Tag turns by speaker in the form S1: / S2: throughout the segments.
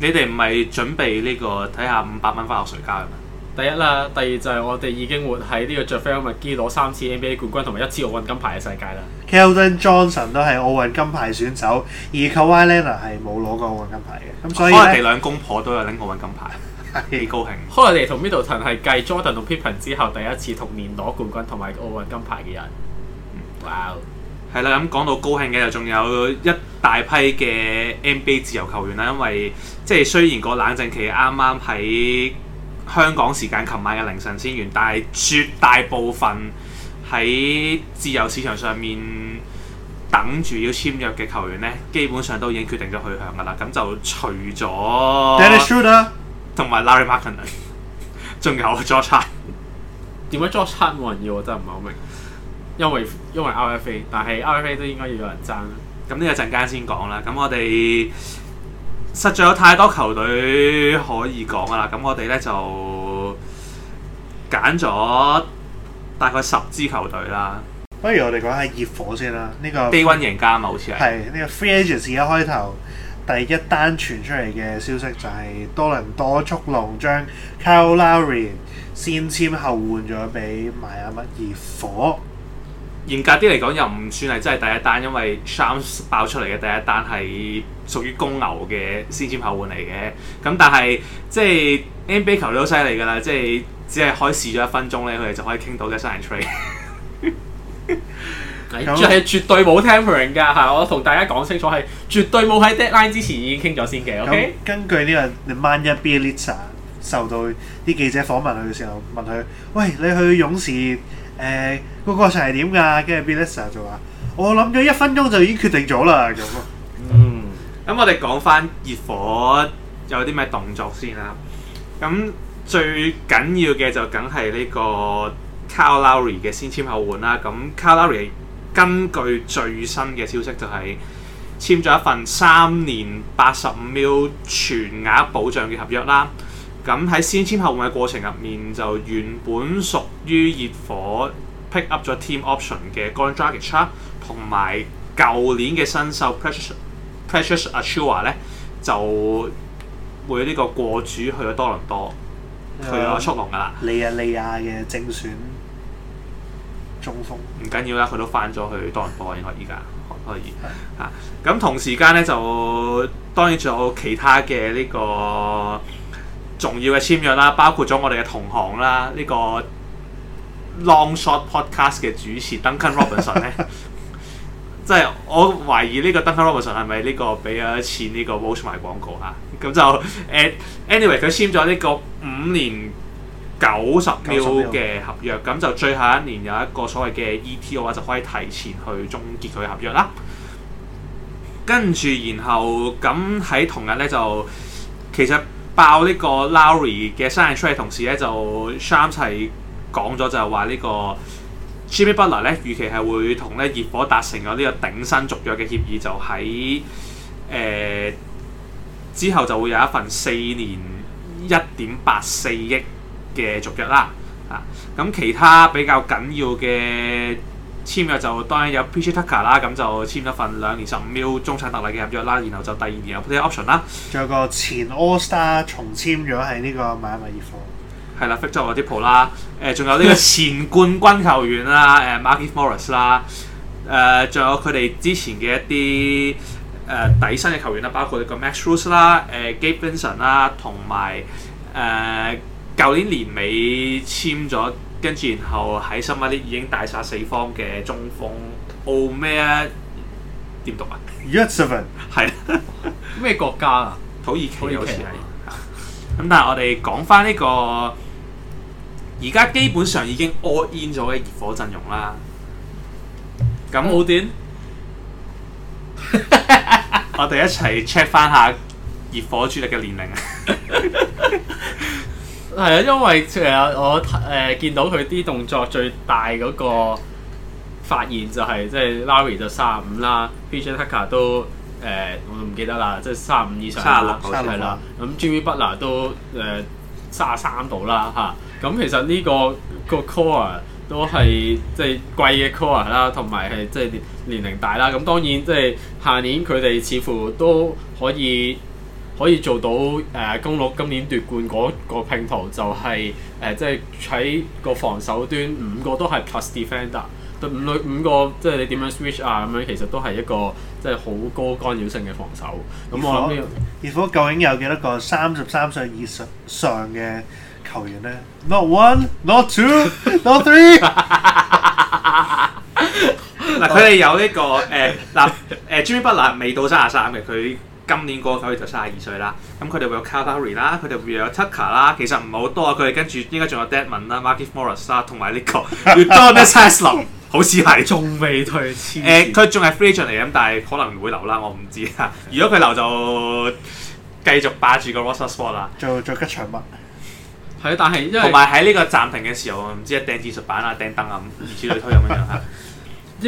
S1: 你哋
S2: 唔係準備呢、呢個睇下五百蚊返學瞓覺嘅咩？第一啦，第二就係我哋已經
S3: 活喺呢個 JaVale McGee 攞三次 NBA 冠軍同埋一次奧運金牌嘅世界啦。
S1: Keldon Johnson 都係奧運金牌選手，而 Kawhi Leonard 係冇攞過奧運，奧運金牌嘅，咁所以佢哋兩
S3: 公婆都有拎過奧運金牌，幾高興。佢哋同 Middleton 係繼 Jordan 同 Pippen 之後第一次同年攞冠軍同埋奧運金牌嘅人。嗯，
S2: 哇係啦，咁講到高興嘅就仲有一大批嘅 NBA 自由球員啦，因為即係雖然個冷靜期啱啱喺香港時間琴晚嘅凌晨先完，但係絕大部分喺自由市場上面等住要簽約嘅球員呢，基本上都已經決定咗去向噶啦。咁就除咗 Dennis Schroeder 同埋 Larry McInerney，仲有 Jocelyn。點解 Jocelyn 冇人要，我真係唔係好明。因為因為 RFA，但係 RFA 都應該要有人爭。咁呢一陣間先講啦。咁我哋實在有太多球隊可以講啦。咁我哋咧就揀咗大概十支球隊啦。
S1: 不如我哋講下熱火先啦。呢、這個低溫贏
S2: 家啊嘛，好似係係
S1: 呢個 Free Agents 一開頭第一單傳出嚟嘅消息就係、是、多倫多速龍將 Kyle Lowry 先簽後換咗俾邁阿密熱火。
S2: 嚴格啲嚟講，又唔算係真係第一單，因為 Shams 爆出嚟嘅第一單係屬於公牛嘅先簽後換嚟嘅。咁但係即係 NBA 球都好犀利㗎啦，即係只係開市咗一分鐘咧，佢哋就可以傾到嘅 Signing Trade。係
S3: 那絕對冇 tampering 㗎嚇，我同大家講清楚係絕對冇喺 deadline 之前已經傾咗先嘅。O K 那。okay?
S1: 根據呢、這個，你 Manny Pina 受到啲記者訪問佢嘅時候問佢：喂，你去勇士？誒、欸、個過程係點㗎？跟住 Blessa 就話：我諗咗一分鐘就已經決定咗啦。咁咯，嗯，
S2: 咁我哋講翻熱火有啲咩動作先啦。咁最緊要嘅就梗係呢個 Kyle Lowry 嘅先簽後換啦。咁 Kyle Lowry 根據最新嘅消息，就係簽咗一份三年八十五 million 全額保障嘅合約啦。咁喺先簽後換嘅過程入面，就原本屬於熱火 pick up 咗 team option 嘅 Goran Dragic 同埋舊年嘅新秀 Precious Precious Achiuwa 咧，就會呢個過主去咗多倫多，去咗速龍噶啦、嗯。利
S1: 亞利亞嘅正選中鋒，
S2: 唔緊要啦，佢都翻咗去多倫多，應該而家可以嚇。咁的、啊、同時間咧，就當然仲有其他嘅呢、這個，重要嘅簽約啦，包括咗我哋嘅同行啦，呢、這個 Long Shot Podcast 嘅主持 Duncan Robinson 咧， 即係我懷疑呢個 Duncan Robinson 係咪呢個俾咗一次呢個 Watch 賣廣告嚇、啊？咁就誒，anyway 佢簽咗呢個五年九十秒嘅合約，咁秒就最後一年有一個所謂嘅 ETO 嘅話，就可以提前去終結佢嘅合約啦。跟住然後咁喺同日咧就其實。爆呢個 l o u r i 嘅 s i g n i n Trade 同時咧，就 Shams 係講咗就係話呢個 Jimmy Butler 咧，預期係會同呢熱火達成咗呢個頂薪續約嘅協議，就喺誒、呃、之後就會有一份四年一點八四億嘅續約啦。啊，咁其他比較緊要嘅。簽約就當然有 P.J. Tucker 啦，咁就簽一份兩年十五秒中產特例嘅合約啦，然後就第二年有啲 option 啦。
S1: 仲有個前 All Star 重簽咗係呢個馬拉米爾科。
S2: 係啦，Fitzgerald p 啦，誒仲有呢個前冠軍球員啦，誒 Markieff Morris 啦，誒仲有佢哋之前嘅一啲誒、呃、底薪嘅球員啦，包括呢個 Max Strus 啦，誒、呃、Gabe Vincent 啦，同埋誒舊年年尾簽咗。跟住然後喺 Summer League 已經大殺四方嘅中鋒 Omer？點讀啊 Yurtseven 係咩國家啊？土耳其好似係。咁、啊、 但係我哋講翻呢個而家基本上已經 all in 咗嘅熱火陣容啦。咁奧斷，我哋一齊 check 翻下熱火主力嘅年齡啊！
S3: 係啊，因為其、呃、我誒、呃、見到佢啲動作最大嗰個發現就係即係 Larry 就卅五啦，PJ Tucker 都誒我唔記得啦，即係卅五以上啦，係啦。咁的六、嗯、Jimmy Butler 都誒卅三度啦嚇。咁、呃啊嗯、其實呢、這個、這個 core 都係即係貴嘅 core 啦，同埋係即係年齡大啦。咁、嗯、當然即係下年佢哋似乎都可以。可以做到誒公鹿今年奪冠嗰個拼圖就係、是、誒、呃、即係喺個防守端五個都係 plus defender，五女五個即係你點樣 switch 啊咁樣，其實都係一
S1: 個即係好高干擾性嘅防守。咁我諗熱火究竟有幾多個三十三歲以上嘅球員咧？Not one, not two, not three、 這個。嗱，佢哋有
S2: 呢個誒嗱誒 Jimmy Butler 未到三十三嘅佢。今年過咗去就三十二歲啦，咁佢哋會有 Calgary 啦，佢哋會有 Tucker 啦，其實唔係好多，佢哋跟住應該仲有 Dedmon 啦、Markieff Morris 啦，同埋呢個 Jonathan，好似係仲未退。誒，佢仲係 free 嚟咁，但係可能會留啦，我唔知嚇。如果佢留就繼續霸住個 roster spot 啦，
S1: 做做吉祥物。
S2: 係，但係因為同埋喺呢個暫停嘅時候，唔知掟
S3: 技術板啊、掟凳啊，如此類推咁樣嚇。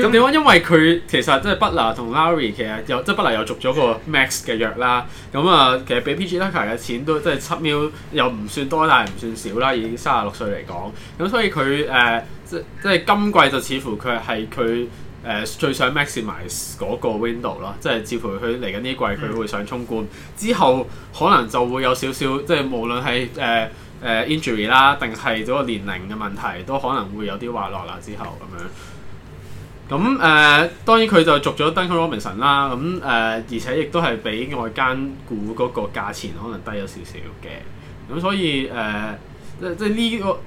S3: 咁點講？因為佢其實即係 Butler 同 Lowry 其實又即係 Butler 又續咗個 max 嘅約啦。咁啊，其實俾、就是、PJ Tucker 嘅錢都即係七秒又唔算多，但係唔算少啦。已經三十六歲嚟講，咁所以佢誒、呃、即即係今季就似乎佢係佢誒最想 max 埋嗰個 window 咯。即係似乎佢嚟緊呢季佢會想衝冠、嗯、之後，可能就會有少少即係無論係誒誒 injury 啦，定係嗰個年齡嘅問題，都可能會有啲滑落啦。之後咁樣。咁誒、呃、當然佢就續咗 Duncan Robinson 啦，咁誒、呃、而且亦都係比外間估嗰個價錢可能低咗少少嘅，咁所以誒即即呢個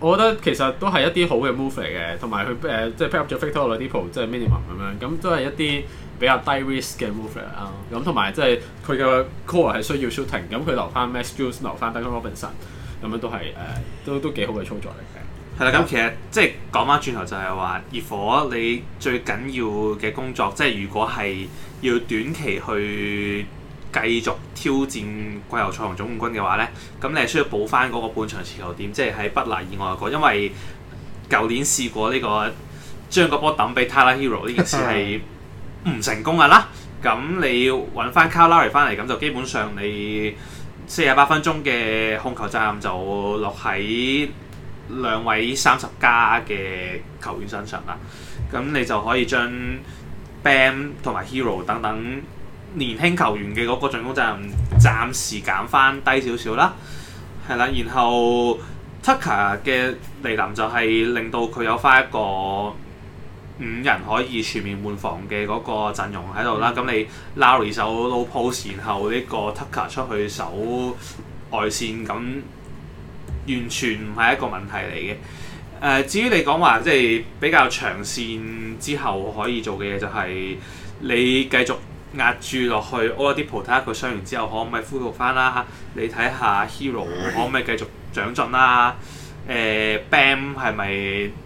S3: 我覺得其實都係一啲好嘅 move 嚟嘅，同埋佢誒即、呃、係、就是、pick up 咗 Victor Oladipo 即係 minimum 咁樣，咁都係一啲比較低 risk 嘅 move 嚟啊，咁同埋即係佢嘅 core 係需要 shooting，咁佢留
S2: 翻 Max Strus 留翻 Duncan Robinson，咁樣都係誒、呃、
S3: 都都幾好嘅操作嚟嘅。係啦，咁、嗯嗯、
S2: 其實即係講翻轉頭就係話熱火你最緊要嘅工作，即係如果係要短期去繼續挑戰季後賽總冠軍嘅話咧，咁你係需要補翻嗰個半場持球點，即係喺不拿以外個，因為舊年試過呢、呢個將個波抌俾 Tyler Herro 呢件事係唔成功噶啦。咁、嗯嗯、你要揾翻卡拉，r 翻嚟，咁就基本上你四十八分鐘嘅控球責任就落喺兩位三十加嘅球員身上啦，咁你就可以將 Bam 同埋 Hero 等等年輕球員嘅嗰個進攻責任暫時減翻低少少啦，係啦，然後 Tucker 嘅嚟臨就係令到佢有翻一個五人可以全面換防嘅嗰個陣容喺度啦，咁、嗯、你 Lowry 守 low post，然後呢個 Tucker 出去守外線咁。完全唔係一個問題嚟嘅。誒、呃，至於你講話即係比較長線之後可以做嘅嘢，就係你繼續壓住落去，Oladipo 睇下佢傷完之後可唔可以恢復翻啦。你睇下 Herro 可唔可以繼續長進啦？誒、呃，Bam 係咪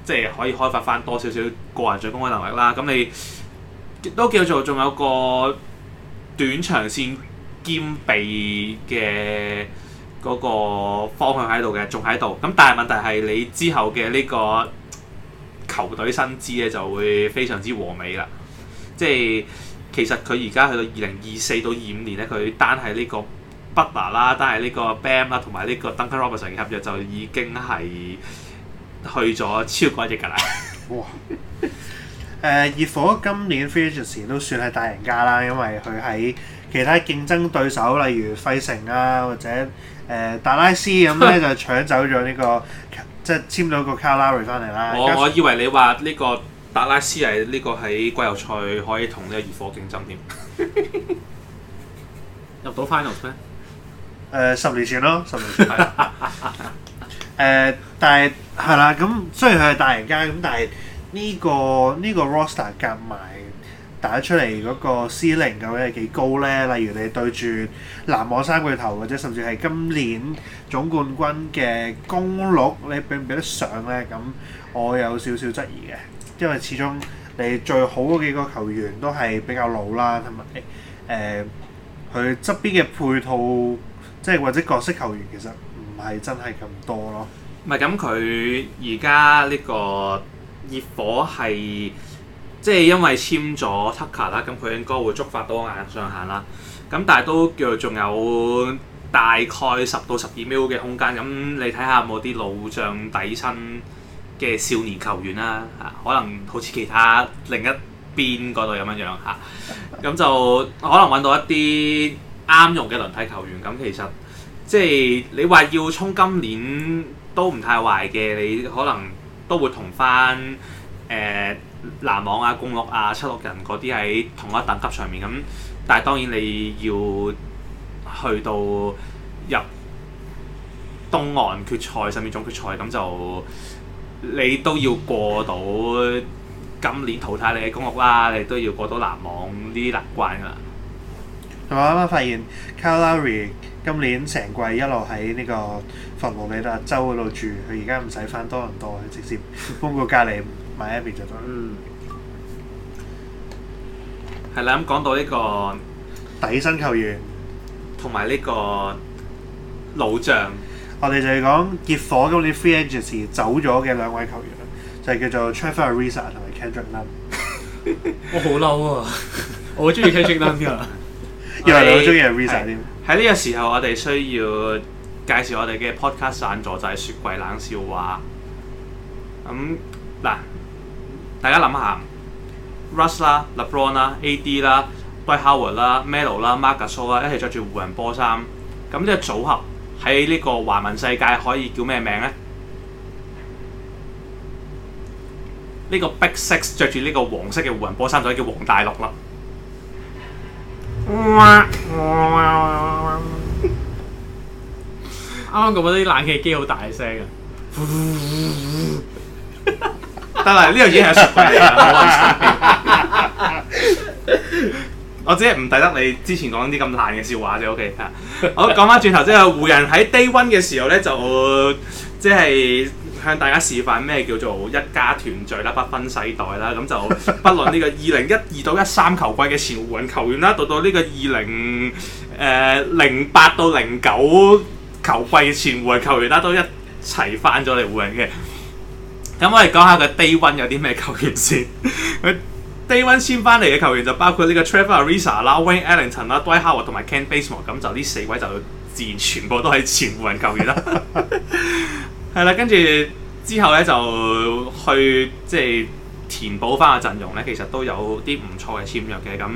S2: 即係可以開發翻多少少個人進攻嘅能力啦？咁你都叫做仲有個短長線兼備嘅。嗰個方向喺度嘅，仲喺度。咁但係問題係你之後嘅呢個球隊薪資咧就會非常之和美啦。即係其實佢而家去到二零二四到二五年咧，佢單係呢個 Butler 啦，單係呢個 Bam 啦，同埋呢個 Duncan Robinson 嘅合約就已經係去咗超過一億㗎啦。
S1: 哇！誒， 熱火今年 free agency 都算係大贏家啦，因為佢喺其他競爭對手，例如費城啊或者誒達、呃、拉斯咁咧、嗯、就搶走咗呢、這個， 即係簽咗個卡拉 r l 翻嚟啦。我上我以
S2: 為你話呢個達拉斯係呢個喺季後賽可以同呢個熱火競爭添， 入到 finals 咩？
S1: 誒，呃、十年前咯，十年前。係誒、 呃、但係係啦，咁雖然佢係大贏家，咁但係呢、這個呢、這個這個 roster 夾埋。打出嚟嗰個司令究竟係幾高咧？例如你對住籃網三巨頭或者甚至係今年總冠軍嘅公鹿，你比唔比得上咧？咁我有少少質疑嘅，因為始終你最好嗰幾個球員都係比較老啦，同埋誒佢側邊嘅配套，即係或者角色球員其實唔係真係咁多咯。
S2: 唔係咁，佢而家呢個熱火係。即係因為簽咗 Tucker 啦，咁佢應該會觸發到個硬上限啦。咁但係都叫做仲有大概十到十二秒嘅空間。咁你睇下有冇啲老將底薪嘅少年球員啦，嚇、啊、可能好似其他另一邊嗰度咁樣樣嚇。咁、啊、就可能揾到一啲啱用嘅輪替球員。咁其實即係你話要衝今年都唔太壞嘅，你可能都會同翻誒。呃籃網啊，公鹿啊，七六人嗰啲喺同一等級上面咁，但係當然你要去到入東岸決賽甚至總決賽咁就，你都要過到今年淘汰你嘅公鹿啦、啊，你都要過到籃網呢啲難關噶啦。同
S1: 埋我啱啱發現，Kyle Lowry 今年成季一路喺呢個佛羅里達州嗰度住，佢而家唔使返多倫多，佢直接搬過隔籬。 買 a
S2: 嗯，係啦咁講到呢、這個
S1: 底薪球員同埋呢個老將，我哋就係講結夥咁啲 free agency 走咗嘅兩位球員，就係叫做 Trevor Ariza 同埋 Kendrick Nunn 我好嬲啊！我好中意 Kendrick Nunn 噶，以為你好中意 Ariza
S2: 添。喺呢個時候，我哋需要介紹我哋嘅 podcast 贊助，就係、是、雪櫃冷笑話。咁、嗯、嗱。大家諗下，Russ 啦、LeBron 啦、AD 啦、Dwight Howard 啦、Melo 啦、Marcus 啦，一齊着住湖人波衫，咁呢個組合喺呢個華文世界可以叫咩名呢？呢、呢個 Big Six 着住呢個黃色嘅湖人波衫，就可以叫黃大陸啦。
S1: 啱
S3: 啱覺得啲冷氣機好大聲啊！
S2: 但啦，呢樣嘢係衰嚟嘅，我只係唔抵得你之前講啲咁爛嘅笑話啫。O、okay? K，好，講翻轉頭，即係湖人喺低 a 嘅時候呢，就即係、呃就是、向大家示範咩叫做一家團聚啦，不分世代啦，咁就不論呢個二零一二到一三球季嘅前湖人球員啦，到到呢個二零誒零八到零九球季嘅前湖人球員啦，都一齊翻咗嚟湖人嘅。咁我哋講下個 Day One 有啲咩球員先。 佢 Day One 簽翻嚟嘅球員就包括呢個 Trevor Ariza 啦、Wayne Ellington 啦、Dwight Howard 同埋 Kent Bazemore。咁就呢四位就自然全部都係前湖人球員啦。係啦，跟住之後咧就去即係、就是、填補翻個陣容咧，其實都有啲唔錯嘅簽約嘅。咁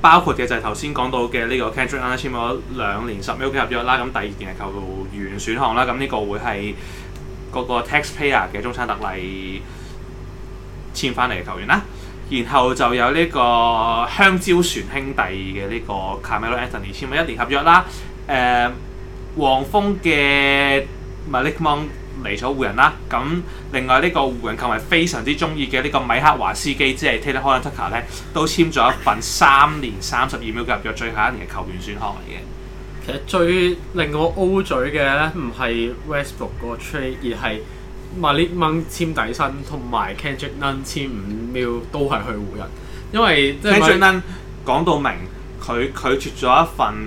S2: 包括嘅就係頭先講到嘅呢個 Kendrick Nunn 簽咗兩年十秒嘅合約啦。咁第二件係球員選項啦。咁呢個會係嗰個 taxpayer 嘅中產特例簽翻嚟嘅球員啦，然後就有呢個香蕉船兄弟嘅呢個 Carmelo Anthony 簽咗一年合約啦，誒黃蜂嘅 Malik Monk 嚟咗湖人啦，咁另外呢個湖人球迷非常之中意嘅呢個米克華斯基即係 Talen Horton-Tucker 咧，都簽咗一份三年三十二秒嘅合約，最後一年嘅球員選項嚟嘅。其實最
S3: 令我 O 嘴嘅咧，唔係 Westbrook 嗰個 trade，而係 Malik Monk 簽
S2: 底薪同埋 Kendrick Nunn 簽五 mill 都係去湖人，因為即係 Kendrick Nunn 講到明，佢拒絕咗一份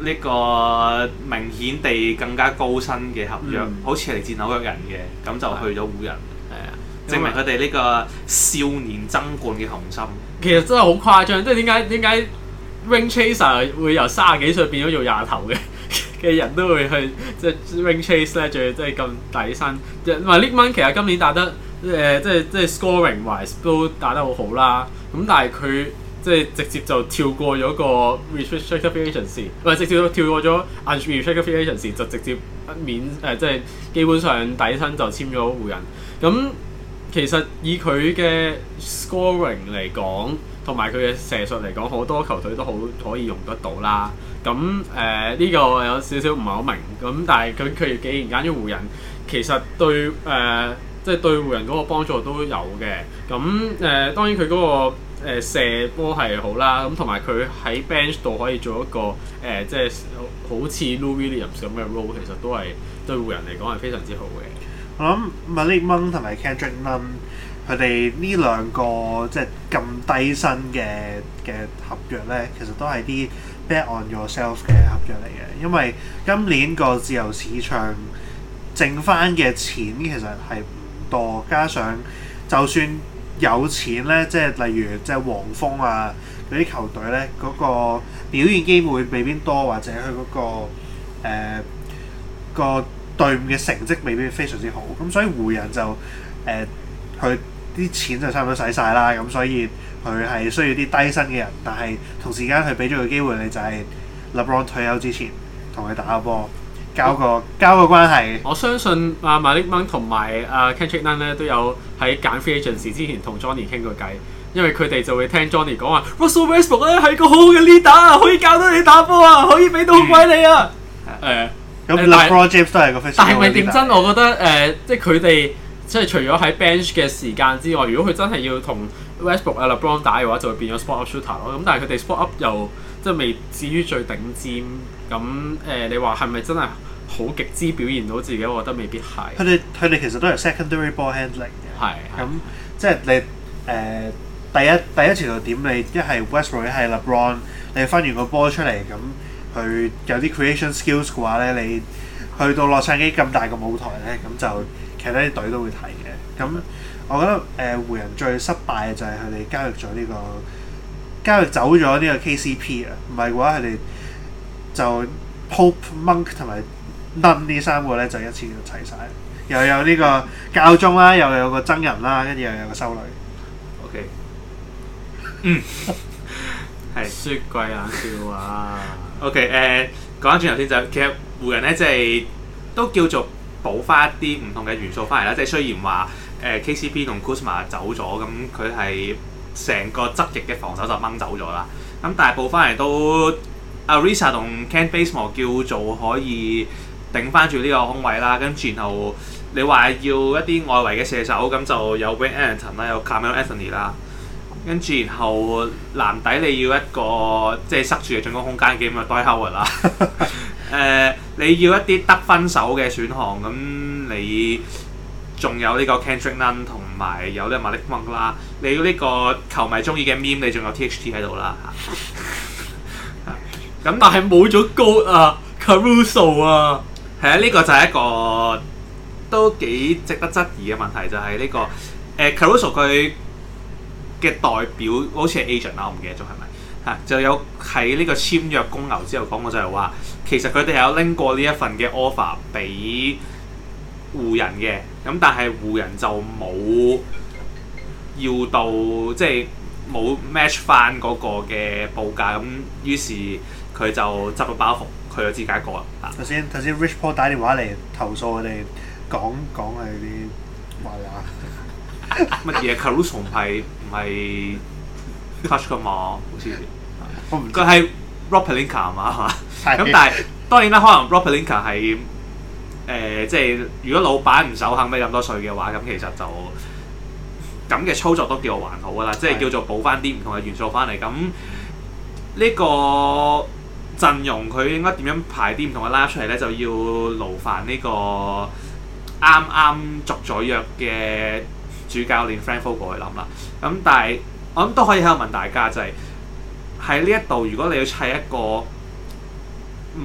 S2: 呢個明顯地更加高薪嘅合約，嗯、好似嚟自紐約人嘅，咁就去咗湖人，係啊，證明佢哋呢個少年爭冠嘅雄心。
S3: 其實真係好誇張，即係點解點解？Ring Chaser 會由卅幾歲變咗做廿頭嘅嘅人都會去，即係、就是、Ring chase 咧，仲要即係咁底薪。唔係 Malik Monk 其實今年打得誒，即係即係 scoring wise 都打得好好啦。咁但係佢即係直接就跳過咗個 restricted free agency，唔係直接跳過咗 unrestricted free agency，就直接不免誒、呃，即係基本上底薪就簽咗湖人。咁其實以佢嘅 scoring 嚟講，同埋佢嘅射術嚟講，好多球隊都好可以用得到啦。咁誒呢個有少少唔係好明。咁但係佢佢亦既然加入湖人，其實對誒即係對湖人嗰個幫助都有嘅。咁誒、呃、當然佢嗰、嗰個、呃、射波係好啦。咁同埋佢喺 bench 度可以做一個誒即係好似 Lou
S1: Williams 咁嘅 role，其實都係對
S3: 湖人嚟講係非常之好嘅。
S1: 我諗 Malik Monk 同埋 Kendrick Nunn。佢哋呢兩個即係咁低薪嘅嘅合約呢，其實都係啲 bet on yourself 嘅合約嚟嘅，因為今年個自由市場剩翻嘅錢其實係唔多，加上就算有錢呢，即係例如即係黃蜂啊嗰啲球隊呢，嗰、那個表現機會未必多，或者佢嗰、那個誒、呃、個隊伍嘅成績未必非常之好，咁所以湖人就誒佢。呃啲錢就差唔多使晒啦，咁所以佢係需要啲低薪嘅人，但係同時間佢俾咗個機會，你就係 LeBron 退休之前同佢打波，交個、嗯、交
S3: 個關係。我相信阿、啊、Malik Monk 同埋、啊、阿 Kendrick Nunn 咧都有喺揀 free agency 之前同 Johnny 傾過偈，因為佢哋就會聽 Johnny 講話
S2: Russell Westbrook 咧係個好好嘅 leader 啊，可以教到你打波啊，嗯、可以俾到好鬼你啊。
S3: 誒、嗯，咁、嗯嗯、LeBron
S1: 但 James 都係個非常好嘅 leader，但係咪點
S3: 真？我覺得誒、呃，即係佢哋。即係除咗喺 bench 嘅時間之外，如果佢真係要同 Westbrook、LeBron 打嘅話，就會變咗 spot-up shooter 咯。咁但係佢哋 spot-up 又即係未至於最頂尖。咁誒、呃，你話係咪真係好極之表現到自己？我覺得未必係。佢哋
S1: 佢哋其實都係 secondary ball handling 嘅。係。咁即係你誒、呃、第一第一前路點？你一係 Westbrook，一係 LeBron，你翻完個波出嚟，咁佢有啲 creation skills 嘅話咧，你去到洛杉磯咁大嘅舞台咧，咁就～其他啲隊都會睇嘅，咁我覺得誒湖、呃、人最失敗嘅就係佢哋交易咗呢、呢個交易走咗呢個 KCP 啊，唔係嘅話佢哋就 Pope Monk 同埋 Nun 呢三個咧就一次就齊晒。又有呢個教宗啦，又有個僧人啦，跟住又有個修女。OK，嗯，
S2: 係雪櫃冷笑話。OK，誒講翻轉頭先就其實湖人咧即係都叫做，補翻一啲唔同嘅元素翻嚟啦，即係雖然話誒 KCP 同 Kuzma 走咗，咁佢係成個側翼嘅防守就掹走咗啦。咁大係補翻嚟都 Ariza 同 Kent Bazemore 叫做可以頂翻住呢個空位啦。跟住然後你話要一啲外圍嘅射手，咁就有 Wayne Ellington 啦，有 Carmelo Anthony 啦。跟住然後籃底你要一個即係塞住嘅進攻空間嘅咁就 d i e 啦。 誒、呃、你要一啲得分手嘅選項，咁你仲有呢個 Kendrick Nunn 同埋有咧 Malik Monk 啦，你呢個球迷中意嘅 meme，你仲有、TH、THT 喺度啦吓，咁 那但係冇咗高啊 Caruso 啊，係啊，呢、嗯這個就係一個都幾值得質疑嘅問題，就係、是、呢、這個誒、呃、Caruso 佢嘅代表好似係 agent 啦，我唔、啊、記得咗係咪？嚇，就有喺呢個簽約公牛之後講過就係話，其實佢哋有拎過呢一份嘅 offer 俾湖人嘅，咁但係湖人就冇要到，即係冇 match 翻嗰個嘅報價，咁於是佢就執咗包袱，佢就知解芝加哥過
S1: 啦。頭先頭先 Rich Paul 打電話嚟投訴我哋，講講係啲壞話
S2: 乜嘢？Caruso 重唔係？ 個網好似，佢係 Rob Pelinka 啊嘛，係嘛？咁但係當然啦，可能 Rob Pelinka 係誒、呃，即係如果老闆唔守恒俾咁多稅嘅話，咁其實就咁嘅操作都叫做還好噶啦，即係叫做補翻啲唔同嘅元素翻嚟。咁、嗯、呢、這個陣容佢應該點樣排啲唔同嘅拉出嚟咧？就要勞煩呢個啱啱續咗約嘅主教練 Frank Vogel 過去諗啦。咁、嗯、但係。我諗都可以喺度問大家，就係喺呢一度，如果你要砌一個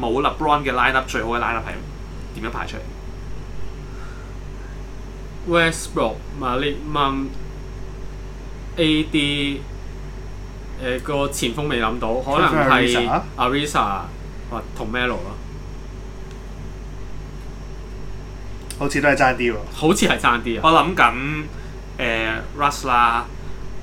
S2: 冇 LeBron 嘅 lineup，最好嘅 lineup 係點樣排出嚟
S3: ？Westbrook、West ok, Malik、um, 呃、Monk, AD，誒個前鋒未諗到，到可能係 Ariza 同 Melo 咯，elo，
S2: 好似
S1: 都係爭啲喎。
S2: 好似係爭啲啊！我諗緊、呃、Russ 啦。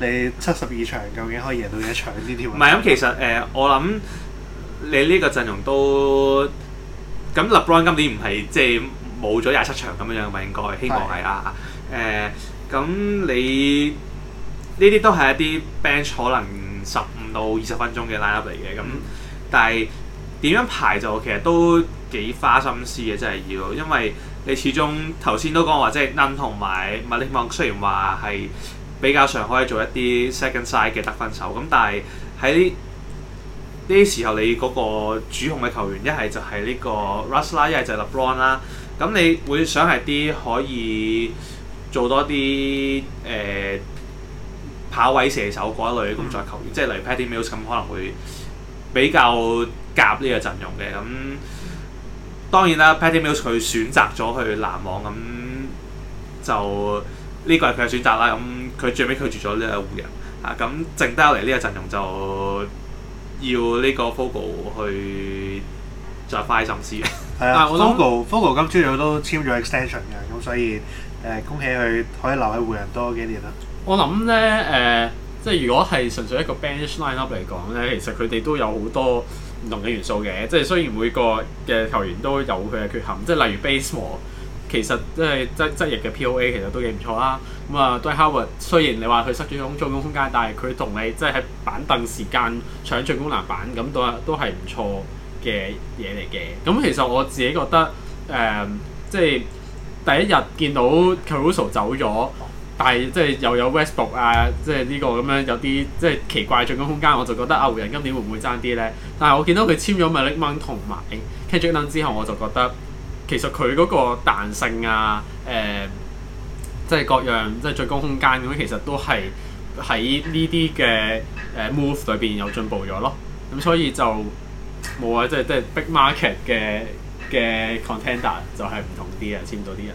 S1: 你七十二場究竟可以贏到幾多場呢？條唔係咁，
S2: 其實誒，我諗你呢個陣容都咁 LeBron 今年唔係即係冇咗廿七場咁樣樣，唔係應該，希望係啊誒，咁你呢啲都係一啲 bench 可能十五到二十分鐘嘅 lineup 嚟嘅，咁但係點樣排就其實都幾花心思嘅，真係要，因為你始終頭先都講話即係 Nunn 同埋 Malik Monk 雖然話係。比較上可以做一啲 second side 嘅得分手，咁但係喺呢啲時候，你個主控嘅球員一係就係呢個 Russ 啦，一係就係 LeBron 啦，咁你會想係啲可以做多啲誒、呃、跑位射手一類嘅工作球員，嗯、即係例如 Patty Mills 咁可能會比較夾呢個陣容嘅，咁當然啦、嗯、Patty Mills 佢選擇咗去籃網，咁就呢、這個係佢嘅選擇啦，咁。佢最尾拒絕咗呢個湖人啊，咁剩低落嚟呢個陣容就要呢個 Fogo 去再花心思。時
S1: 的。係啊，Fogo，Fogo 今朝早都簽咗 extension 嘅，咁所以誒、呃，恭喜佢可以留喺湖人多幾年啦。
S3: 我諗咧，誒、呃，即係如果係純粹一個 bench line up 嚟講咧，其實佢哋都有好多唔同嘅元素嘅，即係雖然每個嘅球員都有佢嘅缺陷，即係例如 baseball。其實即係質質液嘅 POA 其實都幾唔錯啦。咁啊，Howard，雖然你話佢失咗種進攻空間，但係佢同你即係喺板凳時間搶進攻籃板，咁都係都係唔錯嘅嘢嚟嘅。咁其實我自己覺得誒、嗯，即係第一日見到 Caruso 走咗，但係即係又有 Westbrook 啊，即係呢個咁樣有啲即係奇怪進攻空間，我就覺得啊，湖人今年會唔會爭啲咧？但係我見到佢簽咗 Malik Monk 同埋 Kendrick Nunn 之後，我就覺得。其實佢嗰個彈性啊，誒、呃，即係各樣，即係最高空間咁，其實都係喺呢啲嘅誒 move 裏邊有進步咗咯。咁所以就冇啊，即係即係 big market 嘅嘅 contender 就係
S1: 唔同啲人簽到啲人。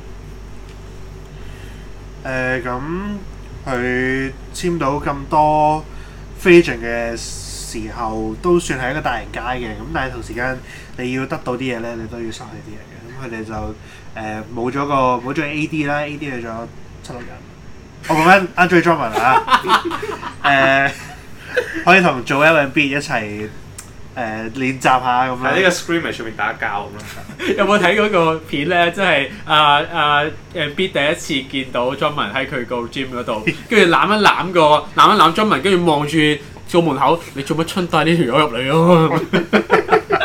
S1: 誒、呃，咁佢簽到咁多 fashion 嘅時候，都算係一個大贏家嘅。咁但係同時間，你要得到啲嘢咧，你都要失去啲嘢。佢哋就誒冇咗個冇咗 AD 啦，AD 佢仲有七六人。 我講緊 Andre Drummond 啊，誒、 呃、可以同做 L and B 一齊誒、呃、練習下咁樣，係呢個
S2: screen 上面打交咁咯。
S1: 有冇睇嗰個片咧？
S3: 即係誒誒誒 B 第一次見到 Drummond 喺佢個 gym 嗰度，跟住攬一攬個攬一攬 Drummond 跟住望住做門口，你做乜春帶呢條友入嚟啊？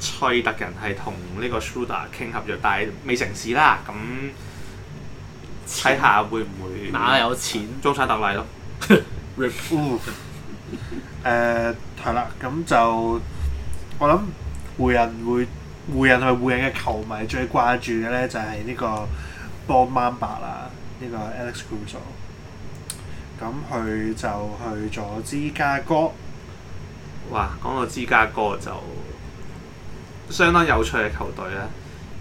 S2: 賽特人係同呢個 Schröder 傾合約，但係未成事啦。咁睇下會唔會？哪有錢？有錢中產特例
S1: 咯、 uh。嗯。誒，係啦。咁就我諗湖人會湖人同湖人嘅球迷最關注嘅咧，就係、是、呢個 Bald Mamba 啦，呢個 Alex Caruso。咁佢就去咗芝加哥。
S2: 哇！講到芝加哥就～相當有趣嘅球隊咧，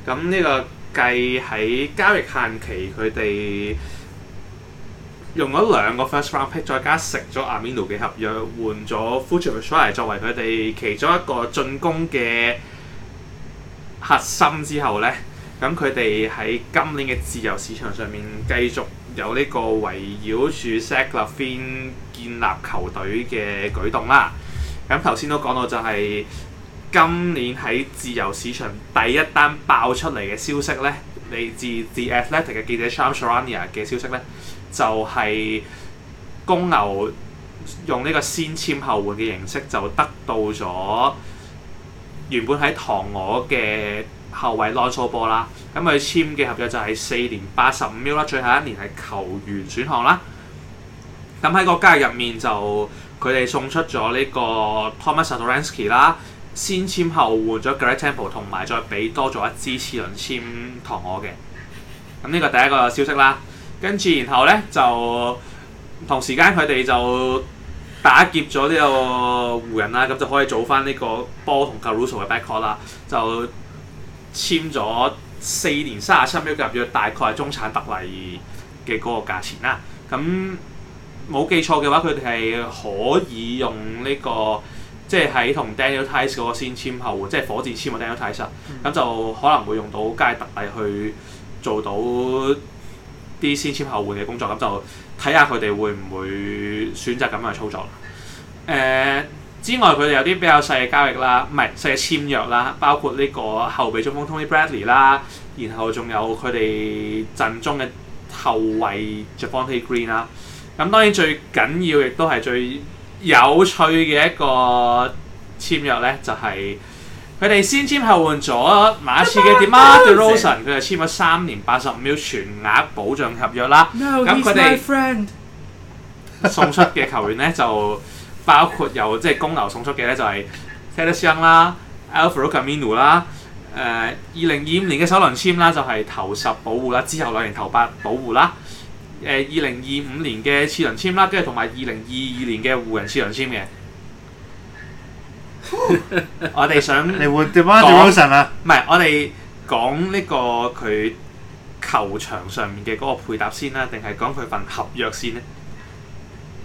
S2: 咁呢、這個計喺交易限期，佢哋用咗兩個 first round pick，再加食咗阿米奴嘅合約，換咗 Vucevic 作為佢哋其中一個進攻嘅核心之後咧，咁佢哋喺今年嘅自由市場上面繼續有呢個圍繞住 Zach LaVine 建立球隊嘅舉動啦。咁頭先都講到就係、是。今年喺自由市場第一單爆出嚟嘅消息咧，嚟自 The Athletic 嘅記者 Shams Charania 嘅消息咧，就係、是、公牛用呢個先簽後換嘅形式就得到咗原本喺塘鵝嘅後衛朗素波啦。咁佢簽嘅合約就係四年八十五秒啦，最後一年係球員選項啦。咁喺國家入面就佢哋送出咗呢個 Thomas Satoransky 啦。先簽後換咗 Garrett Temple，同埋再俾多咗一支次輪籤糖我嘅。咁呢個第一個消息啦。跟住然後咧就同時間佢哋就打劫咗呢個湖人啦、啊，咁就可以做翻呢個波同 Caruso 嘅 backcourt 啦。就簽咗四年三十七 million 嘅合約，大概係中產特例嘅嗰個價錢啦。咁冇記錯嘅話，佢哋係可以用呢、呢個。即係喺同 Daniel Theis 嗰個先簽後換，即係火箭簽埋 Daniel Theis，咁、嗯、就可能會用到交易特例去做到啲先簽後換嘅工作，咁就睇下佢哋會唔會選擇咁樣嘅操作。誒、呃、之外，佢哋有啲比較細嘅交易啦，唔係細嘅簽約啦，包括呢個後備中鋒 Tony Bradley 啦，然後仲有佢哋陣中嘅後衛 Javonte Green 啦。咁當然最緊要亦都係最有趣嘅一個簽約咧，就係佢哋先簽後換咗馬刺嘅點啊，DeRozan 佢就簽咗三年八十五 million 全額保障合約啦。咁佢哋送出嘅球員咧， 就包括由即係公牛送出嘅咧、呃，就係 Thaddeus Young 啦、Al-Farouq Aminu 啦。誒，二零二五年嘅首輪簽啦，就係、是、頭十保護啦，之後兩年頭八保護啦。誒，二零二五年嘅次輪籤啦，跟住同埋二零二二年嘅湖人次輪籤嘅。我哋想你換點樣 direction 啊？唔係，我哋講呢個佢球場上面嘅嗰個配搭先啦，定係講佢份合約先咧？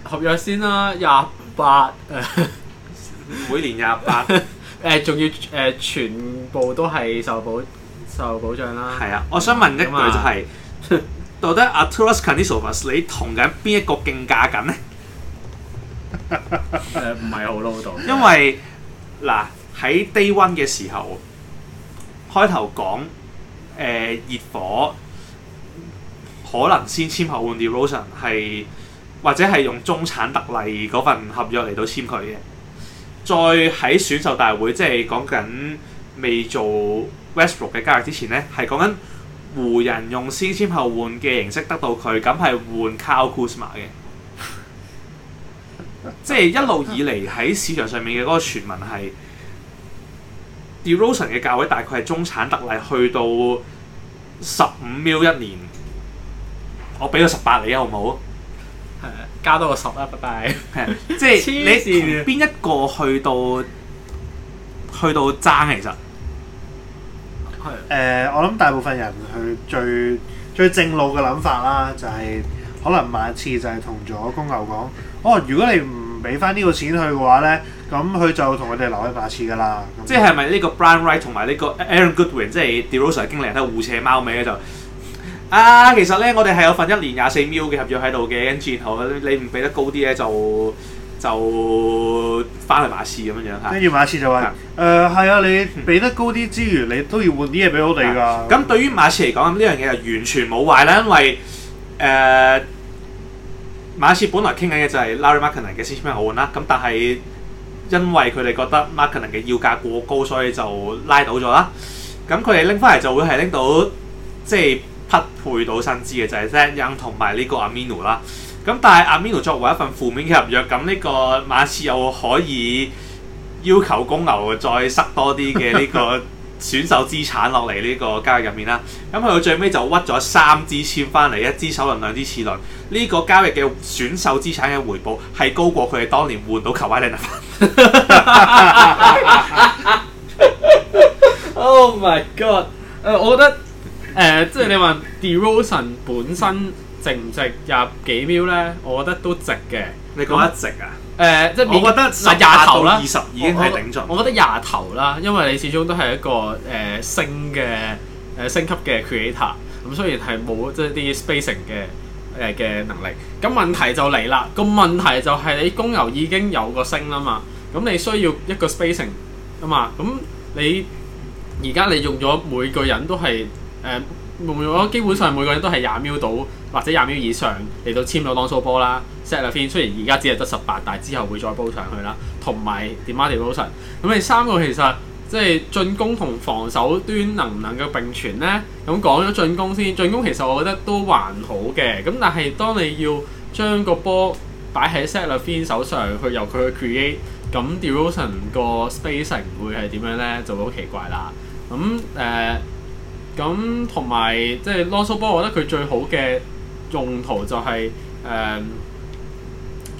S2: 合約先啦、啊，廿八誒，每年廿八誒，仲、 呃、要誒、呃、全部都係受保受保障啦。係啊，我想問一句就係、係。 到底阿 Taurus、c i s o s 你同緊邊一個競價緊呢？唔係好咯，因為嗱喺 Day One 嘅時候，開頭講誒、呃、熱火可能先簽下 a d e v o t i o n 係或者係用中產特例嗰份合約嚟到簽佢嘅。再喺選秀大會，即係講緊未做 Westbrook、ok、嘅加入之前咧，係講緊。湖人用先簽後換嘅形式得到佢，咁係換 Kuzma 嘅， 即係一路以嚟喺市場上面嘅嗰個傳聞係，DeRozan 嘅價位大概係中產特例、嗯、去到十五 million 一年，我俾到十八你好唔好？係加多個十啦，拜拜。 即係你同邊一個去到去到爭其實？
S1: 誒、呃，我諗大部分人去最最正路嘅諗法啦、就是，就係可能馬刺就係同咗公牛講，哦，如果你唔俾翻呢個錢佢嘅話咧，咁佢就同佢哋留喺馬刺噶啦。
S2: 即係咪呢個 Brian Wright 同埋呢個 Aaron Goodwin，即係 DeRozan 經理人喺度互扯貓尾咧就啊，其實咧我哋係有份一年廿四 mil 嘅合約喺度嘅，跟住然後你唔俾得高啲咧就。就翻去馬刺咁樣樣嚇，跟住
S1: 馬刺就話，誒，係啊，你俾得高啲之餘，你都要換啲嘢俾我哋㗎。咁對於馬刺嚟講，呢樣嘢就
S2: 完全冇壞啦，因為誒、呃、馬刺本來傾緊嘅就係 Lauri Markkanen 嘅先簽後換啦。咁 但係因為佢哋覺得 Markkanen 嘅要價過高，所以就拉倒咗啦。咁佢哋拎翻嚟就會係拎到即係、就是、匹配到薪資嘅，就係 Thaddeus 同埋呢個 Aminu 啦。咁但係阿 m 米 o 作為一份負面嘅合約，咁、這、呢個馬刺又可以要求公牛再塞多啲嘅呢個選手資產落嚟呢個交易入面啦。咁佢最尾就屈咗三支籤翻嚟，一支手輪兩支次輪。呢、這個交易嘅選手資產嘅回報係高過佢哋當年換到卡瓦列 Oh my god！誒、uh,，我覺得誒，uh, 即係你話
S3: d e r o s s o n 本身。值唔值廿幾秒咧？我覺得都值嘅。你覺得值啊？誒、呃，即係免十廿頭啦。二十已經係頂咗。我覺得廿頭啦，因為你始終都係一個誒、呃、星嘅誒、呃、星級嘅 creator、嗯。咁雖然係冇即係啲 spacing 嘅誒嘅能力。咁問題就嚟啦。個問題就係你公牛已經有個星啦嘛。咁你需要一個 spacing 啊嘛。咁你而家你用咗每個人都係誒。呃基本上每個人都係廿秒到或者廿秒以上嚟到簽咗當 s 波啦，set up in 雖然而家只係得十八，但係之後會再煲上去啦。同埋 Devotion 咁你三個其實即係進攻同防守端能唔能夠並存呢？咁講咗進攻先，進攻其實我覺得都還好嘅。咁但係當你要將個波擺喺 set up in 手上，佢由佢去 create，咁 Devotion 個 spacing 會係點樣呢？就會好奇怪啦。咁誒。呃咁同埋即係羅素波，就是、我覺得佢最好嘅用途就係誒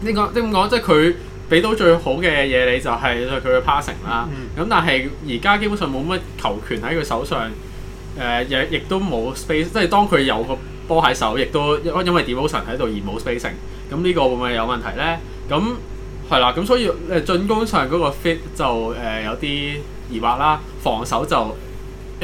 S3: 呢個即係點講？即係佢俾到最好嘅嘢，你就係佢嘅 passing 啦。咁、嗯、但係而家基本上冇乜球權，喺佢手上，誒亦亦都冇 space。即係當佢有個波喺手，亦都因因為 devotion 喺度而冇 space 咁呢個會唔會有問題咧？咁係啦。咁所以誒進攻上嗰個 fit 就誒、呃、有啲疑惑啦。防守就。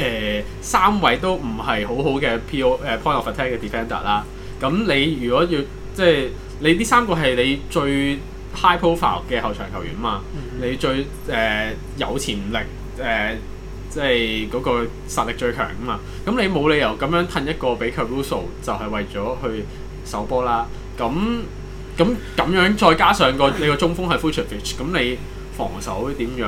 S3: 誒、呃，三位都唔係好好嘅 po 誒、呃、 point of attack 嘅 defender 啦。咁你如果要即係你呢三個係你最 high profile 嘅後場球員啊嘛，mm hmm. 你最誒、呃、有潛力誒、呃，即係嗰個實力最強啊嘛。咁你冇理由咁樣褪一個俾佢 Caruso 就係為咗去守波啦。咁咁咁樣再加上個 你個中鋒係 Vučević 咁你。防守點樣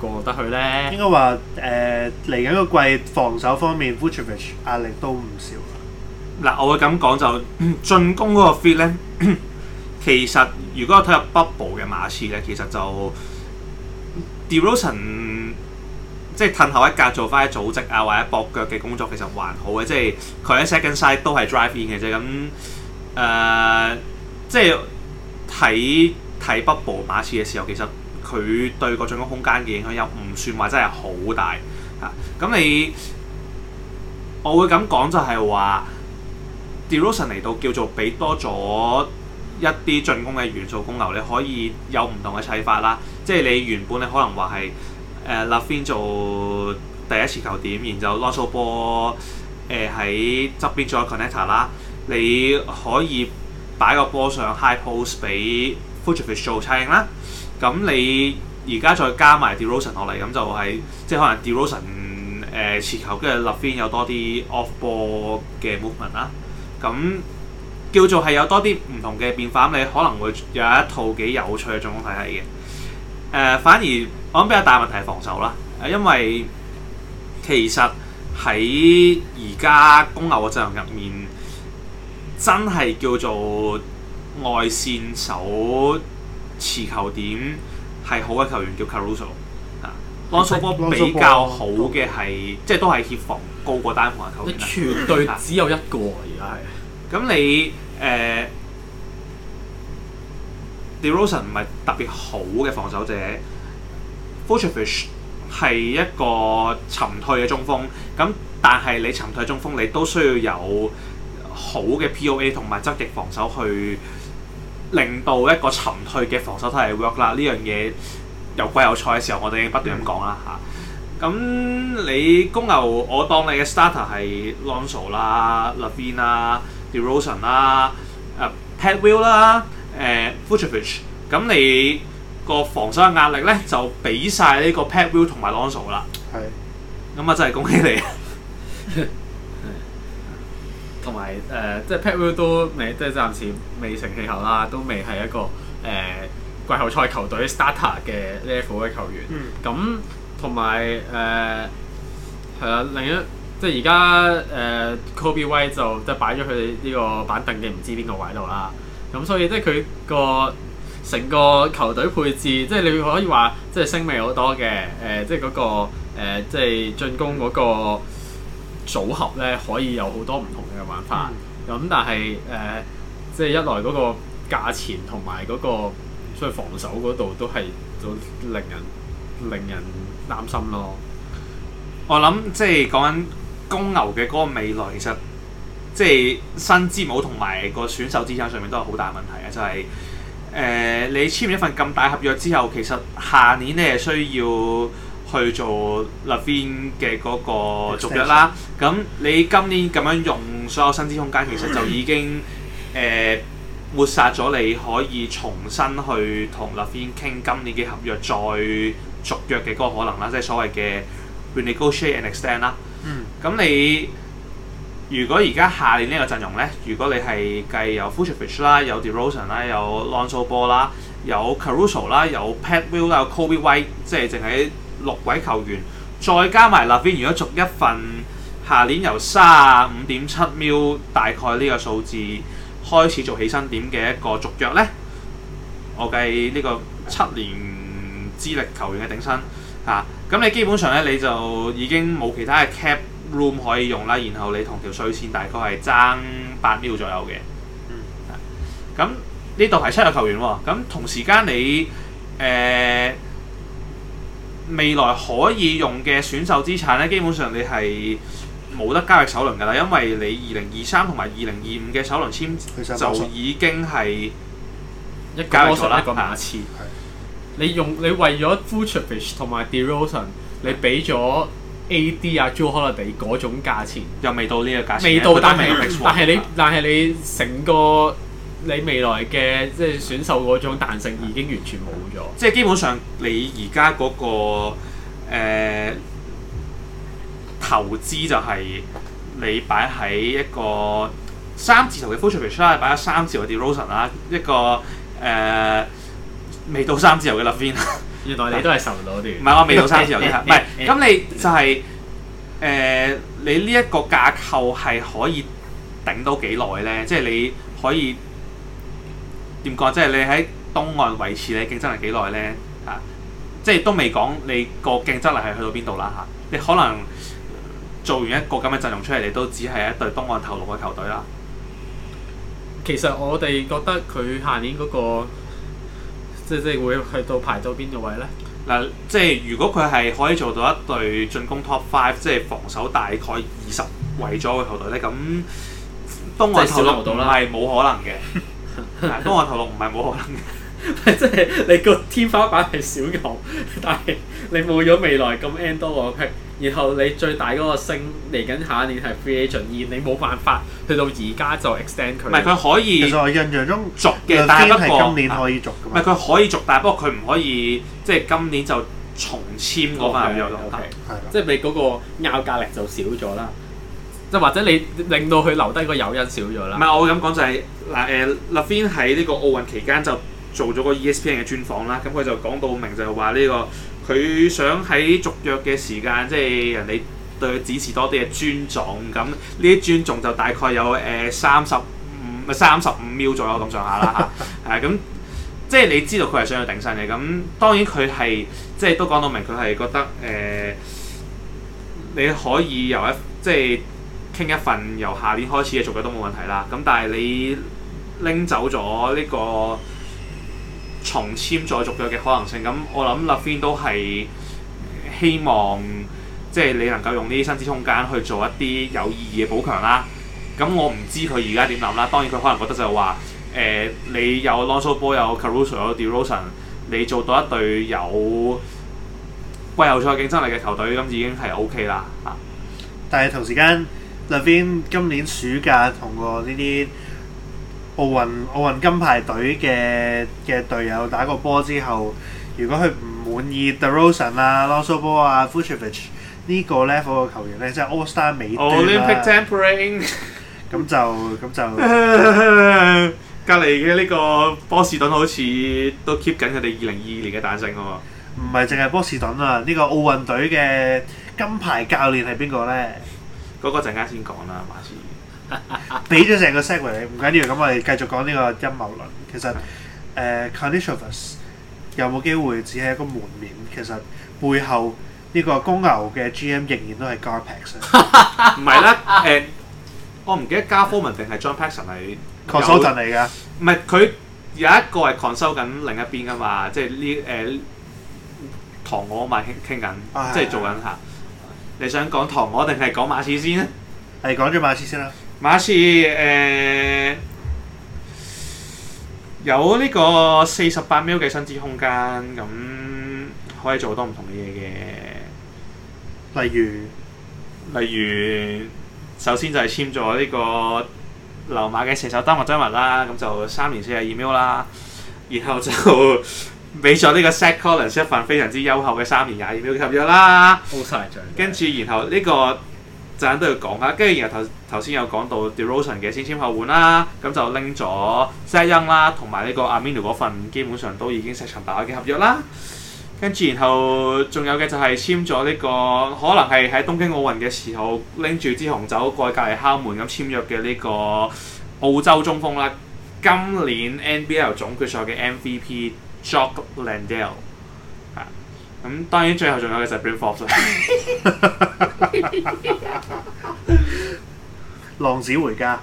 S3: 過得去
S1: 咧？應該話誒嚟緊個季，防守方面，Vucevic 壓力都唔少。
S2: 嗱、呃，我會咁講就、嗯、進攻嗰個 fit 咧， 其實如果我睇入 bubble 嘅馬刺咧，其實就 DeRozan 即係褪後一格做翻啲組織啊，或者駁腳嘅工作其實還好嘅，即係佢喺 second side 都係 drive in 嘅啫。咁誒，即、呃、係睇、就、睇、睇、bubble 馬刺嘅時候，其實～佢對個進攻空間嘅影響又唔算話真係好大啊！咁你我會咁講就係話 DeRozan 嚟到叫做俾多咗一啲進攻嘅元素供流，你可以有唔同嘅砌法啦。即係你原本你可能話係誒 LaVine 做第一次球點，然後就 Lonzo 波誒喺側邊做 connector 啦。你可以擺個波上 high post 俾 Vucevic 做砌型啦。咁你而家再加埋 DeRozan 落嚟，咁就係、是、即係可能 DeRozan 誒、呃、持球跟住 LaVine 有多啲 off ball 嘅 movement 啦。咁叫做係有多啲唔同嘅變化。咁你可能會有一套幾有趣嘅進攻體系嘅。誒、呃、反而我諗比較大問題係防守啦。誒，因為其實喺而家公牛嘅陣容入面，真係叫做外線手。持球點係好嘅球員叫 Caruso，Lonzo 哥比較好嘅係即係都係協防高過單防球員啦、啊。全隊只有一個而家係。咁你誒 DeRozan 唔係特別好嘅防守者 ，Vucevic 係一個沉退嘅中鋒，咁但係你沉退中鋒，你都需要有好嘅 POA 同埋側翼防守去。令到一個沉退嘅防守體系 work 啦，呢樣嘢又貴又菜嘅時候，我哋不斷咁講啦嚇。咁、mm. 啊、你公牛，我當你嘅 starter 係 Lonzo、so, 啦、Lavine、啊、啦、Derozan 啦、啊、誒 Pat Will 啦、誒 Vucevic 咁你個防守嘅壓力咧就俾晒呢個 Pat Will 同埋 Lonzo、so、啦。係。咁啊，真係恭喜你
S3: 同埋誒，即係 Patrick 都未，即係暫時未成氣候啦，都未係一個誒、呃、季後賽球隊 starter 嘅 level 嘅球員。咁同埋誒係啊，另一即係而家誒 Coby White 就即係擺咗佢哋呢個板凳嘅唔知邊個位度啦。咁所以即係佢個成個球隊配置，即係你可以話即係升味好多嘅誒，即係嗰個即係進攻嗰個。呃組合咧可以有好多唔同嘅玩法，咁、嗯嗯、但係誒、呃，即係一來嗰個價錢同埋嗰
S2: 個，所以防守嗰度都係好令人令人擔心咯。我諗即係講緊公牛嘅嗰個未來，其實即係薪資帽同埋個選手資產上面都有好大問題啊！就係、是、誒、呃，你簽一份咁大合約之後，其實下年你係需要。去做 LaVine 嘅嗰個續約啦。咁 你今年咁樣用所有薪資空間，其實就已經誒、呃、抹殺咗你可以重新去同 LaVine 傾今年嘅合約再續約嘅嗰個可能啦，即係所謂嘅 Renegotiate and Extend 啦。嗯。咁 你如果而家下年呢個陣容咧，如果你係計有 Vucevic 啦，有 DeRozan 啦，有 Lonzo Ball 啦，有 Caruso 啦，有 Pat Williams 啦，有 Coby White，即係淨係，六位球員，再加埋 LaVine，如果續一份下年由卅五點七秒大概呢個數字開始做起身點嘅一個續約呢，我計呢個七年資歷球員嘅頂薪嚇。咁、啊、你基本上呢，你就已經冇其他嘅 cap room 可以用啦，然後你同條稅線大概係爭八秒左右嘅。咁呢度係七位球員喎，咁、啊、同時間你誒？呃未來可以用嘅選秀資產咧，基本上你係冇得交易首輪嘅啦，因為你二零二三同埋二零二五嘅首輪簽約就已經係
S3: 一個數一個下
S2: 次。
S3: 是你用你為咗 Vucevic 同埋 DeRozan，你俾咗 AD 啊 Jrue Holiday，可能俾嗰種價錢，又未到呢個價錢、啊，未到，未到 但係但係你但係你成個。你未來嘅即係選秀嗰種彈性已經完全冇咗，即係
S2: 基本上你而家嗰個、呃、投資就係你擺喺一個三字頭嘅 Future Bridge 啦，擺喺三字頭嘅 DeRozan 啦，一個誒、呃、未到三字頭嘅 LaVine 原來你都係受唔到啲，唔係 我未到三字頭嘅，唔係咁你就係、是、誒、呃、你呢一個架構係可以頂到幾耐咧？即、就、係、是、你可以。點講？即係你喺東岸維持你競爭力幾耐呢？啊，即係都未講你個競爭力係去到邊度啦？嚇、啊，你可能做完一個咁嘅陣容出嚟，你都只係一隊東岸頭六嘅球隊啦。其實我哋覺得佢下年嗰、嗰個即即會去到排到邊個位呢？嗱、啊，即係如果佢係可以做到一隊進攻 top five，即係防守大概二十位左右嘅球隊呢，咁東岸頭六唔係冇可能嘅。 當我頭六唔係冇可能
S3: 嘅，即係你個天花板係小牛，但係你冇咗未來咁 n 多個 pick 然後你最大嗰個升嚟緊下一年係 free agent，而你冇辦法
S2: 去到而家就 extend 佢。唔係佢可以。
S1: 印象中續嘅，但係不過。今年可以
S2: 續㗎嘛？唔係佢可以續，但係不過佢唔可以即係、就是、今年就重簽嗰份
S3: 即係你嗰個拗價力就少咗啦。即或者你令到佢
S2: 留低個誘因少咗啦。唔係，我咁講就係嗱誒 LaVine 喺呢個奧運期間就做咗個 ESPN 嘅專訪啦。咁佢就講到明就係話呢個佢想喺續約嘅時間，即、就、係、是、人哋對佢支持多啲嘅尊重。咁呢啲尊重就大概有誒三十五、呃、35, 三十五秒左右咁上下啦。係咁、 啊，即係、就是、你知道佢係想要頂身嘅。咁當然佢係即係都講到明，佢係覺得誒、呃、你可以由一即係。就是傾一份由下年開始嘅續約都冇問題啦。咁但係你拎走咗呢個重簽再續約嘅可能性，咁我諗立 a 都係希望即係、就是、你能夠用呢啲身資空間去做一啲有意義嘅補強啦。咁我唔知佢而家點諗啦。當然佢可能覺得就係話誒，你有 l o n g s 有 Caruso 有 Dilrosan，你做到一隊有季後賽競爭力嘅球隊，咁已經係 O K 啦、啊、
S1: 但係同時間。.嗱，LaVine 今年暑假同過呢啲奧運奧運金牌隊嘅嘅隊友打過波之後，如果佢唔滿意 DeRozan 啊、Lonzo Ball 啊、Vucevic 呢個 level 嘅球員咧，即係 All Star 美隊啦，Olympic tampering，咁就咁就
S2: 隔離嘅呢個波士頓好似
S1: 都 keep 緊佢哋二零二二年嘅彈性喎。唔係淨係波士頓啊，呢個奧運隊嘅金牌教練係邊個咧？嗰個陣間先講啦，馬斯俾咗成個 set 俾你，唔緊要。咁我哋繼續講呢個陰謀論。其實誒 Karnišovas, S、呃、h o 有冇機會只係一個門面？其實背後呢個公牛嘅 GM 仍然都係 Garpax 唔係啦。誒、 呃，我唔
S2: 記得加科文定係 John Paxson 係 concern 嚟㗎。唔
S1: 係佢有
S2: 一個係 concern 緊另一邊㗎嘛、就是呃？即係呢誒，同我嘛，傾傾緊，即係做緊吓。你想講塘我定係講馬刺先啊？
S1: 係講住馬刺先啦。
S2: 馬刺誒有呢個四十八秒嘅薪資空間，咁可以做好多唔同嘅嘢嘅。例如，例如首先就係簽咗呢個溜馬嘅射手丹麥珍文啦，咁就三年四十二秒啦，然後就，俾咗呢個 Zach Collins 一份非常之優厚嘅三年廿二秒嘅合約啦，好跟住然後呢個陣間都要講下，跟住然後頭頭先有講到 DeRozan 嘅先簽後換啦，咁就拎咗 Thad Young 啦，同埋呢個 Aminu 嗰份基本上都已經石沉大海嘅合約啦。跟住然後仲有嘅就係簽咗呢個可能係喺東京奧運嘅時候拎住支紅酒過隔籬敲門咁簽約嘅呢個澳洲中鋒啦。今年 NBL 總決賽嘅 MVP。Jock Landale，係啊，咁當然最後仲有嘅就係 Bryn Forbes 啦。
S1: 《
S2: 浪子回家》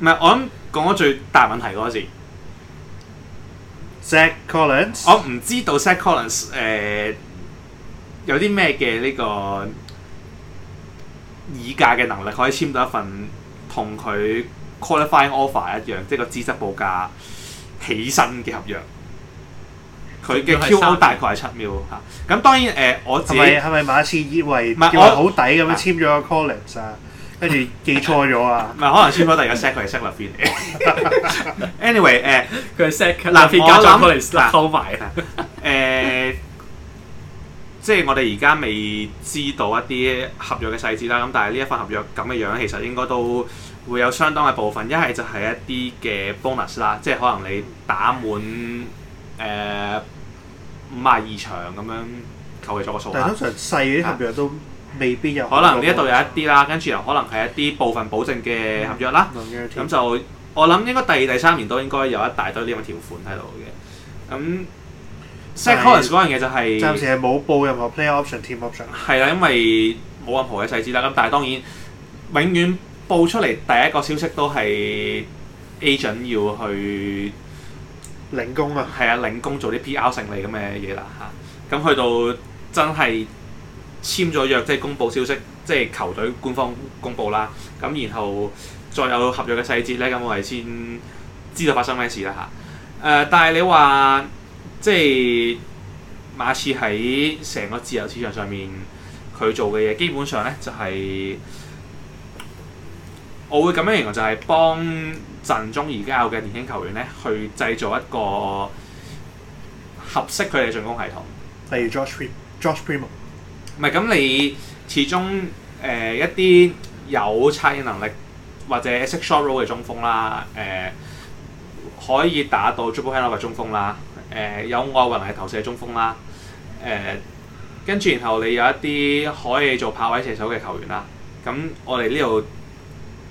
S2: 唔係我諗講咗最大問題嗰陣時，Zach Collins，我唔知道 Zach Collins 誒有啲咩嘅呢個議價嘅能力可以簽到一份同佢 Qualifying Offer 一樣，即係個資質報價。起
S1: 身嘅合約，佢嘅 QO 大概
S2: 係七米嚇。咁當然誒，我自己係
S1: 咪馬刺以為唔係我好抵咁樣簽咗個 college 啊？跟住記錯咗啊？唔係可能師傅突然間 send
S2: 佢係 send 落嚟。Anyway 誒，佢係 send 落嚟搞錯嚟收埋啊誒，即係我哋而家未知道一啲合約嘅細節啦。咁但係呢一份合約咁嘅樣，其實應該都會有相當嘅部分，是是一係就係一啲嘅 bonus 啦，即係可能你打滿誒五廿二場咁樣，求其作個數但通常
S1: 細合約都未必有。可能呢一度有
S2: 一啲啦，跟住又可能係一啲部分保證嘅合約啦。咁、嗯、就、嗯、我諗應該第二、第三年都應該有一大堆呢個條款喺度嘅。咁 Zach Collins 嗰樣嘢就係暫時係
S1: 冇報任何 Play Option、Team Option。
S2: 係啦，因為冇任何嘅細節啦。咁但係當然永遠，報出嚟第一個消息都係 agent 要去領工啊，係啊，領工做啲 PR 勝利咁嘅嘢啦嚇。咁去到真係簽咗約，即係公佈消息，即係球隊官方公佈啦。咁然後再有合約嘅細節咧，咁我哋先知道發生咩事啦嚇。誒、呃，但係你話即係馬刺喺成個自由市場上面佢做嘅嘢，基本上咧就係。我會咁樣形容，就係、是、幫陣中而家有嘅年輕球員咧，去製造一個合適佢哋嘅進攻系統。
S1: 例如 Josh Primo，
S2: 唔係咁你始終誒、呃、一啲有策應能力或者識 short roll 嘅中鋒啦，誒、呃、可以打到 dribble hand-off 嘅中鋒啦，誒、呃、有外圍係投射中鋒啦，誒跟住然後你有一啲可以做跑位射手嘅球員啦，咁我哋呢度。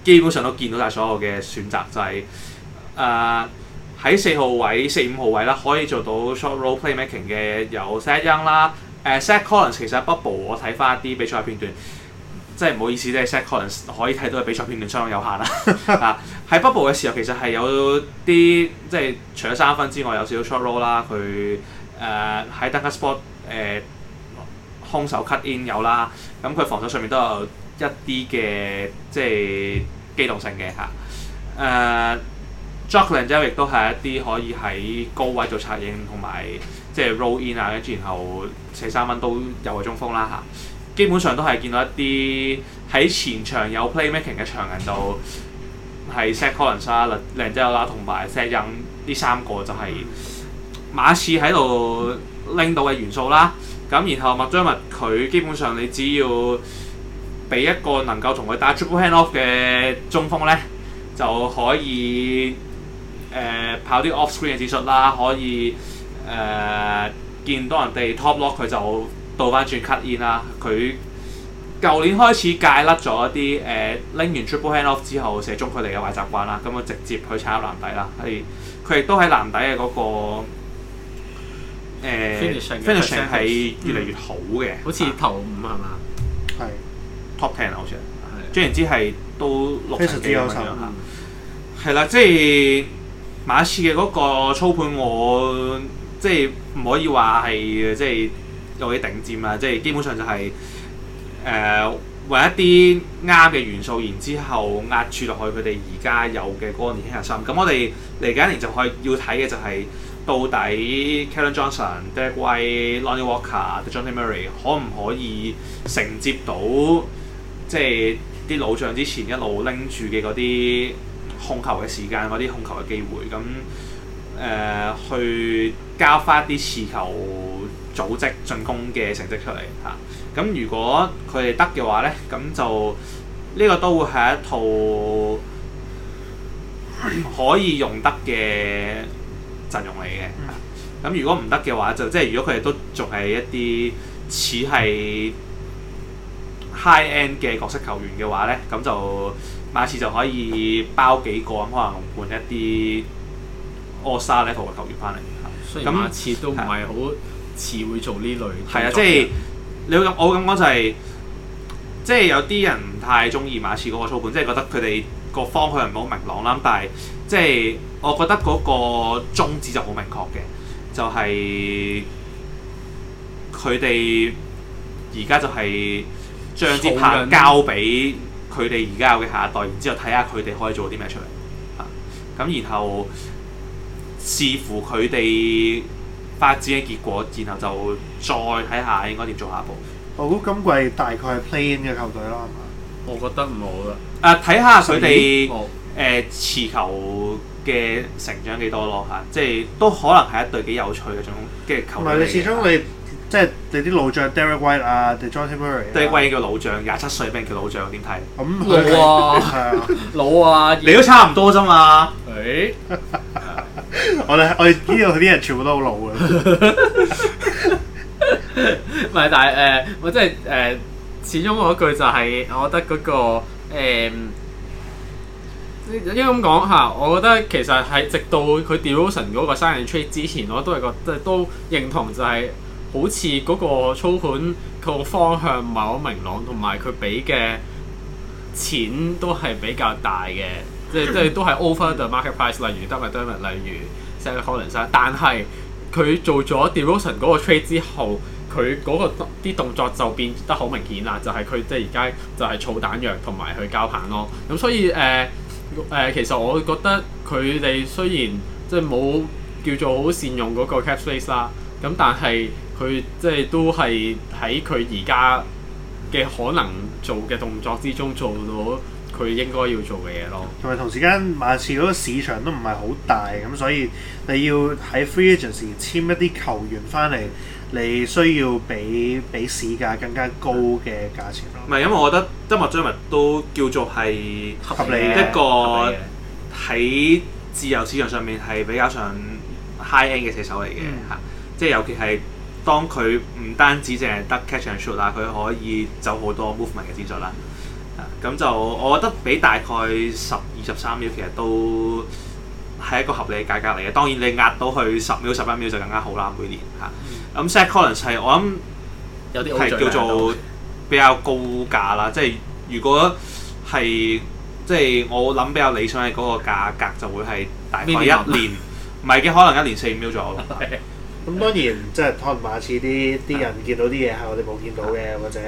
S2: 基本上都見到晒所有嘅選擇，就係誒喺四號位、四五號位啦，可以做到 short roll playmaking 嘅有 set young 啦、呃，誒 Zach Collins 其實喺 bubble 我睇翻一啲比賽片段，即係唔好意思即係，Zach Collins 可以睇到嘅比賽片段相當有限啦。 啊，喺 bubble 嘅時候其實係有啲即係除咗三分之外，有少少 short roll 啦，佢、呃、誒喺 dunker spot 誒、呃、空手 cut in 有啦，咁佢防守上面都有一啲嘅即係機動性嘅吓，誒、呃、Jock Landale 亦都係一啲可以喺高位做策應，同埋即係 roll in 啊，跟住然後射三分都有個中鋒啦吓，基本上都係見到一啲喺前場有 playmaking 嘅場人就係 Set Collins ick, 啊、靚仔啦，同埋 Set 印呢三個就係馬刺喺度拎到嘅元素啦。咁、啊、然後麥將麥佢基本上你只要。俾一個能夠同佢打 triple handoff 嘅中鋒咧，就可以誒、呃、跑啲 off screen 嘅技術啦，可以誒、呃、見到人哋 top lock 佢就倒翻轉 cut in 啦。佢舊年開始戒甩咗一啲誒拎完 triple handoff 之後射中距離嘅壞習慣啦，咁啊直接去踩喺籃底啦。係佢亦都喺籃底嘅嗰個 finishing，finishing 係越嚟越好嘅。好似頭五係嘛？係。 Top ten 好似係，雖然的之係都六十幾咁樣嚇，係啦、嗯，即係馬刺嘅嗰個操盤我，我即係唔可以話係即係有啲頂尖啦，即係基本上就係誒揾一啲啱嘅元素，然之後壓住落去佢哋而家有嘅嗰個年輕核心。咁我哋嚟緊一年就可以要睇嘅就係、是、到底 Keldon Johnson、Derrick White、Lonnie Walker、Dejounte Murray 可唔可以承接到？即係啲老將之前一路拎住嘅嗰啲控球嘅時間，嗰啲控球嘅機會，咁誒、呃、去交翻啲持球組織進攻嘅成績出嚟嚇。咁、啊、如果佢哋得嘅話咧，咁就呢、這個都會係一套可以用得嘅陣容嚟嘅。咁、啊、如果唔得嘅話，就即係如果佢哋都仲係一啲似係。High end 嘅角色球員嘅話咧，咁就馬刺就可以包幾個咁，可能換一啲 All Star level 嘅球員翻嚟。咁馬刺都唔係好似會做呢類這，係啊，即係你我咁講就係，即係有啲人唔太中意馬刺嗰個操盤，即係覺得佢哋個方向唔係好明朗啦。但係即係我覺得嗰個宗旨就好明確嘅，就係佢哋而家就係。將支拍交俾佢哋而家嘅下一代，然之後睇下佢哋可以做啲咩出嚟。咁、啊、然後視乎佢哋發展嘅結果，然後就再睇下應該點做下一
S1: 步。我估、哦、今季大概係 play-in 嘅球隊啦，係嘛，我覺得唔好啦。誒、啊，睇下佢哋
S2: 誒持球嘅成長幾多咯，嚇、啊，即係都可能係一隊幾有趣嘅種嘅球隊。唔你始
S1: 終你。啊即係哋啲老將 Derrick White 啊 Derrick White
S2: 叫老將，廿七歲畀人叫老將？點睇？咁老啊，係啊，
S1: 老啊，你都差唔多啫嘛。誒，我哋我哋呢度啲人全部都好老嘅。唔係，但
S3: 係誒，我即係誒，始終我嗰句就係，我覺得嗰個誒，應該咁講嚇。我覺得其實係直到佢 Devotion 嗰個 Signing Treat 之前，我都係覺得都認同就係。好似嗰個操盤個方向唔係好明朗，同埋佢俾嘅錢都係比較大嘅，即係即係都係 over the market price。例如 d o n a 例如 Sarah Collins，但係佢做咗 d e v o t i o n 嗰個 trade 之後，佢嗰、嗰個啲動作就變得好明顯啦。就係佢即係而家就係儲彈藥同埋去交棒咯。咁所以誒誒、呃呃，其實我覺得佢哋雖然即係冇叫做好善用嗰個 cap space 啦，咁但係。佢即係都係喺佢而家嘅可能做嘅動作之中做到佢應該
S1: 要做嘅嘢咯。同埋同時間，馬刺嗰個市場都唔係好大，咁所以你要喺 free agency 簽一啲球員翻嚟，你需要比比市價更加高嘅價錢咯。
S2: 唔係，因為我覺得今日麥朱文都叫做係合理嘅一個喺自由市場上面係比較上 high end 嘅射手嚟嘅吓，嗯、即係尤其係。當佢唔單止淨係得 catch and shoot，但係佢可以走好多 movement 嘅姿勢啦。咁、啊、就我覺得俾大概十二十三秒，其實都係一個合理嘅價格嚟嘅。當然你壓到去十秒十一秒就更加好啦。每年嚇，咁 set course 係我諗有啲係叫做比較高價啦。即係 Okay. 如果係即係我諗比較理想嘅嗰個價格，就會係大概一年，唔係嘅可能一年四五秒左右。Okay.
S1: 咁當然，即係可能馬刺啲啲人見到啲嘢係我哋冇見到嘅，或者誒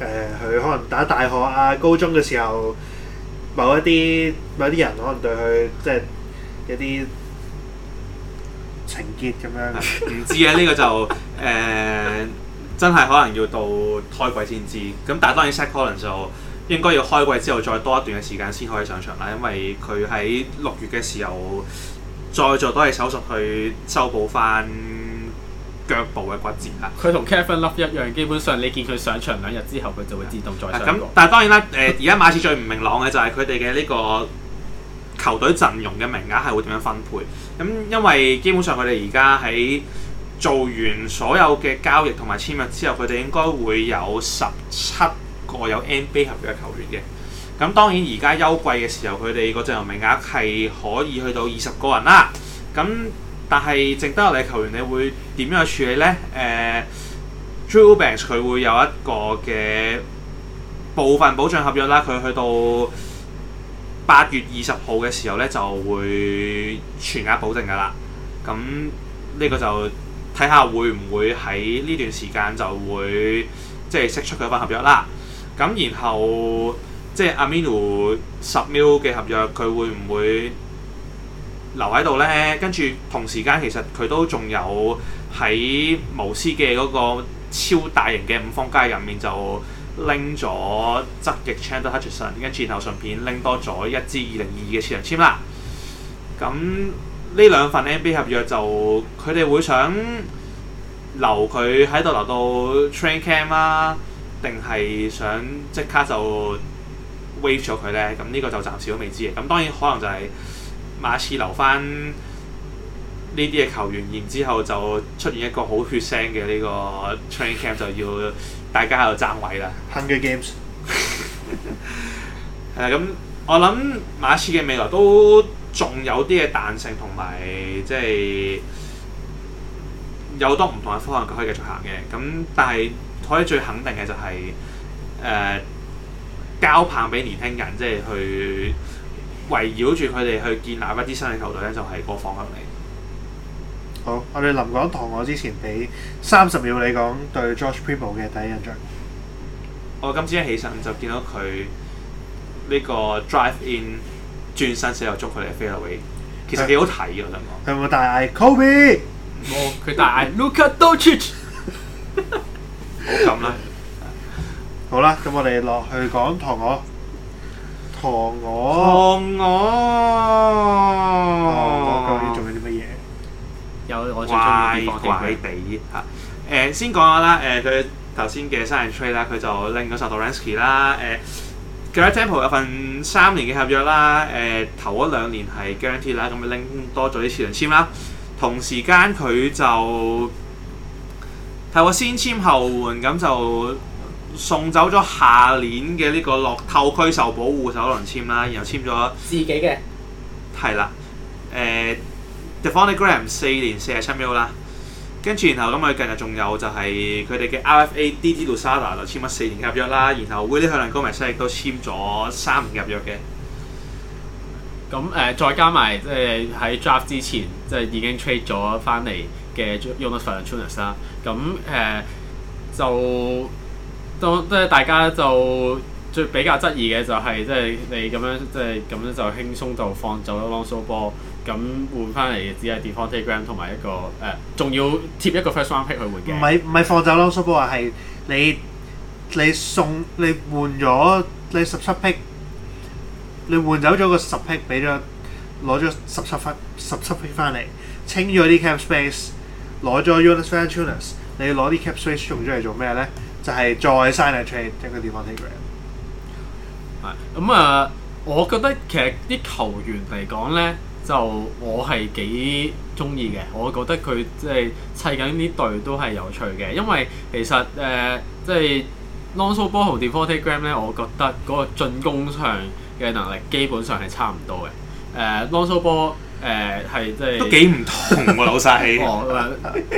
S1: 佢、呃、可能打大學啊、高中嘅時候，某一啲某一啲人可能對佢即係一啲情結咁樣。
S2: 唔知啊，呢 個就誒、呃、真係可能要到開季先知。咁但係當然 Shaq 可能就應該要開季之後再多一段嘅時間先可以上場啦，因為佢喺六月嘅時候再做多啲手術去修補翻。腳步嘅骨折啦，
S3: 佢同 Kevin Love 一樣，基本上
S2: 你見佢上場兩日之後，佢就會自動再傷。咁 但係當然啦，誒而家馬刺最唔明朗嘅就係佢哋嘅呢個球隊陣容嘅名額係會點樣分配？咁因為基本上佢哋而家喺做完所有嘅交易同埋簽約之後，佢哋應該會有十七個有 NBA 合約嘅球員嘅。咁當然而家休季嘅時候，佢哋個陣容名額係可以去到二十個人啦。咁但係，值得我哋球員，你會點樣去處理呢？誒，True、uh, Banks 佢會有一個嘅部分保障合約啦，佢去到八月二十號嘅時候呢，就會全額保證噶啦。咁呢個就睇下會唔會喺呢段時間就會即係、就是、釋出佢份合約啦。咁然後即係、就是、Aminu 十 mil 嘅合約，佢會唔會？留喺度呢，跟住同時間其實佢都仲有喺無師嘅嗰個超大型嘅五方街入面就拎咗側翼 Chandler Hutchison，跟住然後順便拎多咗一支二零二二嘅次輪籤啦。咁呢兩份 NBA 合約就佢哋會想留佢喺度留到 train camp 啦、啊，定係想即刻就 wave 咗佢呢？咁呢個就暫時都未知嘅。咁當然可能就係、是。馬刺留翻呢啲嘅球員，然之後就出現一個好血腥嘅呢個 training camp，就要大家喺度爭位啦。
S1: Hunger Games 係
S2: 咁 我諗馬刺嘅未來都仲有啲嘅彈性，同埋即係有好多唔同嘅方向佢可以繼續行嘅。咁但係可以最肯定嘅就係、是、誒、呃、交棒俾年輕人，即、就、係、是、去。圍繞住佢哋去建立一支新嘅球隊咧，就係、是、個方向嚟。
S1: 好，我哋臨講堂我之前俾三十秒你講對 George Pipol 嘅第一印象。
S2: 我今朝一起身就見到佢呢個 drive in 轉身之後捉佢嚟飛落去，其實幾好睇啊！是我同你
S1: 講，佢冇大嗌 Kobe，冇佢大嗌 Luka Doncic，唔好撳啦。好啦，咁我哋落去講堂我。我，鵝，塘鵝。我究竟做緊啲乜嘢？
S2: 有我最中意啲拐地啊！誒，先講下啦。誒、呃，佢頭先嘅三人 trade 啦，佢就拎咗 Satoransky 啦。誒、啊，個 example 有份三年嘅合約啦。誒、啊啊，頭嗰兩年係 guarantee 啦，咁就拎多咗啲次輪籤啦。同時間佢就係、啊、我先簽後換，咁就。送走咗下年嘅呢個落透區受保護首輪籤啦，然後簽咗自己嘅，係啦，誒，Devonte' Graham 四年四十七秒啦，跟住然後咁佢近日仲有就係佢哋嘅 RFA Didi Louzada 簽咗四年合約啦，然後 Willy Hernangomez 亦都簽咗三年合約嘅，咁誒再加埋即係喺 Draft 之前即係已經 trade
S3: 咗翻嚟嘅 Jonas Valanciunas 啦，咁誒就。都即係大家就最比較質疑嘅就係即係你咁樣即係咁樣就輕鬆就放走咗 Lonzo Ball 咁換翻嚟嘅只係 Devonte Graham 同埋一個誒，仲、呃、要貼一個 first round pick 去換嘅。唔係
S1: 唔係放走 Lonzo Ball 啊，係你你送你換咗你十七 pick，你換走咗個十 pick，俾咗攞咗十七分十七 pick 翻嚟清咗啲 cap space，攞咗 Jonas Valanciunas，你攞啲 cap space 用咗嚟做咩咧？就係再 sign and trade 出嚟一個 Devonte' Graham。咁、呃、啊，我
S3: 覺得其實啲球員嚟講咧，就我係幾中意嘅。我覺得佢即係砌緊呢隊都係有趣嘅，因為其實誒即係 Lonzo 波同 Devonte' Graham 咧，我覺得嗰個進攻上嘅能力基本上係差唔多嘅。誒 Lonzo 波。誒係、呃、即係都幾唔同喎老
S1: 細，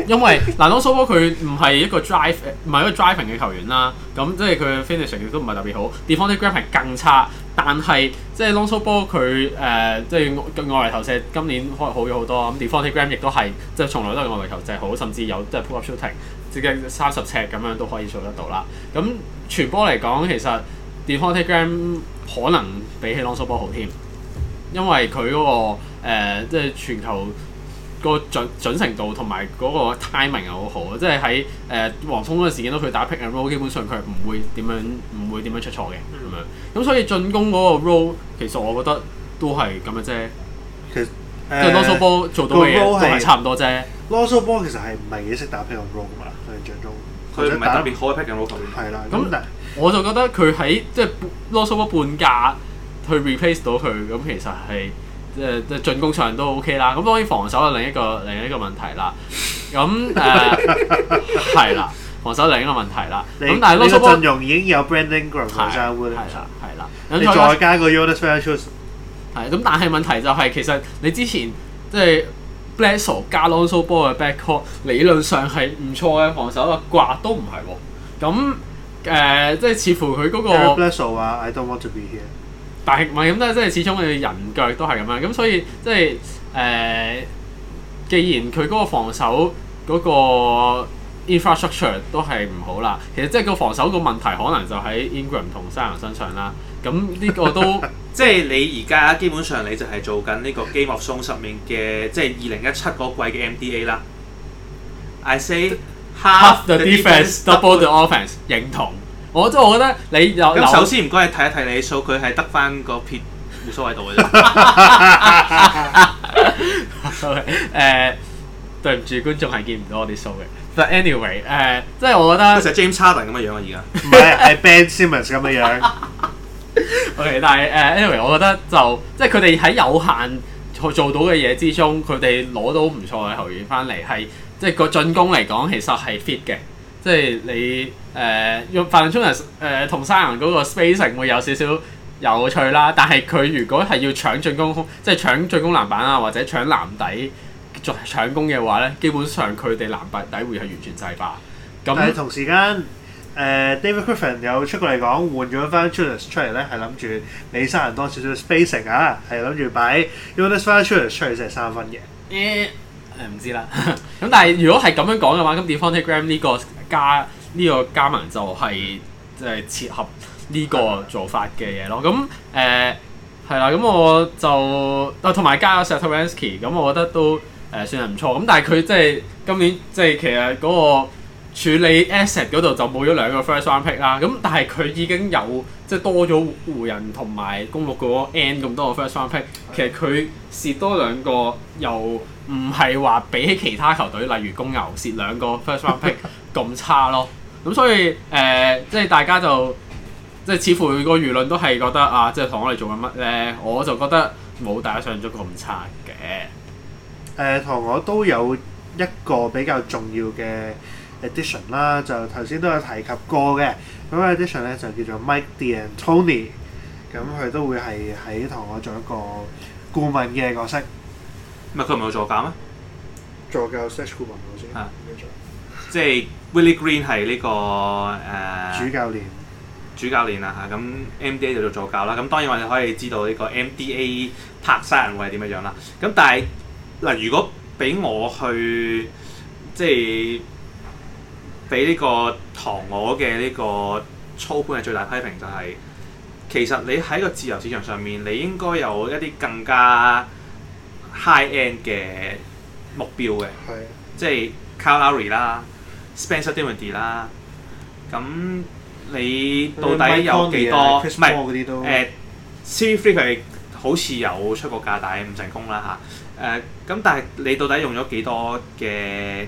S3: 因為 Lonzo Ball 佢唔係一個 drive 唔係一個 driving 嘅球員啦，咁即係佢嘅 finishing 亦都唔係特別好，defensive game 係更差。但係即係 Lonzo Ball、呃、佢誒即係外外圍投射今年可開好咗好多，咁 defensive game 亦都係即係從來都係外圍投射好，甚至有即係、就是、pull up shooting 接近三十尺咁樣都可以做得到啦。咁傳波嚟講，其實 defensive game 可能比起 Lonzo Ball 好添，因為佢嗰、那個。誒，即係、呃就是、全球準準個準準程度同埋嗰個 timing 係好好，即係喺誒黃蜂嗰陣時見到佢打 pick and roll，基本上佢唔會點樣唔會點樣出錯嘅咁樣。咁、嗯、所以進攻嗰個 roll 其實我覺得都係咁嘅啫。其實囉嗦波做到嘅都係差唔多啫。囉嗦波其實係唔係幾識打 pick and roll 㗎嘛？佢掌
S1: 中佢唔係特別好。pick and roll 係啦。咁
S3: 我就覺得佢喺即係囉嗦波半價去 replace 到佢咁，其實係。即係，進攻場都 OK 啦，咁當然防守又另一個另一個問題啦。咁誒係啦，防守另一個問題啦。咁你但係 l、so、個陣容已
S1: 經有 Brandon Ingram 嘅、啊，係啦係啦。咁、啊啊、再加個 Jonas Valanciunas
S3: 係咁， 但係問題就係、是、其實你之前即係、就是、Bledsoe 加 Lonzo 波嘅 Backcourt 理論上係唔錯嘅防守一個掛都唔係喎。咁、嗯、誒、uh，即係似乎佢嗰、
S1: 那個。
S3: 但係唔係咁啫？即係始終佢人腳都係咁樣，咁所以即係誒既然佢個防守、嗰個 infrastructure 都係唔好啦，其實即係個
S2: 防守個問題可能就喺 Ingram 同 Zion 身上啦。咁、嗯、呢、呢個都 即係你而家基本上你就係做緊呢個基莫松十面嘅，即係二零一七嗰季嘅 MDA 啦。I say the, half, half the defense double the offense 認同。我即係我覺得你又首先唔該，你睇一睇你數佢係得翻個撇，冇所謂到嘅啫。所謂誒
S3: 對唔住觀眾係見唔到我啲數嘅。但 anyway 誒、呃，即係我覺得成 James Harden 咁嘅樣啊，而家唔係係 Ben Simmons 咁嘅樣。 OK，但係誒、呃、anyway，我覺得就即係佢哋喺有限做做到嘅嘢之中，佢哋攞到唔錯嘅球員翻嚟，係即係個進攻嚟講，其實係 fit 嘅。即係你誒用范特蘇尼斯誒同沙銀嗰個 spacing 會有少少有趣啦，但係佢如果係要搶進攻，即係搶進攻籃板啊，或者搶籃底作搶攻嘅
S1: 話咧，基本上佢哋籃板底會係完全制霸。咁同時間誒、呃、David Griffin 有出過嚟講換咗翻范特蘇尼斯出嚟咧，係諗住你沙銀多少少 spacing 啊，係諗住擺范特蘇尼斯出嚟出嚟射三分嘅誒，唔知
S3: 啦。咁 但係如果係咁樣講嘅話，咁 Devonte' Graham 呢個？加呢、這個加盟就係、是、誒、就是、切合呢個做法嘅嘢咯。咁誒係啦，咁、呃、我就啊同埋加咗 Setevansky，咁我覺得都誒、呃、算係唔錯。咁但係佢即係今年即係、就是、其實嗰個處理 asset 嗰度就冇咗兩個 first round pick 啦。咁但係佢已經有即係、就是、多咗湖人同埋公鹿嗰個 N 咁多個 first round pick。其實佢蝕多兩個又唔係話比起其他球隊，例如公牛蝕兩個 first round pick。 咁差咯，咁所以誒、呃，即係大家就即係似乎個輿論都係覺得啊，即係同我哋做緊乜咧？我就覺得冇大家想像中咁差嘅。
S1: 誒、呃，同我都有一個比較重要嘅 addition 啦，就頭先都有提及過嘅。咁 addition 咧就叫做 Mike D'Antoni，咁佢都會係喺同我做一個顧問嘅角色。
S2: 咪佢唔係助教咩？
S1: 助教顧問老師。嗯嗯嗯嗯嗯。
S2: 即係 Willie Green 係呢、這個誒、uh, 主教練，主教練啦嚇，咁 MDA 就做助教啦。咁當然我哋可以知道呢個 MDA 拍殺人會係點樣樣啦。咁但係嗱、呃，如果俾我去即係俾呢個塘鵝嘅呢、這個操盤嘅最大批評就係、是，其實你喺個自由市場上面，你應該有一啲更加 high end 嘅目標嘅，的即係 Calorie 啦。Spencer Dinwiddie 啦，咁你到底有幾多？唔係誒，three t 佢好似有出過價但唔成功啦吓，誒，咁、啊、但係你到底用咗幾多嘅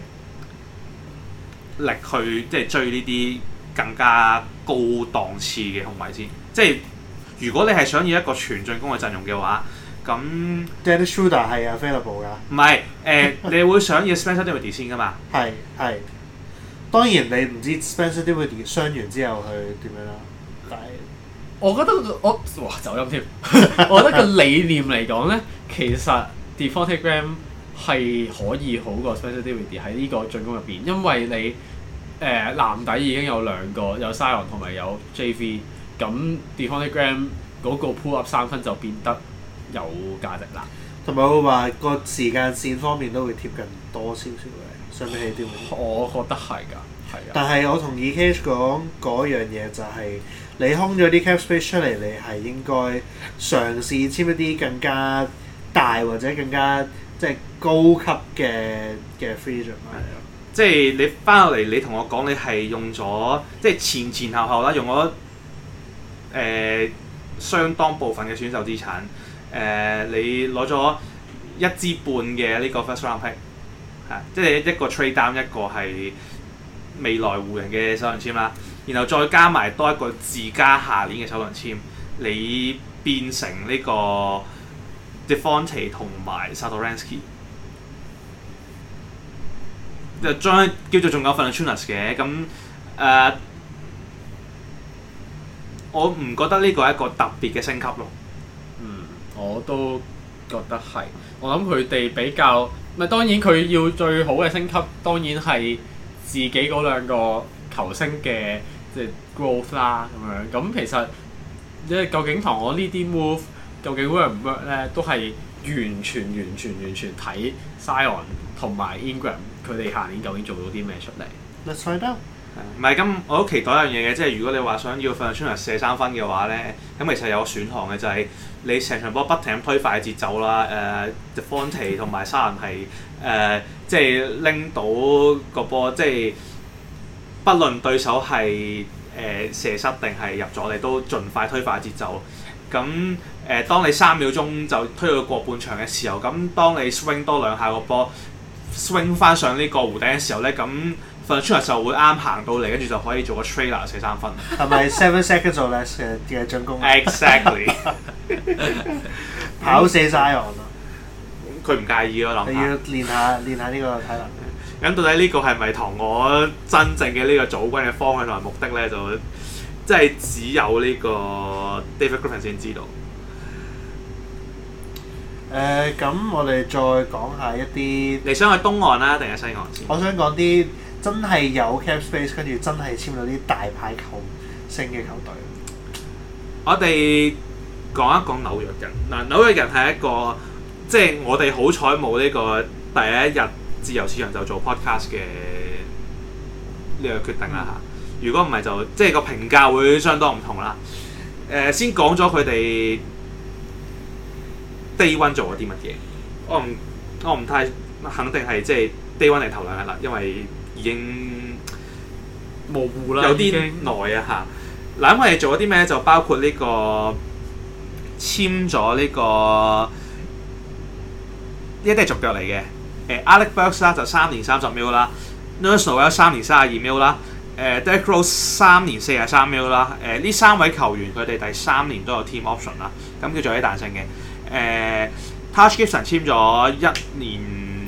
S2: 力去即係追呢啲更加高檔次嘅控衛先？即係如果你係想要一個全進攻嘅陣容嘅話，咁
S1: d a d d y shooter 係啊 available
S2: 㗎？唔係誒，你會想
S1: 要 Spencer Dinwiddie 先㗎嘛？係係。當然你唔知 Spencer Dinwiddie 傷完之後佢點樣啦，但係
S3: 我覺得我哇走音
S1: 添， 我
S3: 覺得個理念嚟講咧，其實 Devonte' Graham 係可以好過 Spencer Dinwiddie 喺呢個進攻入邊，因為你誒、呃、籃底已經有兩個有 Sion 同埋有 JV，咁 Devonte' Graham 嗰個 pull up 三分就變
S1: 得有價值啦，同埋我話個時間線方面都會貼近多少少。上面係點？我覺得係㗎，係啊。但係我同意、e、k 講嗰的樣嘢就係、是，你空咗啲 cap space 出嚟，你係應該嘗試簽一啲更加大或者更加即係高級嘅嘅 free agent 即
S2: 係你翻落嚟，你同我講你係用咗，即、就、係、是、前前後後啦，用咗誒相當部分嘅選秀資產。誒、呃，你攞咗一支半嘅呢個 first round pick。係，即係一個 trade down，一個係未來湖人嘅首輪籤啦，然後再加埋多一個自家下年嘅首輪籤，你變成呢個 DeFonte 同埋 Satoransky，就將叫做仲有份 Travis 嘅，咁誒、呃，我唔覺得呢個係一個特別嘅升級咯。嗯，
S3: 我都覺得係，
S2: 我諗佢哋比較。
S3: 咪當然佢要最好嘅升級，當然係自己嗰兩個球星嘅嘅 growth 啦，咁樣咁其實即係究竟同我呢啲 move 究竟 work 唔 work 咧，都係完全完全完全睇 Sion 同埋
S2: Ingram 佢哋下年究竟做到啲咩出嚟。唔係咁，我好期待一樣嘢嘅，即係如果你話想要 Franklin 射三分嘅話咧，咁其實有個選項嘅就係、是、你成場波不停咁推快節奏啦。呃、De Fonte 同埋沙銀係誒，即係拎到個波，即係不論對手係誒、呃、射失定係入咗，你都盡快推快節奏。咁誒、呃，當你三秒鐘就推到過半場嘅時候，咁當你 swing 多兩下個波，swing 翻上呢個弧頂嘅時候咧，咁。份 t r 就會啱行到嚟，跟住就可以做個 trailer 射
S1: 三分。係咪 seven seconds 做咧？射點解 進攻 Exactly 跑死 Zion。佢唔介意咯，諗你要練下練下呢個體
S2: 能。咁 到底呢個係咪同我真正嘅呢個組軍嘅方向同埋目的咧？就即係只有呢個 David Griffin 先知道。
S1: 誒、呃，咁我哋再講下一啲，你想去東岸啦、啊，定係西岸先？我想講啲。真係有 cap space 跟住真係簽咗啲大牌球星嘅球隊。
S2: 我哋講一講紐約人。嗱，紐約人係一個即係我哋好彩冇呢個第一日自由市場就做 podcast 嘅呢個決定啦嚇。嗯、如果唔係就即係個評價會相當唔同啦。誒、呃，先講咗佢哋低 a 做咗啲乜嘢。我唔我唔太肯定係即係低 a 嚟 one 係投兩粒，因為。已經
S3: 模糊啦，有啲耐
S2: 啊嚇。嗱，因為做咗啲咩就包括呢、這個簽咗呢、這個呢啲係續約嚟嘅。誒、啊、Alec Burks 啦、啊，就三年三十秒啦 Nerlens Noel 有三年三十二秒啦，誒、啊、Derrick Rose 三年四十三秒啦。誒，呢三位球員佢哋第三年都有 team option 啦，咁叫做啲彈性嘅。誒，Taj Gibson 簽咗一年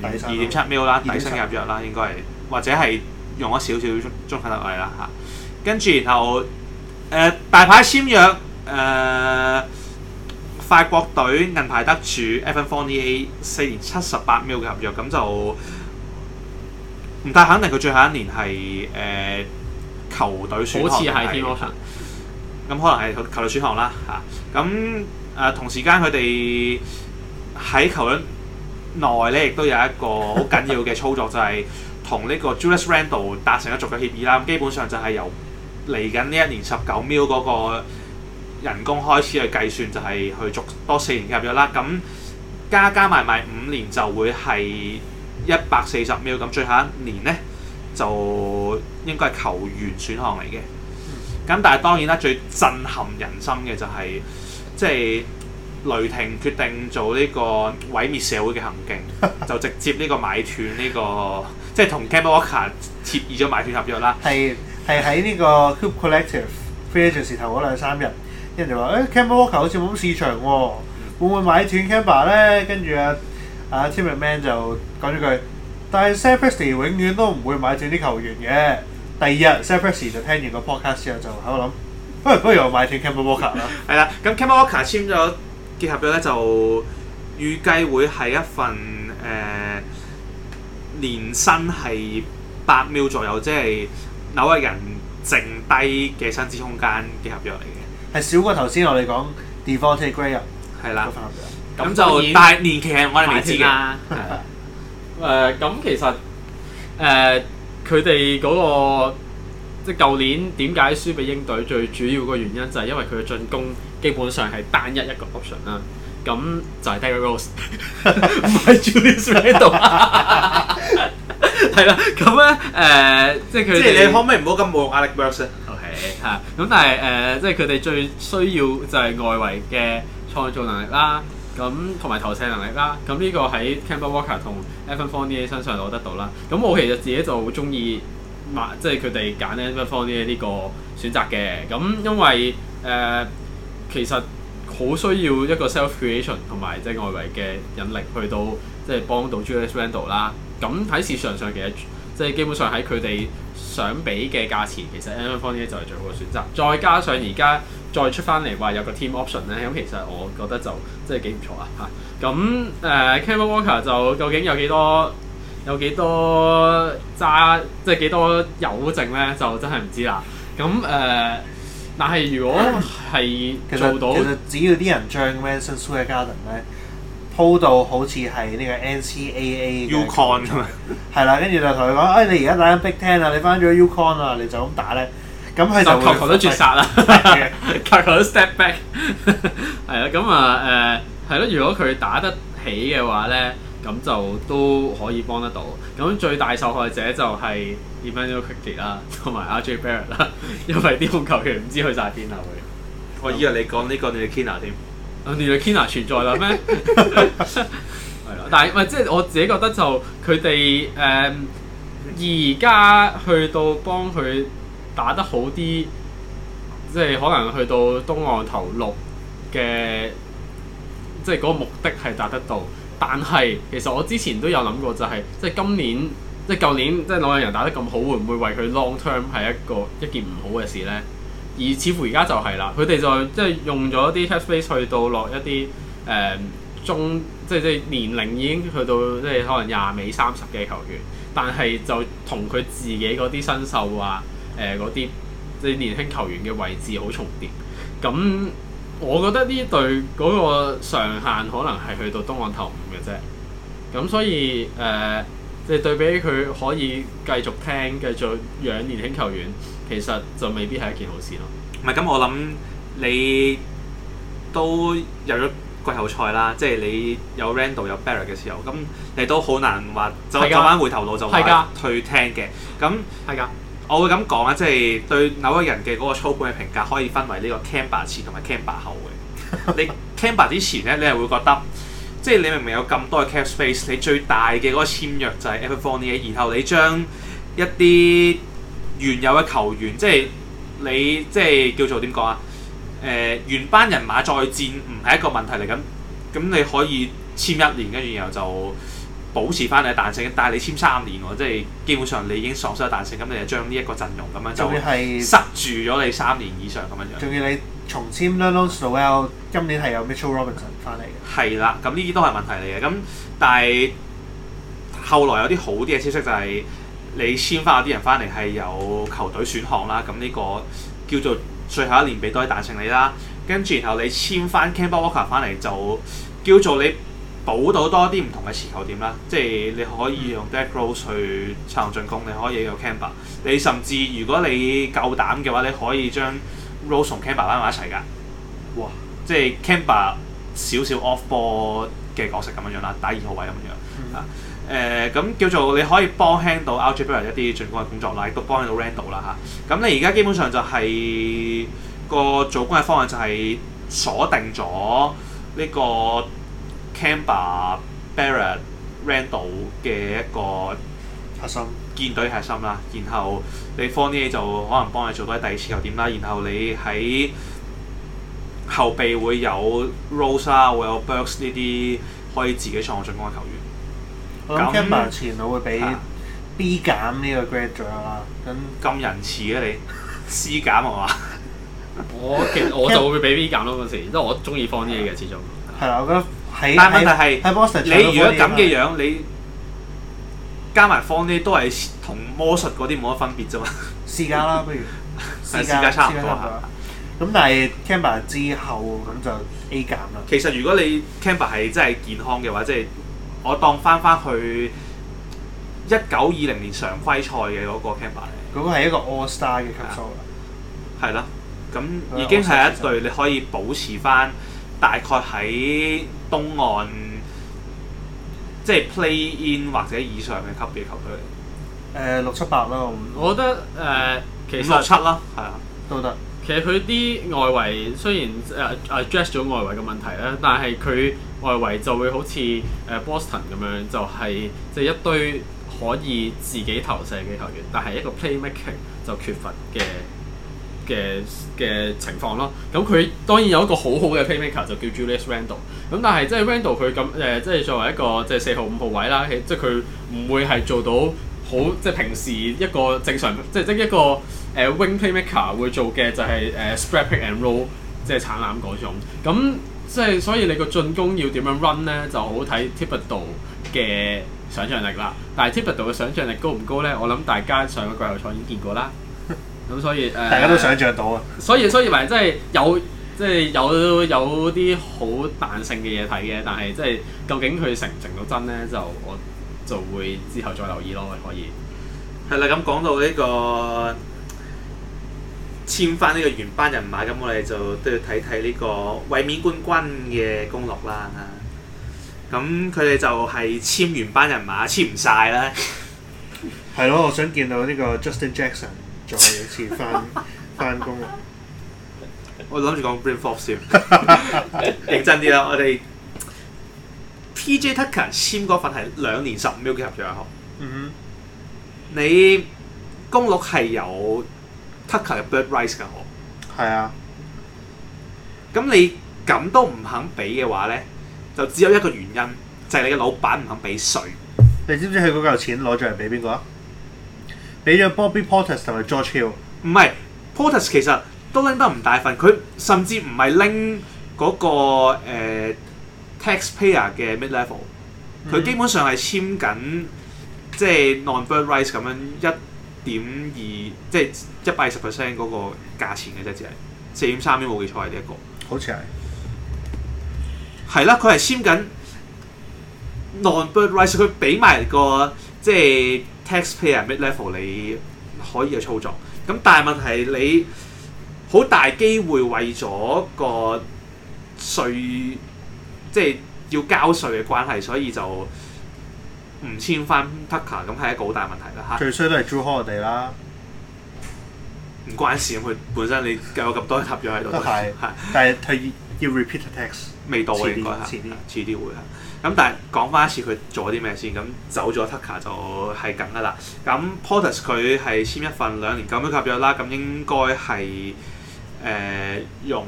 S2: 二點七秒啦，底薪入約啦，應該係。或者係用咗少少中中肯得利啦嚇，跟、啊、住然後誒、呃、大牌簽約誒法、呃、國隊銀牌得主 Evan Fournier 四年七十八秒嘅合約，咁就唔太肯定佢最後一年係誒、呃、球隊選項，好似係添，可咁、啊、可能係球隊選項啦嚇。咁、啊、誒、啊、同時間佢哋喺球隊內咧，亦都有一個好緊要嘅操作 就係、是。同呢個 Julius Randle 達成咗續約協議啦。基本上就係由嚟緊呢一年十九秒嗰個人工開始去計算，就係去續多四年嘅合約啦。咁加加埋埋五年就會係一百四十秒。咁最後一年呢，就應該係球員選項嚟嘅。咁但係當然啦，最震撼人心嘅就係即係雷霆決定做呢個毀滅社會嘅行徑，就直接呢個買斷呢個。即係同 Kemba Walker 協議
S1: 咗買斷合約啦。係係喺呢個 Hoop Collective Free Agency 頭嗰兩三日，人哋就話：誒 Kemba Walker 好似冇市場喎，會唔會買斷 Kemba 咧？跟住啊啊 Tim MacMahon 就講咗句：但係 Sam Presti 永遠都唔會買斷啲球員嘅。第二日 Sam Presti 就聽完個 podcast 之後就喺度諗：不如不如我買斷 Kemba Walker 啦。係啦，咁 Kemba Walker 簽咗合約
S2: 咧，就預計會係一份誒。年薪係八 million，左右，即、就、係、是、紐約人剩低嘅薪資空間嘅合約嚟嘅。
S1: 係少過頭先我哋講 default grey 啊。係啦。咁就、啊，但年期係我哋未知嘅。
S2: 係咁其實
S3: 誒，佢哋嗰個即係舊年點解輸俾英隊，最主要個原因就係因為佢嘅進攻基本上係單一一個 option 啦。咁、嗯、就係、是、David Rose。唔係 Julius Randle。係啦，咁咧誒，即係佢即係你可唔可以唔好咁冇用 analytics 咧？OK，係、呃。咁 但係誒，即係佢哋最需要就係外圍嘅創造能力啦，咁同埋投射能力啦。咁呢個喺 Kemba Walker 同 Evan Fournier 身上攞得到啦。咁我其實自己就好中意，即、啊、係佢、就、哋、是、揀 Evan Fournier 呢個選擇嘅。咁因為誒、呃，其實好需要一個 self creation 同埋即係外圍嘅引力去到，即、就、係、是、幫到 Julius Randle 啦。S 咁喺市場上其實即係基本上喺佢哋想俾嘅價錢，其實 Fournier 咧就係最好嘅選擇。再加上而家再出翻嚟話有個 team option 咧，咁其實我覺得就真係幾唔錯啊！嚇，咁誒 Kemba Walker 就究竟有幾多有幾多揸即係幾多有剩咧？就真係唔知啦。咁誒、呃，
S1: 但係如果係做到只要啲人將咩？Madison Square Garden 咧。鋪到好似係呢個 NCAA UConn 啊，係啦 Con， 跟住就同佢講，哎，你而家打緊 Big Ten 啊，你翻咗 UConn 啊，你就咁打咧，咁係球球都絕殺啦，
S3: 球球都 step back。 係啊，咁、呃、啊，誒，係咯，如果佢打得起嘅話咧，咁就都可以幫得到。咁最大受害者就係 Immanuel Quickley 啦，同埋 RJ Barrett 啦，因為啲控球員唔知去曬邊啊！我、哦嗯、以為你講呢、呢個你嘅 Kina 添。你來 Kina 存在啦咩？係 啦，但係唔即係我自己覺得就佢哋誒，而家去到幫佢打得好啲，即係可能去到東岸頭六嘅，即係嗰個目的係達得到。但係其實我之前都有諗過、就係，就係即係今年即係舊年即係紐約人打得咁好，會唔會為佢 long term 係一個一件唔好嘅事咧？而似乎而家就係啦，佢哋就即係用咗啲 cap space 去到落一啲誒、呃、中，即係即係年齡已經去到即係可能廿尾三十嘅球員，但係就同佢自己嗰啲新秀啊、誒嗰啲即係年輕球員嘅位置好重疊。咁、嗯、我覺得呢隊嗰個上限可能係去到東岸頭五嘅啫。咁、嗯、所以、呃、即係對比佢可以繼續聽、繼續養年輕球員。其實就未必係一件好
S2: 事咯。唔係咁，我諗你都有咗季後賽啦，即係你有 Randle 有 Barrett 嘅時候，咁你都好難話就的走翻回頭路就退聽嘅。咁係㗎，那的我會咁講啊，即、就、係、是、對紐約人嘅嗰個操盤嘅評價可以分為個 呢個 Kemba 前同埋 Kemba 後嘅。你 Kemba 之前咧，你係會覺得即係你明明有咁多嘅 Cap Space，你最大嘅嗰個簽約就係 Evan Fournier，然後你將一啲原有嘅球員，即係你即係叫做點講啊？誒、呃，原班人馬再戰唔係一個問題嚟㗎。咁你可以簽一年，跟住然後就保持翻你嘅彈性。但係你簽三年喎，即係基本上你已經喪失咗彈性。咁你就將呢一個陣容咁樣就塞住咗你三年以上咁樣樣。
S1: 仲要，要你重簽 l o 今年係有 Mitchell Robinson 翻嚟
S2: 嘅。係啦，咁呢啲都係問題嚟嘅。咁但係後來有啲好啲嘅消息就係、是。你簽翻嗰啲人翻嚟係有球隊選項啦，咁呢個叫做最後一年俾多啲彈性你啦。跟住然後你簽翻 Kemba Walker 翻嚟就叫做你補到多啲唔同嘅持球點啦。即係你可以用 Derrick Rose 去策動進攻，你可以用 Kemba。你甚至如果你夠膽嘅話，你可以將 Rose 同 Kemba 擺埋一齊㗎。哇！即係 Kemba 少少 off ball 嘅角色咁樣樣啦，打二號位咁樣，啊、嗯，誒、呃，咁叫做你可以幫輕到 Algebra 一啲進攻嘅工作啦，亦都幫到 Randle 啦嚇。咁你而家基本上就係、是那個做攻嘅方案就係鎖定咗呢個 Camber Barrett Randle 嘅一個核心，建隊核心啦。然後你 Forni 就可能幫你做到啲第二次入點啦。然後你喺後備會有 Rose 啊，會有 Burks 呢啲可以自己創進攻嘅球員。咁 c 前我會俾 B 減呢個 grade 啦。咁咁仁慈嘅你 C 減啊嘛？我
S3: 其實我就會俾 B 減咯嗰時，因為我中意 Fournier 嘢嘅始終。係啦，我
S1: 覺得喺但問題係，你如果咁嘅樣，
S2: 你加埋 Fournier 都係同魔術嗰啲冇乜分別啫嘛。C 加啦，不如 C 加差唔多。咁但係 Kemba 之後咁就 A 減啦。其實如果你 Kemba 係真係健康嘅話，即係我當翻翻去一九二零年常規賽嘅嗰個 Kemba 嚟，
S1: 嗰個係一個 All Star 嘅級數啦。
S2: 係啦，咁已經係一隊中你可以保持翻大概喺東岸，即係 Play In 或者以上嘅級別球隊。誒
S1: 六七八啦，我覺得誒
S2: 其實五六七啦，係啊都得。
S3: 其實佢啲外圍雖然誒 address 咗外圍嘅問題啦，但係佢外圍就會好似誒 Boston 咁樣，就係即係一堆可以自己投射嘅球員，但係一個 playmaker 就缺乏嘅嘅嘅情況咯。咁佢當然有一個好好嘅 playmaker 就叫 Julius Randle，咁但係即係 Randle 佢咁誒，即、呃、係、就係、作為一個即係四號五號位啦，即係佢唔會係做到好即係平時一個正常即係即係一個。誒、呃、wing playmaker 會做嘅就係誒 spread pick and roll，即係鏟攬嗰種咁，即係所以你個進攻要點樣 run 咧，就好睇 Thibodeau 嘅想像力啦。但係 Thibodeau 嘅想像力高唔高咧？我諗大家上個季後賽已經見過啦，咁所以誒，呃、大家都想像到啊。所以所以咪即係有即係有有啲好彈性嘅嘢睇嘅，但係即係究竟佢成唔成到真咧？就我就會之後再留意咯。
S2: 可以係啦，咁講到呢、這個。簽翻呢個原班人馬，咁我哋就都要睇睇呢個衛冕冠軍嘅公鹿啦。咁佢哋就係簽原班人馬，簽唔晒啦。
S1: 係咯， 我想見到呢個 Justin Jackson 再次翻翻公
S2: 鹿。我諗住講 Bring For s a l 先，認真啲啦，我哋 PJ Tucker 簽嗰份係兩年十五 million 嘅合約，嗯 你公鹿係有？Tucker 嘅 Bird rights 噶我，係啊，咁你咁都唔肯俾嘅話咧，
S1: 就只有一個原因，就係、是、你嘅老闆唔肯俾稅、啊。你知唔知佢嗰嚿錢攞咗嚟俾邊個啊？俾咗 Bobby Portis 同埋 George Hill？唔係，Portis 其實
S2: 都拎得唔大份，佢甚至唔係拎嗰個、呃、taxpayer 嘅 mid-level，佢基本上係簽緊即係 non-Bird rights 咁樣一。點二即係一百二十 percent 嗰個價錢嘅啫，只係四點三，都冇記錯係呢一個，好似係係啦，佢係簽緊 non-Bird rights 佢俾埋個即係 taxpayer mid level 你可以嘅操作，咁但係問題係你好大機會為咗個稅，即係要交稅嘅關係，所以就。唔籤翻 Tucker 咁係一個好大問題啦嚇，最衰都係
S1: Jrue Holiday 啦，
S2: 唔關事咁佢本身你有咁多合約喺度，係係， 但係佢要 repeat the text，未到嘅點應該遲啲遲啲會嚇。咁但係講翻一次佢做咗啲咩先？咁走咗 Tucker 就係咁噶啦。咁 Portis 佢係籤一份兩年九萬合約啦，咁應該係誒、呃、用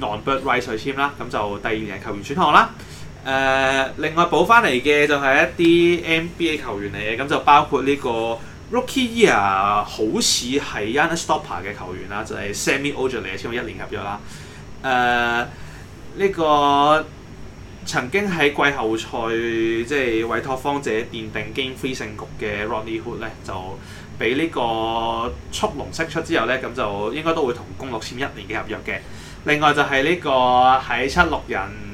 S2: non-bird right 去籤啦，咁就第二年係球員選項啦。誒、呃，另外補翻嚟嘅就係一啲 NBA 球員嚟嘅，咁就包括呢個 Rookie Year 好似係 Giannis Stopper 嘅球員啦，就係、是、Semi Ojeleye 嚟嘅，簽過一年合約啦。誒、呃，呢、這個曾經喺季後賽即係喺拓荒者奠定 Game Three 勝局嘅 Rodney Hood 咧，就俾呢個速龍釋出之後咧，咁就應該都會同公鹿簽一年嘅合約嘅。另外就係呢個喺七六人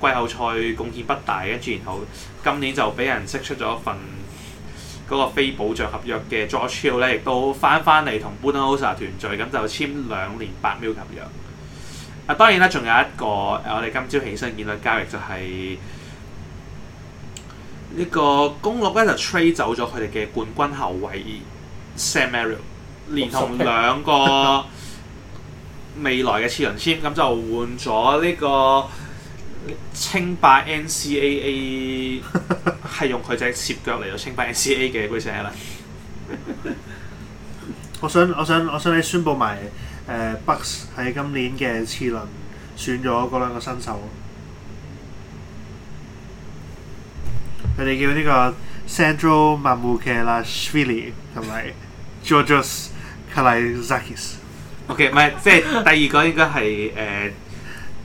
S2: 季後賽貢獻不大，跟住然後今年就俾人釋出咗份嗰個非保障合約嘅 George Hill 咧，亦都翻翻嚟同 b u n o s a i 團聚，咁就簽兩年八 million 合約。啊，當然啦，仲有一個誒、啊，我哋今朝起身見到交易就係、是、呢、這個公鹿咧，就 trade 走咗佢哋嘅冠軍後衛 Sam Merrill，連同兩個未來嘅次輪簽，咁就換咗呢、這個。稱霸 NCAA 係用佢隻攝腳嚟到稱霸 NCAA 嘅
S1: ，Grace 啦。我想我想我想你宣佈埋誒 Bucks 喺今年嘅次輪選咗嗰兩個新手。佢哋叫呢個 Sandro Mamukelashvili 同埋 Georgios Kalaitzakis。OK，
S2: 唔係，即係第二個應該係誒。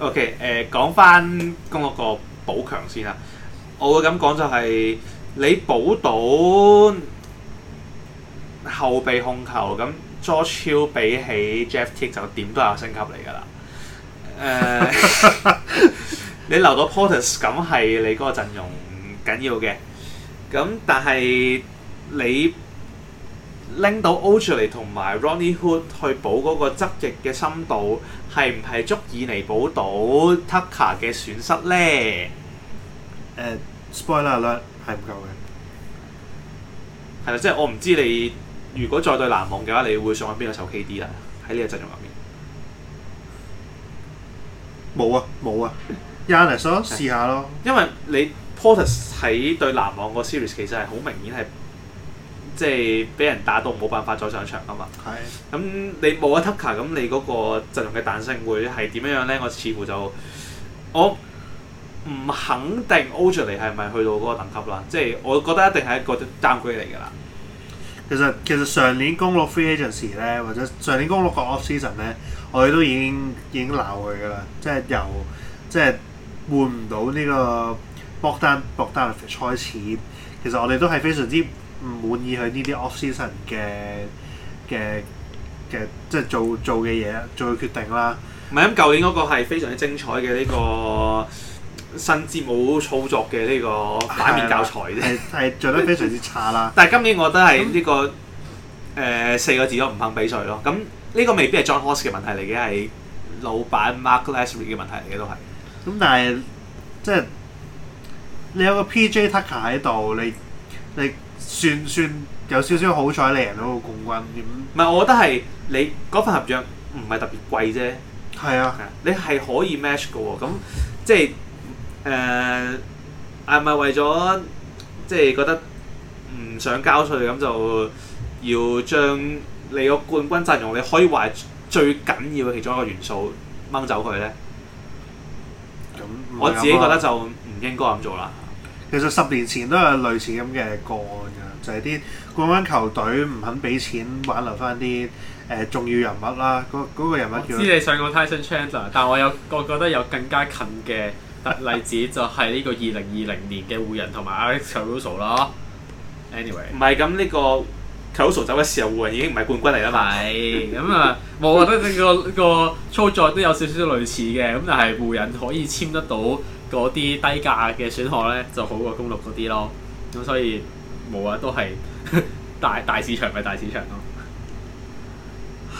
S2: OK，誒講翻嗰個補強先啦。我會咁講就係、是、你補到後備控球，咁 George 超比起 Jeff T 就點都有升級嚟噶啦。誒、呃， 你留到 Portis 咁係你嗰個陣容緊要嘅。咁但係你拎到 u l Ocho y 同埋 Ronnie Hood 去補嗰個側翼嘅深度。係唔係足以彌補到 Tucker 嘅損失咧？
S1: 誒、uh，spoiler alert 係唔夠嘅，
S2: 係啦，即係我唔知你如果再對籃網嘅話，你會想揾邊個手 KD 啲啦？喺呢個陣容入面
S1: 冇啊冇啊，Giannis 咯試下
S2: 咯，因為你 Portis 喺對籃網個 series 其實係好明顯係。即係俾人打到冇辦法再上場啊嘛！咁係，你冇咗 Tucker 咁你嗰個陣容嘅彈性會係點樣樣咧？我似乎就我唔肯定 Ojulie、er、係咪去到嗰個等級啦。即係我覺得一定係一個 downgrade 嚟㗎啦。
S1: 其實其實上年公路 free agency 咧，或者上年攻落個 off season 咧，我哋都已經已經鬧佢㗎啦。即係由即係換唔到呢個博丹博丹開始，其實我哋都係非常之。唔滿意佢呢啲 offseason 嘅嘅嘅，即係做做嘅嘢啦，做嘅決定啦。唔係咁，舊年嗰個係非常之精彩嘅呢、呢個新
S2: 節目操作嘅呢個反面教材啫，
S1: 係做得非常之差啦。 但係今年
S2: 我覺得係呢、呢個誒那、呃、四個字都唔肯比賽咯。咁呢個未必係 John Hoss 嘅問題嚟嘅，係老闆 Mark Leslie 嘅問題嚟嘅都係。
S1: 咁但係即係你有個 PJ Tucker 喺度，你你。算算有少少好彩，贏到個冠軍
S2: 唔係、嗯，我覺得係你嗰份合約唔係特別貴啫。係是啊，係啊，你係可以 match 嘅喎、哦。咁、嗯嗯、即係誒，係、呃、咪為咗即係覺得唔想交稅，咁就要將你個冠軍陣容，你可以話係最緊要嘅其中一個元素掹走佢咧？咁、嗯啊、我自己覺得就唔應該咁做啦。
S1: 其實十年前都有類似咁嘅個案㗎，就係、是、啲冠軍球隊唔肯俾錢挽留翻啲誒重要人物啦。嗰、嗰個人物叫我知
S3: 你想講 Tyson Chandler，但我有我覺得有更加近嘅例子， 就係呢個二零二零年嘅湖人同埋 Alex Caruso 咯。Anyway，唔係咁，
S2: 呢個 Caruso 走嘅時候，湖人已經唔係冠軍嚟啦嘛。係是，咁
S3: 啊， 我覺得呢、呢個呢、呢個、操作都有少少類似嘅，咁但係湖人可以簽得到。嗰啲低價嘅選項咧就好過公鹿嗰啲咯，咁所以冇啊，都係
S2: 大大市場咪大市場咯。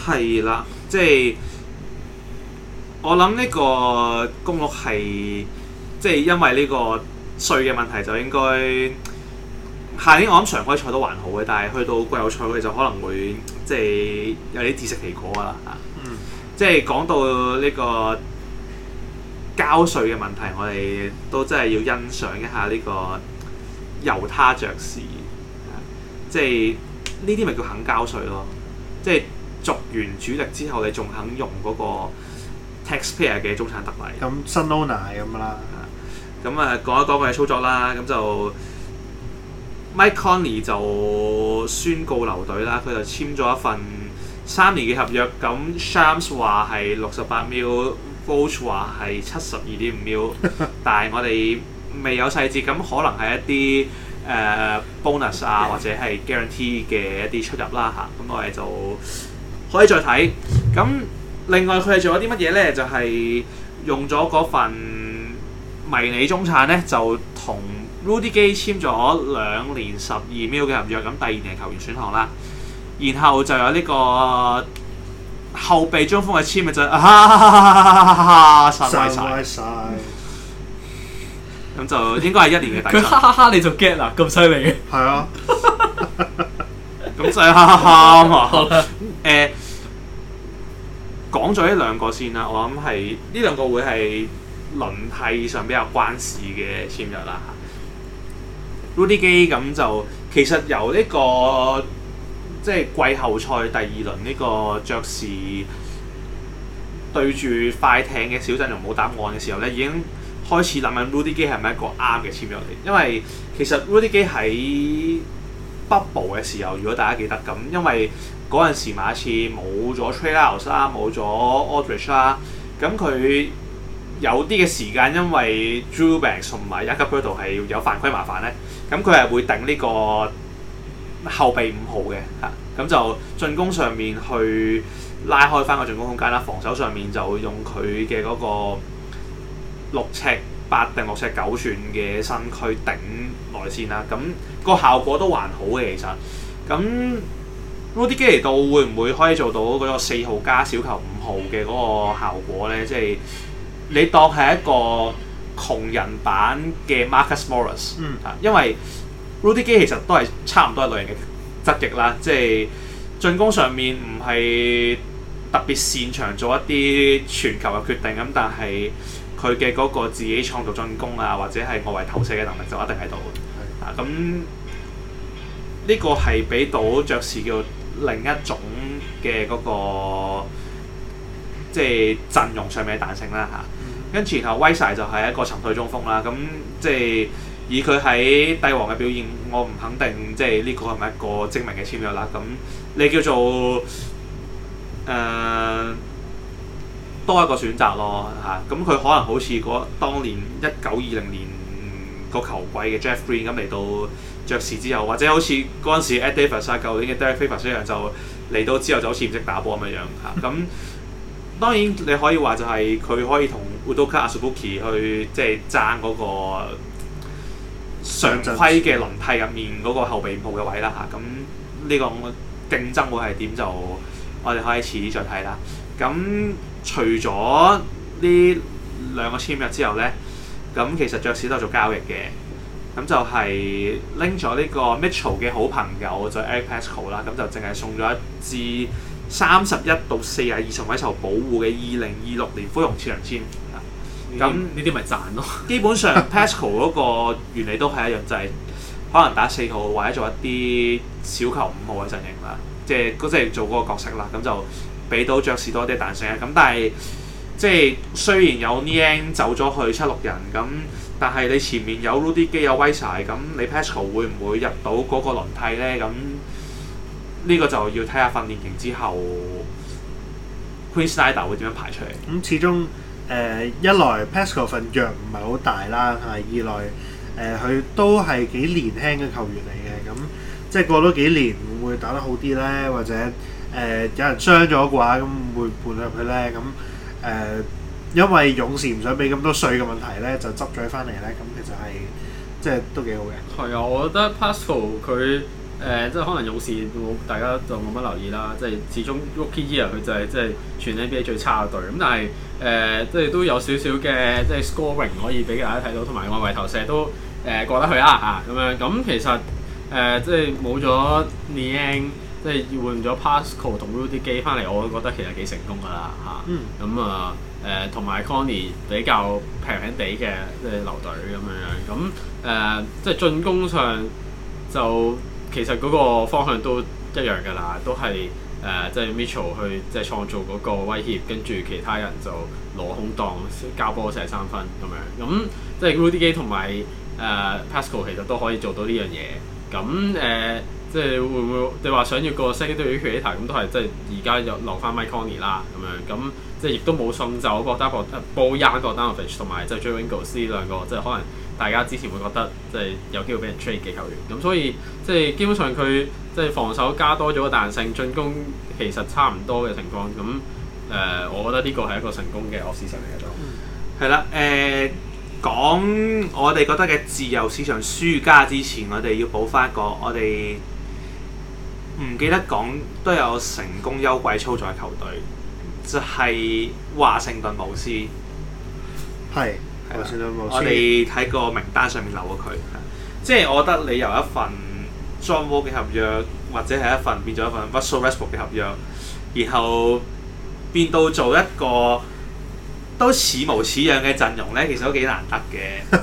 S2: 係啦，即
S1: 係
S2: 我諗呢個公鹿係即係因為呢個稅嘅問題就應該下年我諗常規賽都還好嘅，但係去到季後賽佢就可能會即係有啲自食其果㗎喇、嗯。即係講到呢、呢個。交稅嘅問題，我哋都真係要欣賞一下呢個猶他爵士。即係呢啲咪叫肯交稅咯，即係續完主力之後，你仲肯用嗰個 taxpayer 嘅中產特例。
S1: 咁、嗯、新 owner 係咁啦，
S2: 咁啊、嗯、講一講佢嘅操作啦。咁就 Mike Conley 就宣告留隊啦，佢就簽咗一份三年嘅合約。咁 Shams 話係六十八 million。f o a c h 話係七十二點五秒，ml, 但係我哋未有細節，咁可能係一啲誒、uh, bonus 啊，或者係 guarantee 嘅一啲出入啦吓，咁、啊、我哋就可以再睇。咁、啊、另外佢係做咗啲乜嘢呢？就係、是、用咗嗰份迷你中產呢，就同 Rudy Gay 簽咗兩年十二秒嘅合約，咁第二年球員選項啦，然後就有呢、這個。後備中鋒嘅簽咪就，啊，哈哈哈，殺埋晒。咁就應該係一年嘅底薪。佢哈哈哈，你就 get 啦，
S3: 咁犀利嘅。係啊、 嗯，
S1: 咁犀利，哈哈哈
S2: 嘛。誒，講咗呢兩個先啦，我諗係呢兩個會係輪替上比較關事嘅簽約啦。Rudy Gay 咁就其實由呢、這個。 即係季後賽第二輪呢個爵士對住快艇嘅小陣容冇答案嘅時候咧，已經開始諗緊 Rudy 機係咪一個啱嘅簽約嚟？因為其實 Rudy 機喺北部嘅時候，如果大家記得咁，因為嗰陣時馬刺冇咗 t r a d e out 啦，冇咗 Audrich 啦，咁佢有啲嘅時間因為 Drew b a n k s 同埋 Jacquard 係有犯規麻煩咧，咁佢係會頂呢、這個。後備五號嘅嚇，咁就進攻上面去拉開翻個進攻空間啦，防守上面就用佢嘅嗰個六尺八定六尺九寸嘅身軀頂內線啦，咁、那個效果都還好嘅其實，咁 Rudy Gay 嚟到會唔會可以做到嗰個四號加小球五號嘅嗰個效果咧？即、就、係、是、你當係一個窮人版嘅 Marcus Morris 嚇、嗯，因為。Rudy Gay 其實都係差唔多類型嘅側翼啦，即、就、係、是、進攻上面唔係特別擅長做一啲傳球嘅決定，咁但係佢嘅嗰個自己創造進攻啊，或者係外圍投射嘅能力就一定喺度嘅。是啊，咁呢個係俾到爵士叫另一種嘅嗰個即係陣容上面嘅彈性啦、啊、嚇。嗯、跟住然後威曬就係一個沉退中鋒啦，咁、嗯、即係。以佢喺帝王嘅表現，我唔肯定即係呢、這個係咪一個精明嘅簽約啦。咁、嗯、你叫做誒、呃、多一個選擇咯嚇。咁、啊、佢、嗯、可能好似嗰當年一九二零年個球季嘅 Jeff Green 咁、嗯、嚟到爵士之後，或者好似嗰陣時 Ad Davis 曬夠啲嘅 Ad d a f i r 一樣就嚟到之後就好似唔識打波咁嘅樣嚇。咁、啊嗯、當然你可以話就係佢可以同 Udoka Azubuike 去即係爭嗰、那個。常規嘅輪替入面嗰個後備鋪嘅位啦嚇，咁呢個競爭會係點就我哋開始再睇啦。咁除咗呢兩個簽約之後呢，咁其實爵士都係做交易嘅，咁就係拎咗呢個 Mitchell 嘅好朋友就係 Alex Paul 啦，咁就淨係送咗一支三十一到四十二順位受保護嘅二零二六年灰熊次輪簽。咁呢啲咪賺咯。基本上 Paschall 嗰個原理都係一樣，就係、是、可能打四號或者做一啲小球五號嘅陣型啦，即係嗰即係做嗰個角色啦。咁就俾到爵士多啲彈性啊。咁但係即係雖然有 Nien 走咗去七六人，咁但係你前面有 Rudy 機有威曬，咁你 Paschall 會唔會入到嗰個輪替咧？咁呢、這個就要睇下訓練營之後 Quin Snyder
S1: 會點樣排出嚟。咁、嗯、始終。誒、呃、一來 Pascal 份約唔係好大啦，係二來誒佢、呃、都係幾年輕嘅球員嚟嘅，咁、嗯、即係過多幾年會唔會打得好啲咧？或者誒、呃、有人傷咗嘅話判，咁會換入去咧？咁、呃、誒因為勇士唔想俾咁多稅嘅問題咧，就執咗佢翻嚟咧。咁、嗯、其實係即係都幾好嘅。係啊，我覺得 Pascal 佢。誒、呃、即係可
S3: 能勇士大家就冇乜留意啦，即係始終 Rookie Year 佢就係即係全 NBA 最差嘅隊咁，但係誒、呃、即係都有少少嘅即係 scoring 可以俾大家睇到，同埋外圍投射都誒、呃、過得去啦嚇咁樣。咁其實誒、呃、即係冇咗 Nien，即係換咗 Pascal 同 Rudy Gay 翻嚟，我覺得其實幾成功㗎啦嚇。咁、嗯、啊誒同埋 Connie 比較平平地嘅即係流隊咁樣樣咁誒、嗯，即係進攻上就。其實嗰個方向都一樣㗎啦，都係誒，即係 Mitchell 去即係創造嗰個威脅，跟住其他人就攞空檔交波射三分咁樣。咁即係 Rudy Gay 同埋誒 Paschall 其實都可以做到呢樣嘢。咁誒，即係會唔會你話想要個 secondary creator 咁都係即係而家就留翻 Mike Conley 啦咁樣。咁即係亦都冇送走個博單博博贏個單個 def 同埋即係 Jingles C 兩個即係可能。大家之前會覺得即係、就是、有機會俾人出 r a 嘅球員，咁所以即係、就是、基本上佢即係防守加多咗，但係性，進攻其實差唔多嘅情況。咁誒，我
S2: 覺得呢個係一個成功嘅惡市場嚟嘅都。係啦、嗯，誒講、呃、我哋覺得嘅自由市場輸家之前，我哋要補翻一個，我哋唔記得講都有成功休季操作嘅球隊，就係、是、華盛頓巫斯。
S1: 係。我哋
S2: 睇個名單上面留過佢，即係我覺得你由一份 John Wall 嘅合約，或者係一份變咗一份 Russell Westbrook 嘅合約，然後變到做一個都似模似樣嘅陣容呢，其實都幾難得嘅。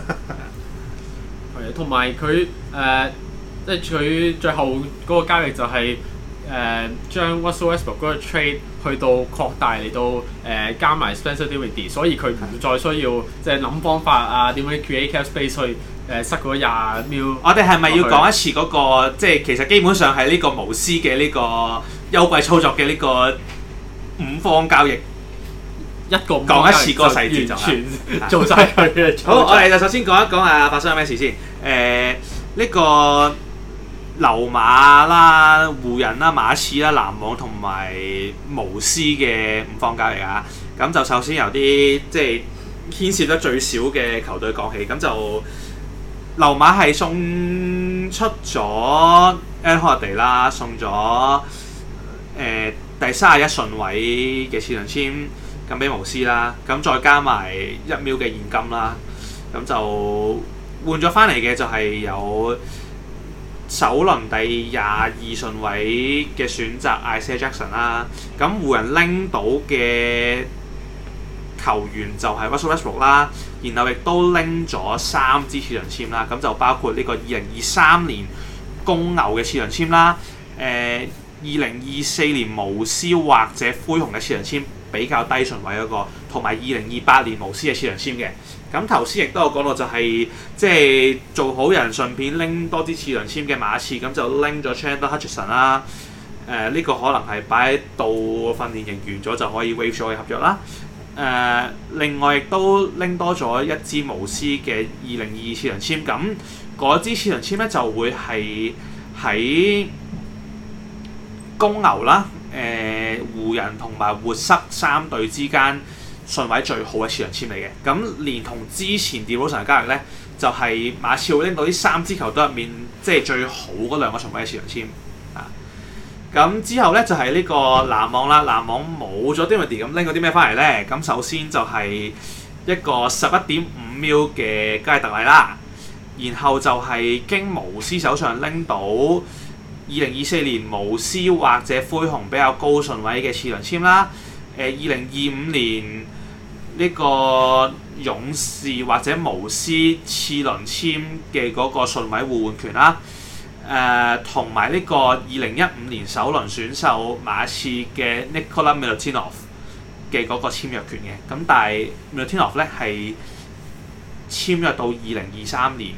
S2: 係，同埋佢誒，即係佢最後嗰個
S3: 交易就係、是。誒、呃、將 w h a t s a l e 嗰個 trade 去到擴大嚟到誒、呃、加埋 s p e n c i a d i t y 所以佢唔再需要、嗯、即係諗方法啊，點樣 create cap
S2: space 去誒、呃、塞嗰廿秒。我哋係咪要講一次嗰、那個、啊、即係其實基本上係呢個無私嘅呢、這個休季操作嘅呢個五方交易？一個講一次個細節就全、啊、做晒佢嘅。好，我哋就首先講一講啊發生咗咩事先誒呢、呃這個。溜馬啦、湖人啦、馬刺啦、籃網同埋巫師嘅五方交易嚟㗎。咁就首先由啲即係牽涉得最少嘅球隊講起。咁就溜馬係送出咗 NBA 啦，送咗誒第三十一順位嘅次輪籤，咁俾巫師啦。咁再加埋一秒嘅現金啦。咁就換咗翻嚟嘅就係有，首輪第廿二順位嘅選擇，Isaiah Jackson 啦。咁湖人拎到嘅球員就係 Russell Westbrook、ok，啦。然後亦都拎咗三支次輪籤啦。咁就包括呢個二零二三年公牛嘅次輪籤啦。誒、呃，二零二四年巫師或者灰熊嘅次輪籤比較低順位嗰個，同埋二零二八年巫師嘅次輪籤嘅。咁頭先亦都有講到、就是，就係即係做好人，順便拎多支次輪籤嘅馬刺，咁就拎咗 Chandler Hutchison 啦、呃。誒，呢個可能係擺到度訓練營完咗就可以 wave 咗佢合約啦。誒、呃，另外亦都拎多咗一支無私嘅二零二二次輪籤，咁嗰支次輪籤咧就會係喺公牛啦、誒、呃、湖人同埋活塞三隊之間，順位最好嘅次輪籤嚟嘅，咁連同之前 DeRozan 交易咧，就係、是、馬刺拎到啲三支球隊入面，即、就、係、是、最好嗰兩個順位嘅次輪籤啊！咁之後咧就係、是、呢個籃網啦，籃網冇咗 Dinwiddie 咁拎到啲咩翻嚟咧？咁首先就係一個十一點五米嘅交易特例啦，然後就係經巫師手上拎到二零二四年巫師或者灰熊比較高順位嘅次輪籤啦，誒，二零二五年，呢個勇士或者巫師次輪簽嘅嗰個順位互換權啦、啊，誒同埋呢個二零一五年首輪選秀馬刺嘅 Nikola Milutinov 嘅嗰個簽約權嘅，咁但係 Milutinov 咧係簽約到二零二三年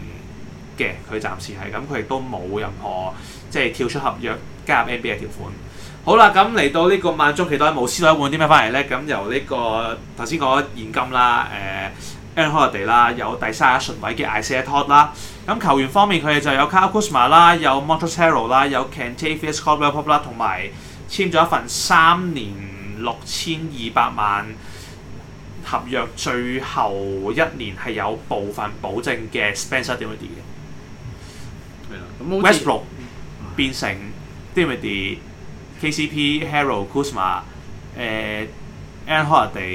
S2: 嘅，佢暫時係咁，佢、嗯、亦都冇任何即係跳出合約加入 NBA 條款。好啦，咁嚟到個滿呢、呢個萬眾期待嘅巫師奶換啲咩翻嚟咧？咁由呢個頭先講咗現金啦，誒 Aaron Holiday 啦，有第三一順位嘅 Isaiah Todd 啦。咁球員方面，佢哋就有 Kyle Kuzma 啦，有 Montrezl 啦，有 Kentavious Caldwell-Pope 啦，同埋簽咗一份三年六千二百萬合約，最後一年係有部分保證嘅 Spencer Dinwiddie 嘅。Westbrook 變成 Dinwiddie KCP、Harrell、uh,、Kuzma 誒、Aaron Holiday、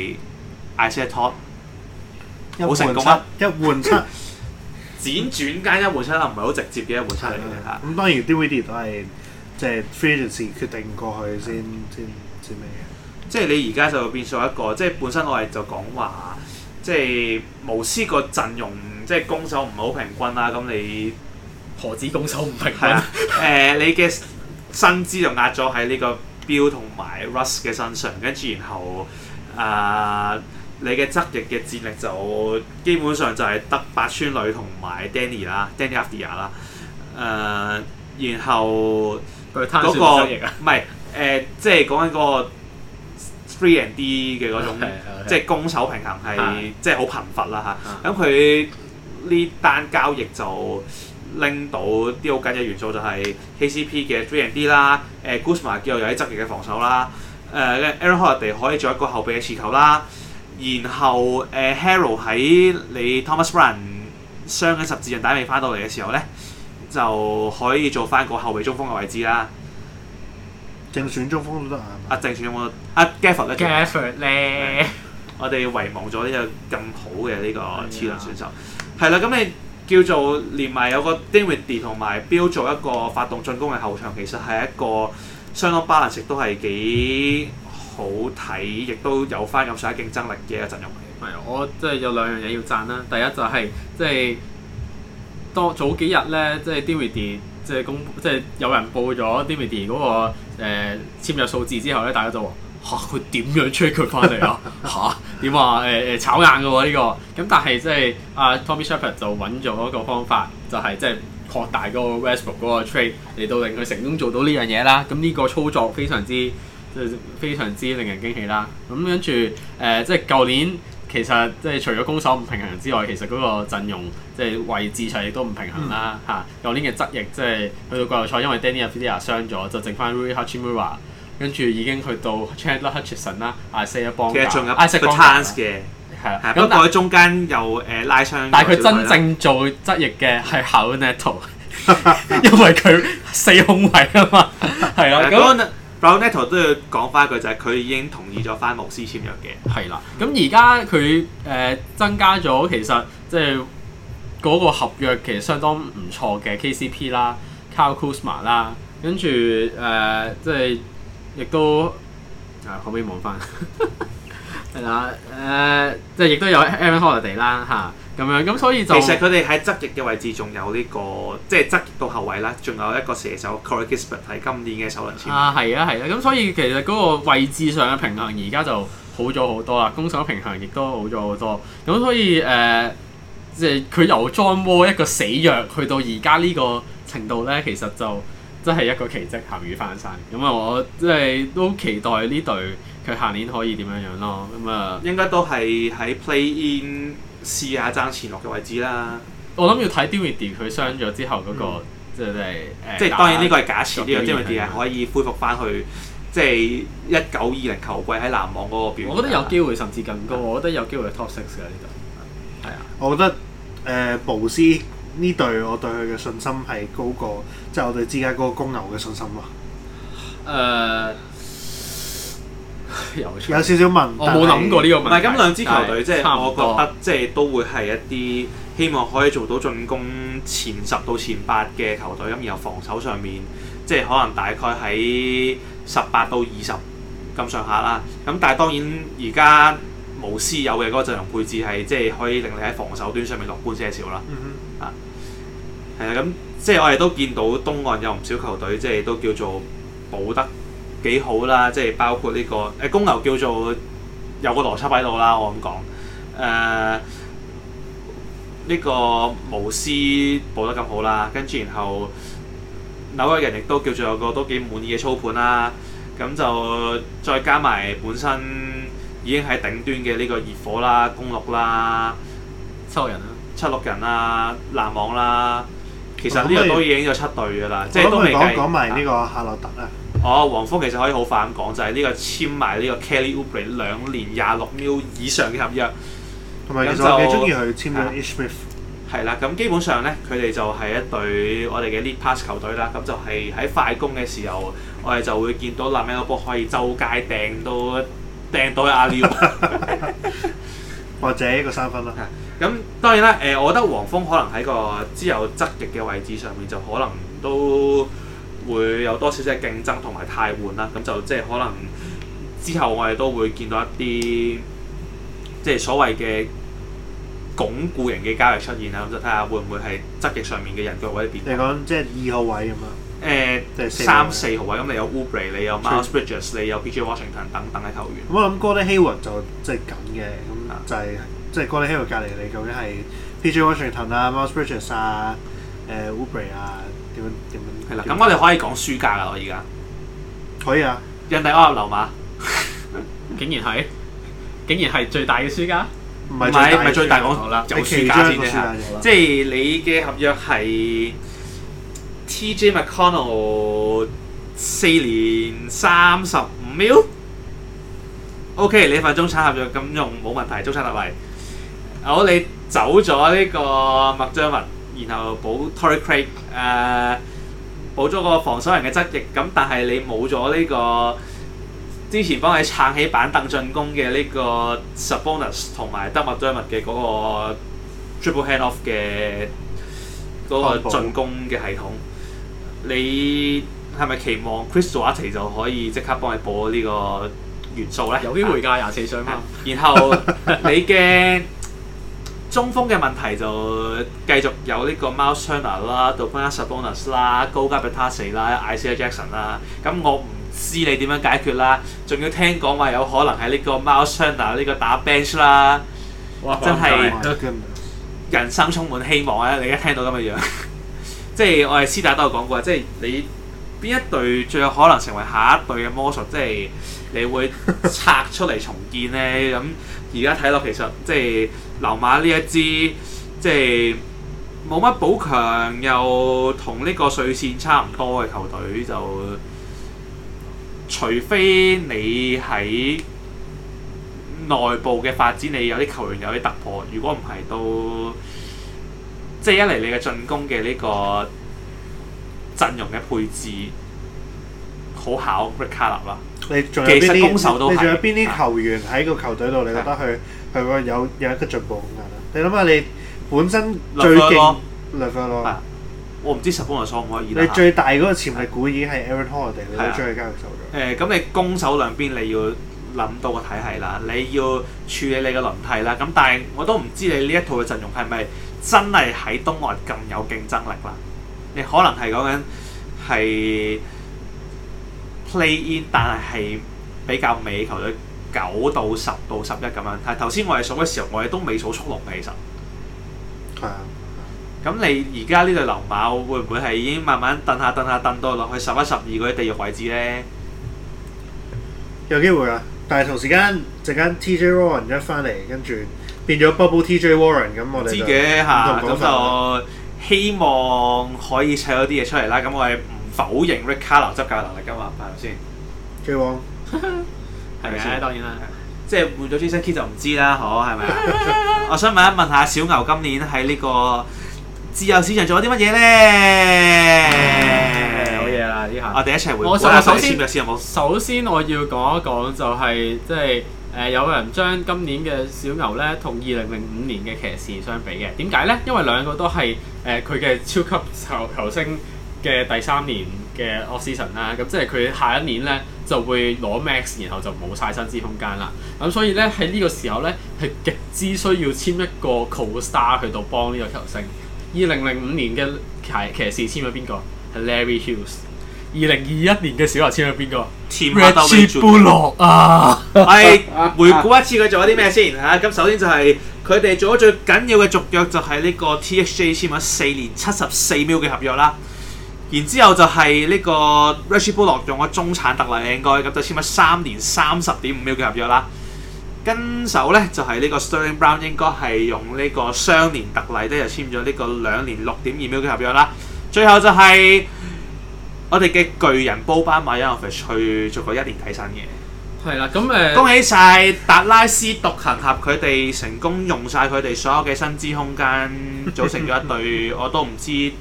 S2: Isaiah Todd，
S1: 好成功啊！一換七，輾轉
S2: 間一換七啦，唔係好直接嘅一換七嚟嘅嚇。
S1: 咁 看、嗯、當然 Dwight 都係即係 free 人時決定過去先先先咩嘅。即
S2: 係你而家就變咗一個，即、就、係、是、本身我哋就講話，即、就、係、是、無私個陣容，即、就、係、是、攻守唔係好平均啦，啊。咁你何止攻守唔平均， 啊？誒、uh, uh,，你嘅。薪資就壓咗喺呢個標同埋 Russ 嘅身上，跟住然後誒，你嘅側翼嘅戰力就基本上就係得八村塁同埋 Danny 啦，Danny Avdija 啦，誒，然後嗰個唔係誒，即係講緊嗰個 three and D 嘅嗰種，即係攻守平衡係即係好貧乏啦嚇，咁佢呢單交易就。拎到啲好緊嘅元素就係 KCP 嘅 three and D 啦、呃，誒 Guzma 叫做有啲積極嘅防守啦，誒、呃、Aaron Holiday 可以做一個後備嘅持球啦，然後誒、呃、Harold 喺你 Thomas Brown 傷緊十字韌帶未翻到嚟嘅時候咧，就可以做翻個後備中鋒嘅位置啦。
S1: 正選中鋒都得
S2: 啊，正選我阿 Gafford 咧，我哋遺忘咗呢、這個咁好嘅呢、這個次輪選手，係啦、哎呀，咁你。叫做連埋有個 Dimitri 同埋標做一個發動進攻嘅後場，其實係一個相當 balance，亦都係幾好睇，亦都有翻咁上下競爭力嘅一個陣容。唔，我即係、就是、有兩樣嘢要讚啦。第一就係即係
S3: 多早幾日咧，即、就、係、是、Dimitri 即係公即係、就是、有人報咗 Dimitri 嗰、那個、呃、簽約數字之後咧，大家就。嚇佢點樣 check 佢翻嚟啊？吓，點啊？誒誒炒硬嘅喎呢個？咁但係即係阿 Tommy Shepherd 就揾咗一個方法，就係即係擴大嗰個 Westbrook 嗰個 trade 嚟到令佢成功做到呢樣嘢啦。咁呢個操作非常之非常之令人驚喜啦。咁跟住誒即係舊年其實即係除咗攻守唔平衡之外，其實嗰個陣容即係位置上亦都唔平衡啦。嚇，舊年嘅側翼即係去到季後賽，因為 Deni Avdija 傷咗，就剩翻 Rui Hachimura。跟住已經去到 Chandler Hutchison 啦，艾瑟一幫，其實仲有個 Chance 嘅，係啊，不、啊呃、過喺中間又誒拉傷。但係佢真正做
S2: 執翼嘅係 Kornet 因為佢四空位啊嘛，係啊。咁 Kornet 都要講翻一句就係、是、佢已經同意咗翻牧師簽約嘅。係啦，
S3: 咁而家佢誒增加咗，其實即係嗰、那個合約其實相當唔錯嘅 KCP 啦 Carl Kuzma 啦，跟住誒即係。呃即亦都係、啊、可唔可以望翻係啦，誒即係亦都有 Aaron Holiday 啦嚇咁樣，咁所以就，其實佢
S2: 哋喺側翼嘅位置仲有呢、這個即係、就是、側翼到後衞啦，仲有一個射手 Corey Kispert 喺今年嘅首輪簽。
S3: 啊係啊係啊，咁所以其實嗰個位置上嘅平衡而家就好咗好多啦，攻守平衡亦都好咗好多，咁所以誒即係佢由 John Wall 一個死弱去到而家呢個程度咧，其實就～真係一個奇蹟，咸魚翻身。
S2: 咁啊，我即係都期待呢隊佢下年可以點樣樣咯。咁啊，應該都係喺 play-in 試下爭前六嘅位置啦。我
S3: 諗要睇 Dinwiddie 佢傷咗之後嗰個，即係誒。即係當然呢個係假設呢個，即係佢係
S2: 可以恢復翻去，即係一九二零球季喺籃網嗰個表現，我覺得有機
S1: 會甚至更高，
S2: 我覺得有機會係 top six 嘅呢度。係啊，
S1: 我覺得誒布斯。呢隊我對佢嘅信心係高過，即、就、係、是、我對芝加哥公牛嘅信心咯。
S2: 呃、有
S1: 少少問，我冇諗過呢個問題。唔係咁兩支球隊，是即係是我覺得
S2: 即係都會係一啲希望可以做到進攻前十到前八嘅球隊。咁然後防守上面即係可能大概喺十八到二十咁上下啦。咁但係當然而家無私有嘅嗰個陣容配置係即係可以令你喺防守端上面樂觀些少啦。嗯哼啊，係啊，咁即係我哋都見到東岸有唔少球隊，即係都叫做補得幾好啦。即係包括呢、這個誒、呃、公牛叫做有個邏輯喺度啦，我咁講誒。呢、呃這個巫師補得咁好啦，跟住然後紐約人亦都叫做有個都幾滿意嘅操盤啦。咁、啊、就再加埋本身已經喺頂端嘅呢個熱火啦、公鹿啦、七六人七六人啦、啊，籃網啦，
S1: 其實呢度都已
S2: 經有七隊嘅啦，即係都未計。講
S1: 埋呢個夏洛特啊。
S2: 哦，黃蜂其實可以好快咁講，就係、是、呢個簽埋呢個 Kelly Oubre 兩年廿六 million 以上嘅合約。同埋還有 就其實我幾中意佢
S1: 簽埋 Ish Smith。
S2: 係啦、啊、咁、啊、基本上咧，佢哋就係一隊我哋嘅 Lead Pass 球隊啦。咁就係喺快攻嘅時候，我哋就會見到籃板波可以周街掟到掟到阿廖，
S1: 或者 一個三分啦。
S2: 咁當然啦，誒、呃，我覺得黃蜂可能喺個資有側翼嘅位置上面就可能都會有多少少競爭同埋汰換啦。咁就即係可能之後我哋都會見到一啲即係所謂嘅鞏固型嘅交易出現啦。咁就睇下會唔會係側翼上面嘅人腳位變。
S1: 你講即係二號位咁啊？誒、
S2: 呃，三四號位咁，3, 位你有 u b e r 你有 m a l e s Bridges，你有 p g Washington 等等嘅球員。
S1: 咁我諗哥 o l d 就即係緊嘅，咁就係、是。即係過你喺度隔籬，你究竟係 P. J. Washington 啊、Miles Bridges 啊、誒、呃、Oubre 啊，點樣點樣？係啦，咁我哋可以
S2: 講輸家啦，我而家可以啊。印第安溜馬 竟然係，竟然係最大嘅輸家，唔係唔係最大講啦，有輸家先即係你嘅合約係 T. J. McConnell 四年三十五秒。O. K. 你份中產合約咁用冇問題，中產立位。 好，你走咗呢個 McDermott，然後補 Torrey Craig，誒補咗個防守人嘅質力，咁但係你冇咗呢個之前幫你撐起板凳進攻嘅呢個 Sabonis 同埋得 McDermott 嘅嗰個 Triple Handoff 嘅嗰個進攻嘅系統，你係咪期望 Chris Duarte 就可以即刻幫你補呢個元素咧？有機會㗎，廿四歲嘛。然後你驚？ 中鋒嘅問題就繼續有呢個 Moussena 啦，Douglas Subonis 啦，高加比塔斯啦 Isaiah Jackson 啦。咁我唔知你點樣解決啦。仲要聽講話有可能係呢個 Moussena 呢個打 bench 啦哇，真係人生充滿希望啊！你一聽到咁嘅樣，呵呵即係我哋私底下都有講過，即係你邊一隊最有可能成為下一隊嘅魔術，即係你會拆出嚟重建呢。咁而家睇落其實即係。溜馬呢一支即係冇乜補強，又同呢個水線差唔多嘅球隊，就除非你喺內部嘅發展，你有啲球員有啲突破。如果唔係都即係一嚟你嘅進攻嘅呢個陣容嘅配置好考 Rick Carlisle
S1: 啦。攻守都你仲有邊啲？你仲有邊啲球員喺個球隊度？嗯、你覺得佢？係喎，有有一個進步咁樣啦。你諗下，你本身最勁我唔知十分或雙可唔可以，你最大嗰個潛力股已經係 Aaron Holiday 我哋，你要將佢加手
S2: 咗。誒、呃，咁、嗯、你攻守兩邊你要諗到個體系啦，你要處理你個輪替啦。咁但係我都唔知你呢一套嘅陣容係咪真係喺東岸咁有競爭力啦？你可能係講緊係 Play in，但係比較尾球隊。九到十到十一咁樣，但係頭先我哋數嘅時候，我哋都未數速龍嘅其實。係
S1: 啊的。
S2: 咁你而家呢隊溜馬會唔會係已經慢慢蹬下蹬下蹬多落去十一十二嗰啲地獄位
S1: 置咧？有機會啊！但係同時間，陣間 TJ Warren 一翻嚟，跟住變咗 Bubble TJ Warren，咁我哋知嘅吓，咁就
S2: 希望可以砌咗啲嘢出嚟啦。咁我哋唔否認 Rick Carlisle 執教能力噶嘛，係咪先？JWong 係嘅，當然啦。即係換咗 g a r 就唔知啦，嗬，係咪啊？ 我想問一問一下小牛今年喺呢個自由市場做咗啲乜嘢咧？ 嗯、好嘢啊！呢下，下。我哋一齊回。我首先，
S3: 先吧首先我要講一講，就係即係誒有人將今年嘅小牛咧同二零零五年嘅騎士相比嘅點解咧？因為兩個都係誒佢嘅超級球球星嘅第三年。嘅 o c s s i o n 啦，咁即係佢下一年咧就會攞 Max，然後就冇晒薪資空間啦。咁所以咧喺呢個時候咧係極之需要簽一個 Co-Star 去到幫呢個球星。二零零五年嘅騎騎士簽咗邊個？係 Larry Hughes。二零二一年嘅
S2: 小牛簽咗邊個？甜麥豆比利。Reggie Bullock 啊！係，回顧一次佢做咗啲咩先嚇？咁首先就係佢哋做咗最緊要嘅續約，就係呢個 THJ 簽咗四年七十四 million 嘅合約啦。然之後就係呢個 Reggie Bullock 用咗中產特例，應該咁就簽咗三年三十點五秒嘅合約啦。跟手呢就係、是、呢個 Sterling Brown 應該係用呢個雙年特例咧又簽咗呢個兩年六點二秒嘅合約啦。最後就係我哋嘅巨人波巴馬因阿 Fish 去做過一年底薪嘅。係啦，咁誒、呃，恭喜晒達拉斯獨行俠佢哋成功用晒佢哋所有嘅薪資空間，組成咗一隊， 我都唔知。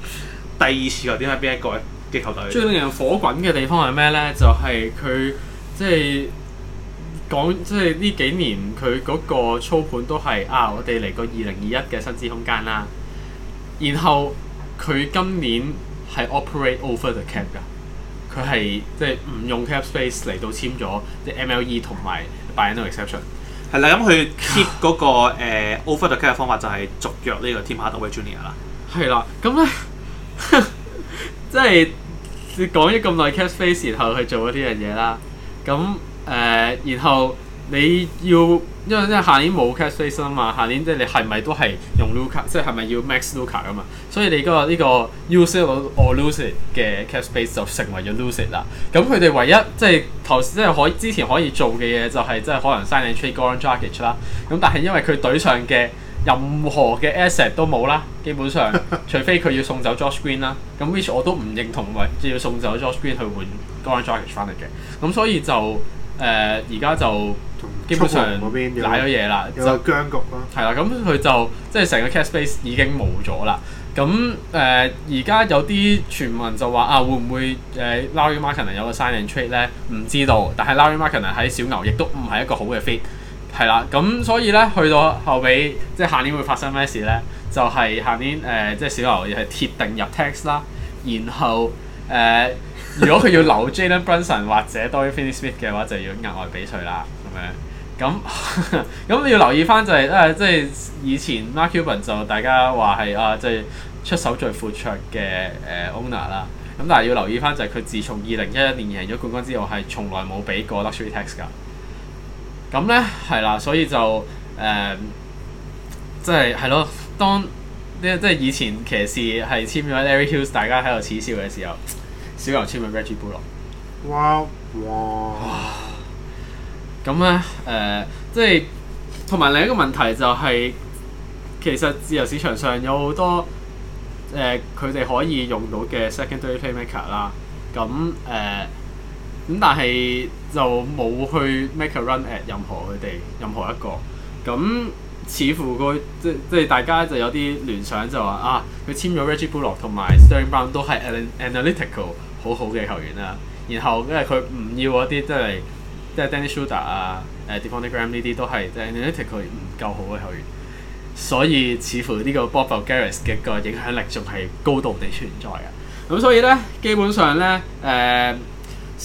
S2: 第二次又隊喺邊一個嘅球隊？最令人火滾嘅地方係
S3: 咩咧？就係、是、佢即係講，即係呢幾年佢嗰個操盤都係啊，我哋嚟個二零二一嘅薪資空間啦。然後佢今年係 operate over the cap 㗎，佢係即
S2: 係唔用 cap space 嚟到簽咗啲 MLE 同埋 by no exception 係啦。咁佢 keep 嗰個、呃、 over the cap 嘅方法就係續約個 Tim Hardaway Junior 呢個 Tim Hardaway Jr. 啦。係啦，咁咧。即係你講咗咁耐 cap space，然
S3: 後去做咗呢樣嘢啦。咁誒，然後你要因為即係下年冇 cap space 啊嘛，下年即係你係咪都係用 Luka 即係係咪要 Max Luka 噶嘛？所以你嗰個呢個 use it or lose it 嘅 cap space 就成為咗 lose it 啦。咁佢哋唯一即係頭即係可之前可以做嘅嘢，就是，就係即係可能 sign and trade g r a g e 啦。咁但係因為佢隊上嘅任何嘅 asset 都冇啦，基本上除非佢要送走 Josh Green 啦，咁 which 我都唔認同，喂，即要送走 Josh Green 去換 Garrett Rogers 翻嚟嘅，咁所以就誒，而、呃、家就基本上賴咗嘢啦，就
S1: 僵局啦、
S3: 啊，係啦，咁佢就即係成個 cap space 已經冇咗啦，咁誒而家有啲傳聞就話啊會唔會誒 Lauri Markkanen 有個 sign and trade 咧？唔知道，但係 Lauri Markkanen 喺小牛亦都唔係一個好嘅 fit。係啦，咁所以咧，去到後尾即係下年會發生咩事咧？就係、是、下年誒、呃，即係小牛係鐵定入 tax 啦。然後誒、呃，如果佢要留 Jalen Brunson 或者 Dorian Finney-Smith 嘅話，就要額外俾佢啦。咁樣咁咁，你 要留意翻就係、是、誒、呃，即係以前 Mark Cuban 就大家話係啊，即、就、係、是、出手最闊綽嘅誒 owner 啦。咁但係要留意翻就係佢自從二零一一年贏咗冠軍之後，係從來冇俾過 luxury tax 㗎。咁咧係啦，所以就誒、呃，即係係咯，當即即係以前騎士係簽咗 Larry Hughes，大家喺度恥笑嘅時候，小牛簽咗 Reggie Bullock。哇哇！咁咧誒，即係同埋另一個問題就係、是，其實自由市場上有好多誒，佢、呃、哋可以用到嘅 secondary playmaker 啦。咁誒咁，呃、但係，就冇去 make a run at 任何佢哋任何一個，咁似乎佢即即係大家就有啲聯想就話啊，佢簽咗 Reggie Bullock 同埋 Sterling Brown 都係 analytical 好好嘅球員啦，然後因為佢唔要嗰啲即係即係 Dennis Schröder 啊、誒 Devonte' Graham 呢啲都係 analytical 唔夠好嘅球員，所以似乎呢個 Bob Voulgaris 嘅個影響力仲係高度地存在嘅，咁所以咧基本上咧誒。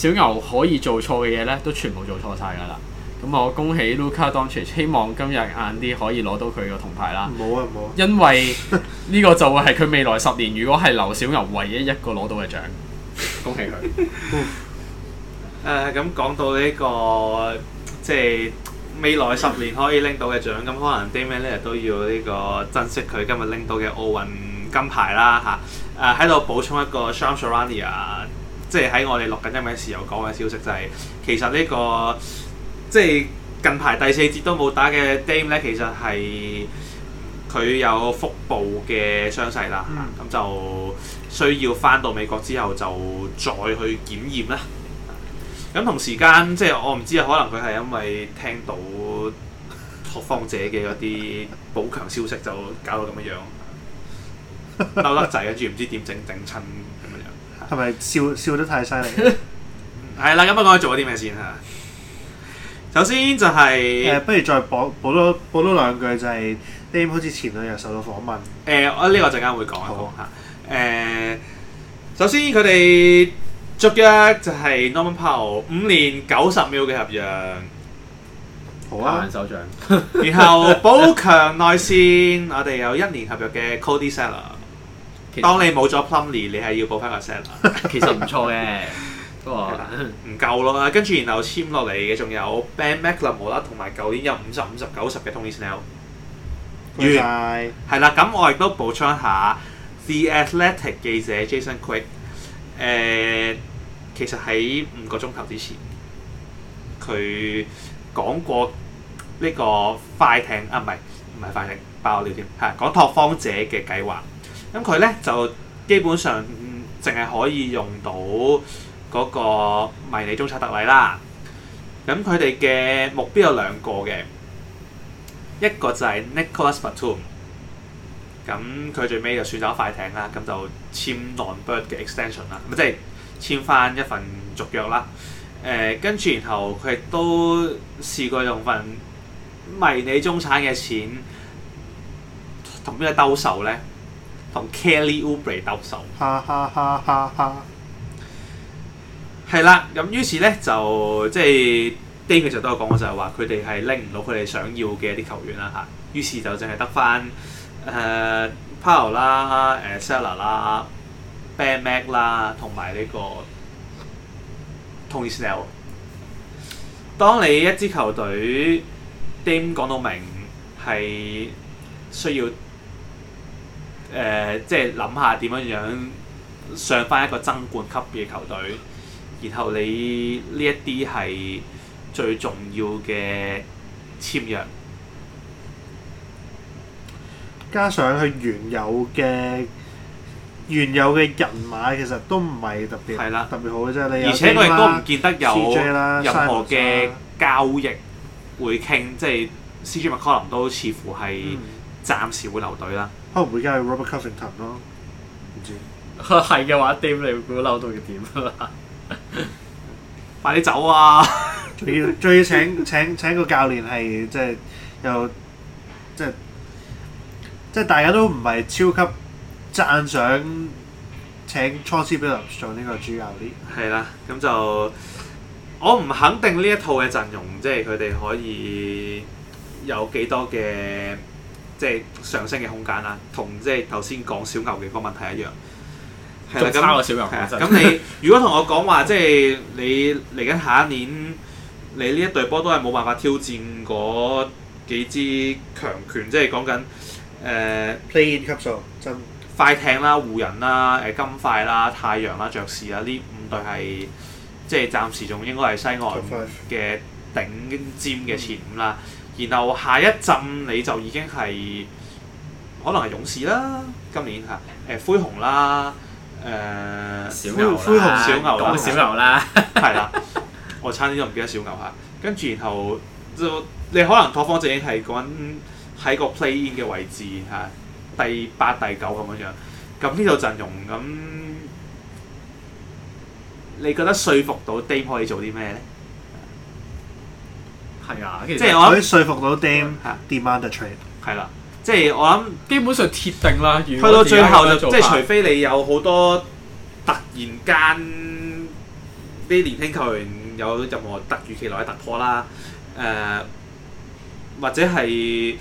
S3: 小牛可以做錯嘅嘢咧，都全部做錯晒㗎啦。咁我恭喜 Luka Doncic，希望今日晏啲可以攞到佢個銅牌啦。冇啊冇。啊！啊 因為呢個就會係佢未來十年如果係留小牛唯一一個攞到嘅獎。
S2: 恭喜佢。誒咁講到呢、這個即係、就是、未來十年可以拎到嘅獎，咁 可能 Dame Lillard 都要呢、這個珍惜佢今日拎到嘅奧運金牌啦吓，誒喺度補充一個 Shams Charania 啊。即係喺我哋錄緊音嘅時候講嘅消息、就係，就係其實呢、呢個即係近排第四節都冇打嘅 Dame 咧，其實係佢有腹部嘅傷勢啦，咁、嗯、就需要翻到美國之後就再去檢驗啦。咁同時間即係我唔知啊，可能佢係因為聽到拓荒者嘅嗰啲補強消息，就搞到咁嘅樣，嬲得滯跟住唔知點整整親。
S1: 係咪笑笑得太犀利？
S2: 係啦、 嗯，咁唔該做啲咩先嚇？首先就係、是、誒、呃，
S1: 不如再補補多補多兩句就係 Neymar 好似前兩日受到訪問。誒、
S2: 呃，這個、我呢個陣間會講一下。誒，首先佢哋續約就係 Norman Powell 五年九十秒嘅合約。好啊！手掌， 然後補強內線， 我哋有一年合約嘅 Cody Zeller 當你冇咗 Plumlee，你係要補翻個 set 啦。其實唔錯嘅， 不過唔夠咯。跟住然後簽落嚟嘅仲有 Ben McLemore 啦，同埋舊年有五十五十九十嘅 Tony Snell。完係啦。咁 Bye. 我亦都補充一下，《The Athletic》記者 Jason Quick 誒、呃，其實喺五個鐘頭之前，佢講過呢個快艇啊，唔係唔係快艇爆料添，係講拓荒者嘅計劃。咁佢咧就基本上淨係可以用到嗰個迷你中產特例啦。咁佢哋嘅目標有兩個嘅，一個就係 Nicolas Batum。咁佢最尾就選咗快艇啦，咁就簽 Non Bird 嘅 extension 啦，咁即係簽翻一份續約啦。誒、呃，跟住然後佢亦都試過用份迷你中產嘅錢同邊個兜售咧？同 Kelly Oubre 鬥手，
S1: 係啦。
S2: 咁於是咧就即係，Dame 其實都有講過，就係話佢哋係拎唔到佢哋想要嘅啲球員啦吓、啊，於是就淨係得翻誒 Paul 啦、誒、啊、Sellar 啦、 Ben Mac 啦，這個、同埋呢個 Tony Snell。當你一支球隊 ，Dame 講到明係需要。誒、呃，即係諗下點樣樣上翻一個爭冠級別嘅球隊，然後你呢一啲係最重要嘅簽約，
S1: 加上佢原有嘅原有嘅人馬，其實都唔係特別係啦特別好嘅啫。你而且我亦都唔見得有、啊、任何嘅
S2: 交易會傾，啊、即係 CJ 麥考林都似乎係暫時會留隊啦。嗯。
S1: 可能會加啲 Robert Covington 咯，唔知。嚇係嘅話，掂你會嬲到嘅點啊！快啲走啊！仲要仲要請請請個教練係即係又即係即係大家都唔係超級贊賞請 Chauncey Billups 做呢個主教啲，
S2: 係啦， 咁就我唔肯定呢一套嘅陣容，即係佢哋可以有幾多嘅。即係上升嘅空間啦，啊，同即係頭先講小牛嘅個問題一樣。係啦，咁小牛。咁你如果同我講話， 即係你嚟緊下，下一年，你呢一隊波都係冇辦法挑戰嗰幾支強權，即係講緊誒 Play-In 級數，呃、Play in. 快艇啦、湖人啦、誒、呃、金塊啦、太陽啦、爵士啦，呢五隊係、嗯、即係暫時仲應該係西岸嘅頂尖嘅前五啦。嗯然後下一陣你就已經係可能係勇士啦，今年嚇誒、呃、灰熊啦，誒、呃、小牛灰熊小牛啦，小牛啦，係 啦，我差啲都唔記得小牛嚇。跟住然後就你可能拓荒者已經係講喺個 play in 嘅位置嚇，第八第九咁樣樣。咁呢度陣容咁，你覺得說服到 Dame 可以做啲咩咧？係啊，即係我可以
S1: 說服到 them demand trade 係啦，
S2: 即係我諗基本上鐵定啦。去到最後做就即係除非你有好多突然間啲年輕球員有任何突如其來嘅突破啦，誒、呃、或者係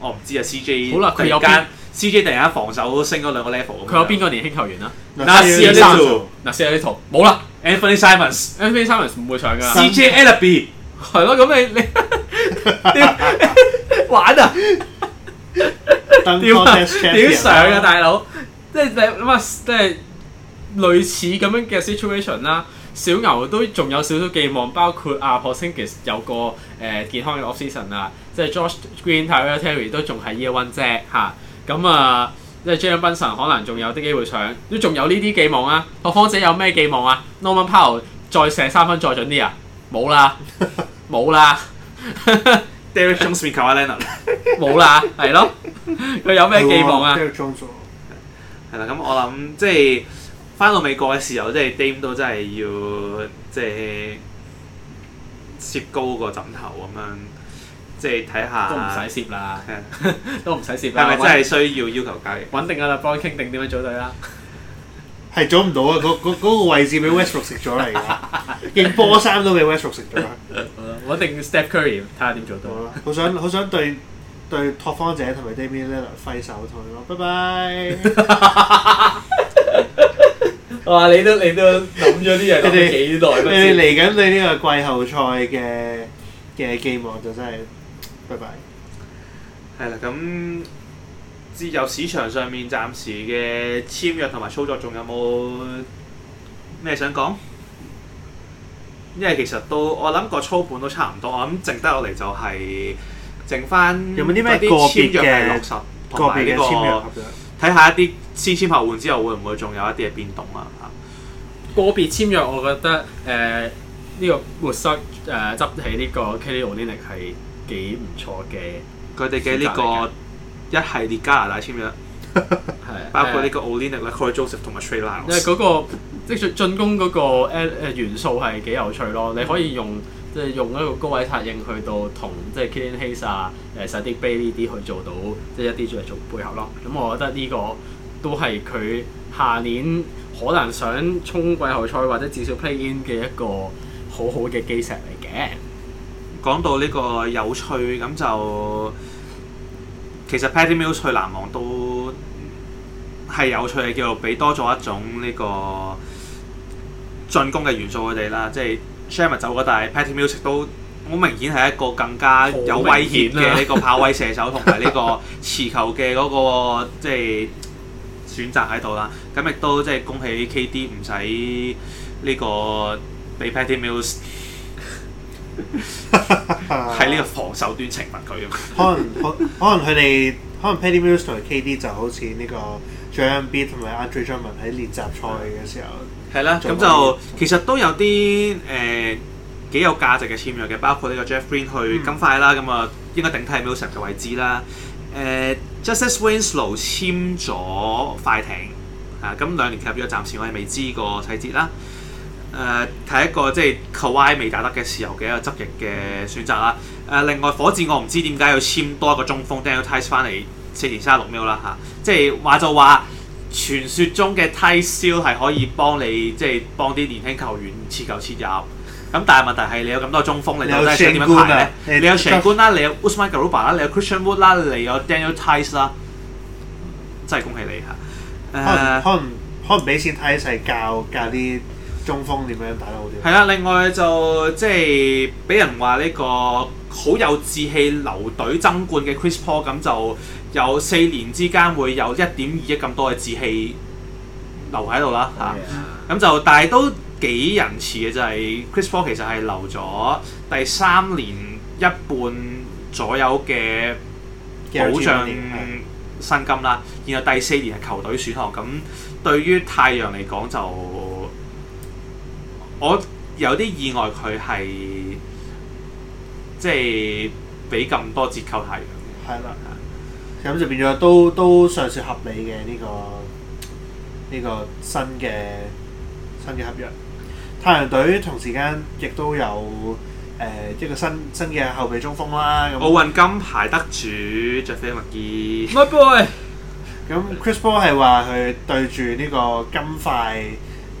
S2: 我唔知啊，CJ 好啦，佢有間 CJ 突然間防守升咗兩個 level，佢有邊個年輕球員
S3: 啊？那斯阿利圖，
S2: 那斯阿利圖冇啦，Anthony Simons，Anthony
S3: Simons 唔會搶噶，CJ Elleby 係咯，咁你你
S4: 點玩啊？
S3: 點
S1: 啊？點上啊，大
S3: 佬！即係諗下，即係類似咁樣嘅 situation 啦。小牛都仲有少少寄望，包括阿、啊、Porzingis 有個誒、呃、健康嘅 off-season 啦。即係 Josh Green、泰瑞都仲係 Year One Jack 吓。咁啊，即係、啊啊、Jalen Brunson 可能仲有啲機會上，都仲有呢啲寄望啊。拓荒者有咩寄望啊？Norman Powell 再射三分再準啲啊？冇啦。 冇啦，Derrick Jones 同阿
S2: Leon 冇啦，係咯，佢有咩寄望啊 Derrick Jones 係啦，咁我諗即係翻到美國嘅時候，即係 Dame 都真係要即係攝高個枕頭咁樣，即係睇下都唔使攝啦，了 都唔使
S3: 攝。係咪 真係需
S2: 要要求交易？穩定啊啦，幫佢傾定點樣組
S1: 隊啦。係做唔到啊！嗰個位置俾 Westbrook 食咗嚟，連波衫都俾 Westbrook 食咗。我一定 Steph Curry 睇下點做到。好想，好想對對拓荒者同埋 Damian Lillard 揮手退咯，拜拜。哇！你都你都諗咗啲嘢你哋幾耐？你哋嚟緊你呢個季後賽嘅嘅寄望就真係拜拜。係啦，咁。自由市場上面暫時嘅
S2: 簽約同埋操作，仲有冇咩想講？因為其實都我諗個操盤都差唔多，我諗剩得落嚟就係剩翻有冇啲咩啲個別嘅六十個別嘅簽約合約，睇下一啲先簽後換之後會唔會仲有一啲嘅變動啊？
S3: 個別簽約我覺得誒呢個活塞誒執起呢個 Kelly Olynyk 係幾唔錯嘅，
S2: 佢哋嘅呢個。一系列加拿大簽約，
S3: 係 包括呢個
S2: Olynyk 啦、Cory Joseph 同埋 Trey Lyles，因為嗰
S3: 個即係進攻嗰個誒元素係幾有趣咯， 你可以用即係、就是、用一個高位策應去到同即係 Killian Hayes、誒 Saddiq Bey 呢啲去做到即係、就是、一啲嘅做配合咯。咁我覺得呢、這個都係佢下年可能想衝季後賽或者至少 Play In 嘅一個
S2: 好好嘅基石嚟嘅。講到呢個有趣咁就～其實 Patty Mills 去籃網都係有趣嘅，叫做俾多咗一種呢個進攻嘅元素佢哋啦，即係 Shamit 走嗰帶，但 Patty Mills 都好明顯係一個更加有危險嘅呢個跑位射手同埋呢個持球嘅嗰、那個 即係選擇喺度啦。咁亦都即係恭喜 KD 唔使呢個俾 Patty Mills。喺呢 個防守端承納佢咁嘛，可能
S1: 可可能佢哋可能 Patty Mills 同埋 K D 就好似呢個 James、erm、Beard 同埋 Andre Drummond 喺練習賽嘅時候，
S2: 係啦，咁就其實都有啲誒幾有價值嘅簽約嘅，包括呢個 Jeff Green 去金塊、嗯、啦，咁啊應該頂替 Mills 嘅位置啦。誒、呃、Justice Winslow 簽咗快艇啊，咁兩年契約，暫時我係未知個細節啦。誒，睇、呃、一個即係 Kawhi 未打得嘅時候嘅一個執役嘅選擇啦。誒、呃，另外火箭我唔知點解要簽多一個中鋒 Daniel Tice 翻嚟四年卅六 million 啦嚇，即係話就話傳説中嘅 Tice s 係可以幫你即係幫啲年輕球員切球切入。咁、啊、但係問題係你有咁多中鋒，你到底想點樣排咧、啊？你有成冠啦，你有 Usman Garuba、啊、啦，你有
S1: Christian Wood 啦、啊，你有 Daniel Tice 啦、啊啊。真係恭喜你嚇、啊！可能可能可能俾錢睇一齊教教啲中鋒點樣打得好啲？
S2: 係啦，另外就即係俾人話呢個好有志氣留隊爭冠嘅 Chris Paul，咁就有四年之間會有一點二億咁多嘅志氣留喺度啦嚇。咁 Okay.、啊、就但係都幾仁慈嘅，就係、是、Chris Paul 其實係留咗第三年一半左右嘅保障薪金啦，Okay. 然後第四年係球隊選項。咁對於太陽嚟講就～我有啲意外，佢係即係俾咁多折扣太陽
S1: 嘅，係啦，咁就變咗都都尚算合理嘅呢、這個呢、這個新嘅新嘅合約。太陽隊同時間亦都有誒、呃、一個新新嘅後備中鋒啦，咁奧運金牌得
S2: 主 JaVale
S1: McGee 咁 Chris Paul 係話佢對住呢個金塊。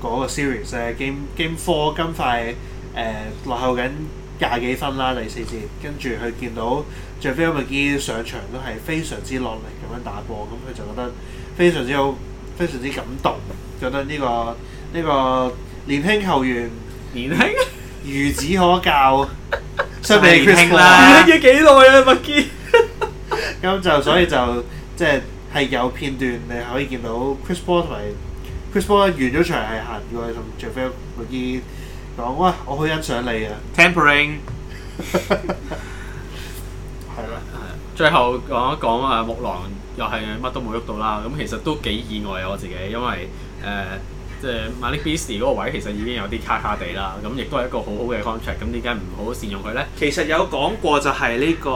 S1: 嗰個 series 咧，game game four 今塊誒落後緊廿幾分啦，第四節跟住佢見到 JaVale 麥基上場都係非常之落力咁樣打波，咁佢就覺得非常之好，非常之感動，覺得呢個呢個年輕球員年輕孺子可教，相比 Chris 幾耐啊麥基，咁 就所以就即係係有片段你可以見到 Chris Paul 同埋。Chris Paul 完咗場係行，要去同 Javale McGee 講哇，我好欣賞你啊 Tampering 係咯，
S3: 最後講一講啊，木狼又係乜都冇喐到啦。咁其實都幾意外啊，我自己因為誒即係 Malik Beasley 嗰個位其實已經有啲卡卡地啦。咁亦都係一個
S2: 好好嘅 contract。咁點解唔好好善用佢咧？其實有講過就係呢個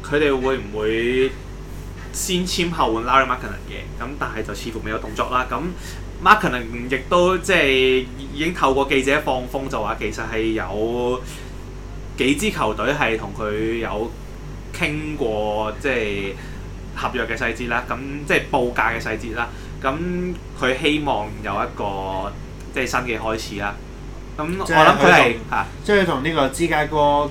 S2: 佢哋會唔會？先簽後換 Lauri Markkanen 嘅，咁但係就似乎未有動作啦。咁 Markkanen 亦都即係已經透過記者放風就，就話其實係有幾支球隊係同佢有傾過，即係合約嘅細節啦。咁即係報價嘅細節啦。咁佢希望有一個即係新嘅開始啦。
S1: 咁是我諗佢係嚇，跟啊、即係同呢個芝加哥。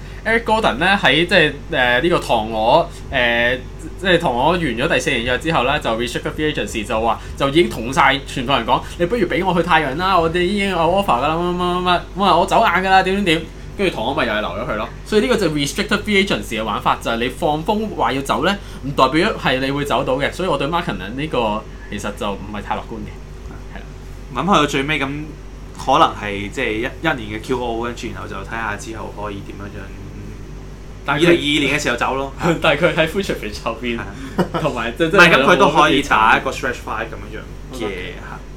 S3: Eric Gordon 咧喺即係誒呢、呃這個塘鵝，誒、呃、即係塘鵝完咗第四年約之後咧，就 Restricted Free Agency 就話就已經同晒全部人講，你不如俾我去太陽啦！我哋已經有 offer 噶啦，乜乜乜咁啊！我走硬噶啦，點點點，跟住塘鵝咪又係留咗佢咯。所以呢個就 Restricted Free Agency 嘅玩法就係、是、你放風話要走咧，唔代表係你會
S2: 走到嘅。所以我對 Markkanen 呢、這個其實就唔係太樂觀嘅，係啦、嗯，諗去的到最尾咁可能係即係一一年嘅 Q O 跟住然後就睇下之後可以點樣樣。
S3: 二零二二年嘅時候走咯，
S2: 但係佢喺 f 富察肥走邊？同埋即即係咁，佢都可以打一個 stretch five 咁樣樣嘅嚇。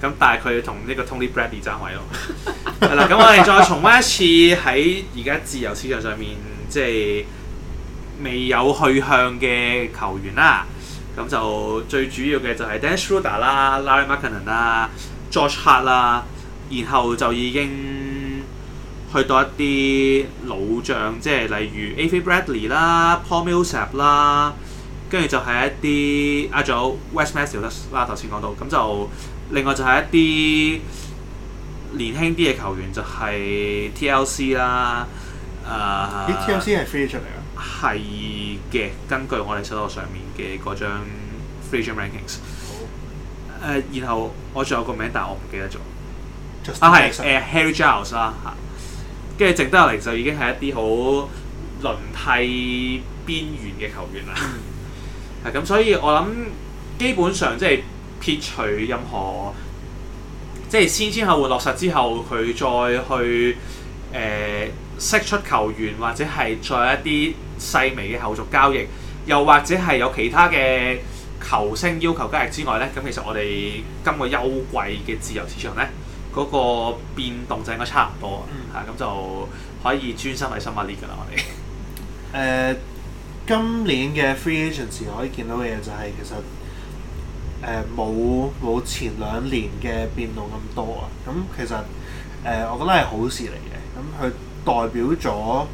S2: 咁 Okay. 但係佢同呢個 Tony Bradley 爭位咯。係 啦， 咁我哋再重温一次喺而家自由市場上面即係未有去向嘅球員啦。咁就最主要嘅就係 Dennis Schroder 啦、Larry McInnern 啊、George Hart 啊，然後就已經。去到一啲老將，即係例如 Avery Bradley 啦、Paul Millsap 啦，跟住就係一啲啊，仲有 Wes Matthews 啦、啊，頭先講到，咁就另外就係一啲年輕啲嘅球員，就係、是、TLC 啦、啊，誒。TLC 係
S1: free 出
S2: 嚟啊？係嘅，根據我哋手度上面嘅嗰張 Free Agent Rankings。好。誒、啊，然後我仲有個名，但係我唔記得咗。Justin 啊，係誒 Jackson.、uh,，Harry Giles 啦、啊、嚇。跟住剩低落嚟就已經係一啲好輪替邊緣嘅球員啦。咁， 所以我諗基本上即係撇除任何即係、就是、先先後換落實之後，佢再去誒釋、呃、出球員或者係再一啲細微嘅後續交易，又或者係有其他嘅球星要求交易之外呢。咁其實我哋今個休季嘅自由市場呢，嗰個變動就應該差唔多、嗯、啊，嚇咁就可以專心係 Summer League 噶啦，我
S1: 哋誒、呃、今年嘅 free agency 可以見到嘅嘢就係、是、其實誒冇冇前兩年嘅變動咁多啊，咁、嗯、其實誒、呃、我覺得係好事嚟嘅，咁、嗯、佢代表咗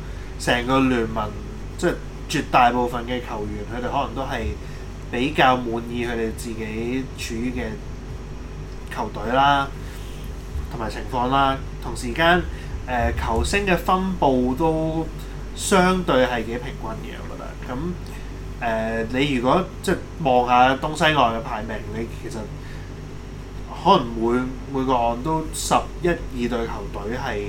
S1: 成個聯盟，即係絕大部分嘅球員，佢哋可能都係比較滿意佢哋自己處於嘅球隊啦。同埋情況啦，同時間誒、呃、球星嘅分佈都相對係幾平均嘅，我覺得。咁誒、呃，你如果即係望下東西岸嘅排名，你其實可能會每個岸都十一二隊球隊係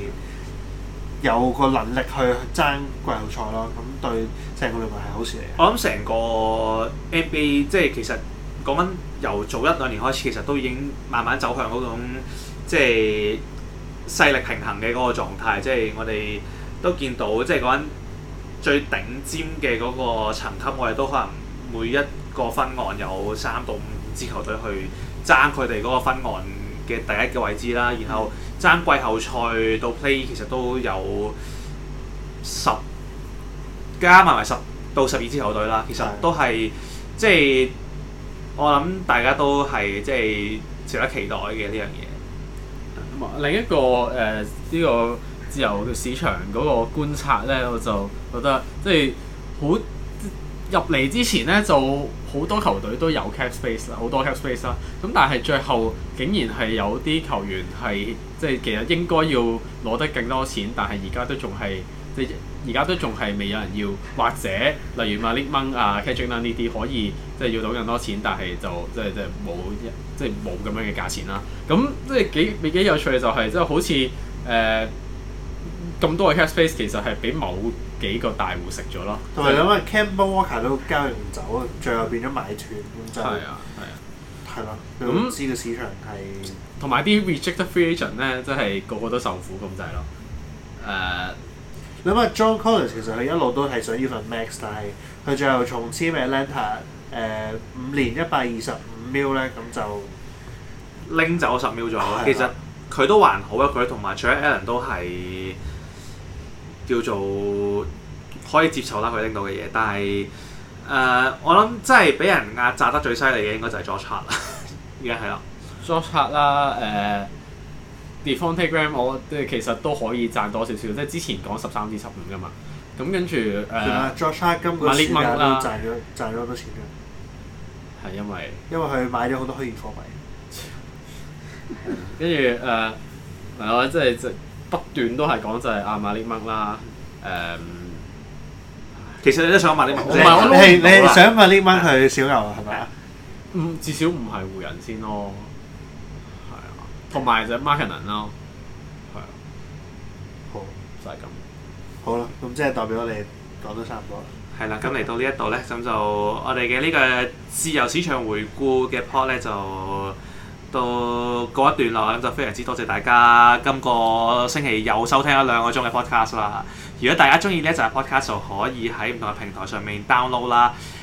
S1: 有個能力去爭季後賽咯。咁對成個聯盟係好事嚟。我諗成個 NBA 即係
S2: 其實講緊由早一兩年開始，其實都已經慢慢走向嗰種。即係勢力平衡嘅個狀態，即係我哋都見到，即係講緊最頂尖嘅嗰個層級，我哋都可能每一個分岸有三到五支球隊去爭佢哋嗰個分岸嘅第一嘅位置啦。然後爭季後賽到 play，其實都有十加埋埋十到十二支球隊啦。其實都係即係我諗，大家都係即係值得期待嘅呢樣嘢。
S3: 另一個誒呢、呃這個自由市場嗰個觀察呢，我就覺得即係好入嚟之前呢，就好多球隊都有 cap space 啦，好多 cap space 啦。咁但係最後竟然係有啲球員係即係其實應該要攞得勁多錢，但係而家都仲係。即而家都仲係未有人要，或者例如 Malik Monk 啊、Cajun 呢啲可以即係要到咁多錢，但係就即係即係冇即係冇咁樣嘅價錢啦。咁即係幾幾有趣嘅就係、是、即係好似誒咁多嘅 Cap Space 其實係俾某幾個大戶食咗咯，同埋諗下
S1: Kemba Walker 都交易唔走，最後變咗買斷咁就係啊，係啊，係咯、啊，公司嘅市場係
S3: 同埋啲 rejected free agent
S1: 咧，即係個個都受苦咁滯咯誒。呃諗下 John Collins 其實佢一路都係想要份 max，但係佢最後從簽 Atlanta 誒、呃、五年一百二十五秒咧，咁就拎走十秒咗。的其實佢
S2: 都還好啊，佢同埋除咗 Allen 都係叫做可以接受啦，佢拎到嘅嘢。但係誒、呃，我諗真係俾人壓榨得最犀利嘅應該就係 j o a 啦。而家係啊
S3: j o a 啦誒。Defuntagram 我即係其實都可以賺多少少，即係之前講十三至十五噶嘛，咁跟住誒，再差金嗰時又賺咗
S1: 賺咗好多錢嘅，係因為因為佢買咗好多虛擬貨幣，
S3: 跟住誒，係啊，即係即不斷都係講就係阿馬列麥啦，誒，
S2: 其實你都想買列
S1: 麥，唔係，你你你想買列麥係小牛係
S3: 咪啊？至少唔係湖人先咯。同埋就 marketing
S1: 咯，係啊，好的就係咁，好啦，咁即係代表我哋講得差唔多啦。
S2: 係啦， 咁嚟到呢一度咧，咁就我哋嘅呢個自由市場回顧嘅 pod 咧就到一段落啦。咁就非常之多謝大家今個星期又收聽咗兩個鐘嘅 podcast 啦。如果大家中意呢一集 podcast，就可以喺唔同嘅平台上面 download 啦。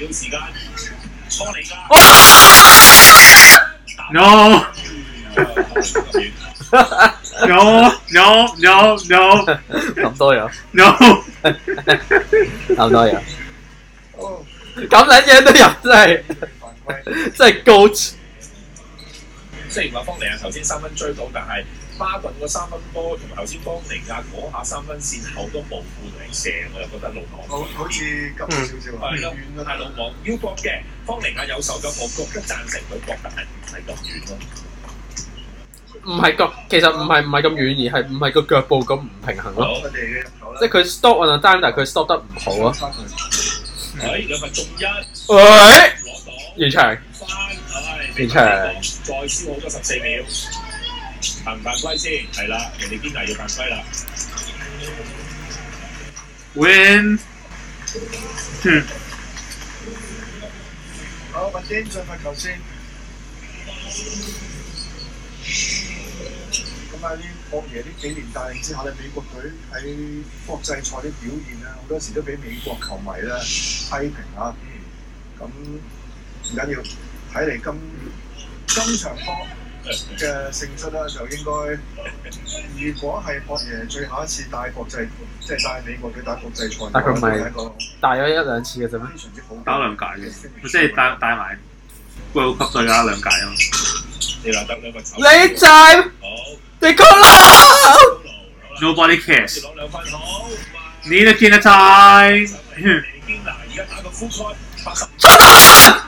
S4: 用時
S3: 間，方黎家。No。No。No。No。No。咁多呀？No。咁多呀？哦，咁捻嘢都入晒，真係高。雖然話方黎啊頭先三分追到，但
S4: 係。巴頓個三分波，
S3: 同埋頭先方尼亞嗰下三分線後都冇半粒射，我又覺得魯莽。好，好似近少少啊，唔係咁遠啊。係魯莽，要搏嘅。方尼亞有手咗，我覺得，我我覺得贊成佢，覺得係唔係咁遠咯？唔係咁，其實唔係唔係咁遠，而係唔係個腳步咁唔平衡咯，啊。Hello. 即係佢 stop on a dime 但係佢 stop 得唔好啊。哎，而家咪中
S2: 一。完場。完
S4: 場。再消耗多十四秒。
S1: 犯唔犯規先，係啦，人哋邊嚟要犯規
S4: 啦。When，嗯，好，我先再發球先。咁啊，Pop 呢幾年帶領之下咧，美國隊喺國際賽啲表現啊，好多時都俾美國球迷咧批評啊。嗯。咁唔緊要，睇嚟今今場波。嘅性質啦，啊，就應
S3: 該，如果係博爺最後一次帶國際，即係帶美國嘅帶國際賽，大概唔係大概一兩次
S2: 嘅啫咩？打兩屆嘅，
S4: 即係帶帶埋，再加打完兩屆咯。你站
S2: 你 就！講啦，Nobody cares，你哋傾得滯。啊！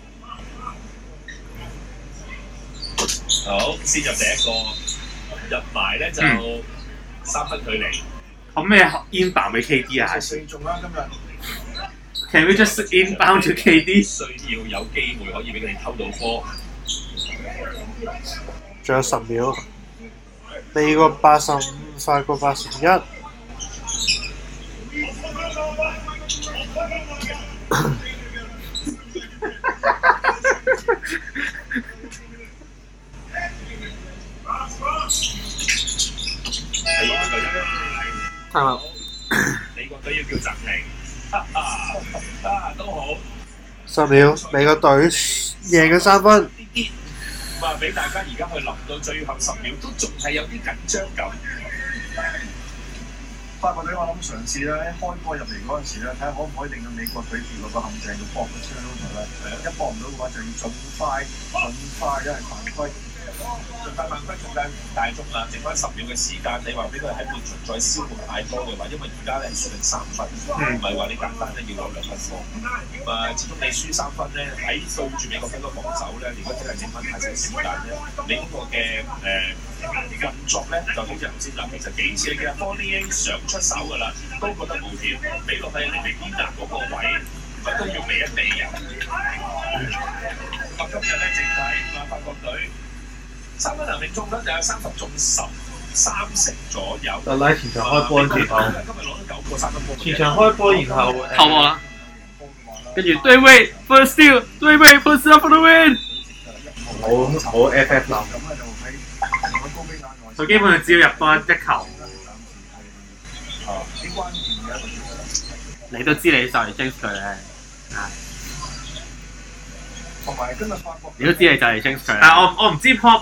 S2: 好，先入第一個，入埋咧
S4: 就三分距離。咁咩 inbound 俾 KD 啊？
S1: 重啦今日。Can we just inbound to KD？需要有機會可以俾佢哋偷到波。仲有
S4: 十秒，第二個八十五，快過八十一。係啦。美國隊
S1: 要叫暫
S4: 停，都好。
S1: 十秒，美國隊贏咗三分。
S4: 話俾大家而家去臨到最後十秒都仲係有啲緊張感。法國隊我諗嘗試咧，開波入嚟嗰陣時咧，睇下可唔可以令到美國隊掉嗰個陷阱，要博一槍落去咧。一博唔到嘅話，就要盡快盡快一係犯規。八得分得間大鐘啊，剩翻十秒嘅時間，你話俾佢喺半場再消耗太多嘅話，因為而家咧輸成三分，唔係話你簡單咧要攞兩分波。咁啊，始終你輸三分咧，喺對住美國兵嘅防守咧，如果真係剩翻太少時間咧，你嗰個嘅誒運作咧，就好似頭先諗幾次嘅。Anthony 想出手嘅啦，都覺得無條。美落去你邊打嗰個位，佢都要避一避啊！咁啊，今日咧正係法國隊。三
S1: 分球命中率有三十中十三成左右。啊！
S4: 拉
S2: 前場開波，然後今日攞咗九個三分波。前場開波，然後投啊！跟住對位，Versus，對位，Versus，For the win！
S4: 好，好 FF 流。
S3: 佢基本上只要入波一球。哦。啲關鍵嘅，你都知你就嚟 change 佢咧。同埋今
S2: 日。你都知你就嚟 change 佢。但係我我唔知 pop。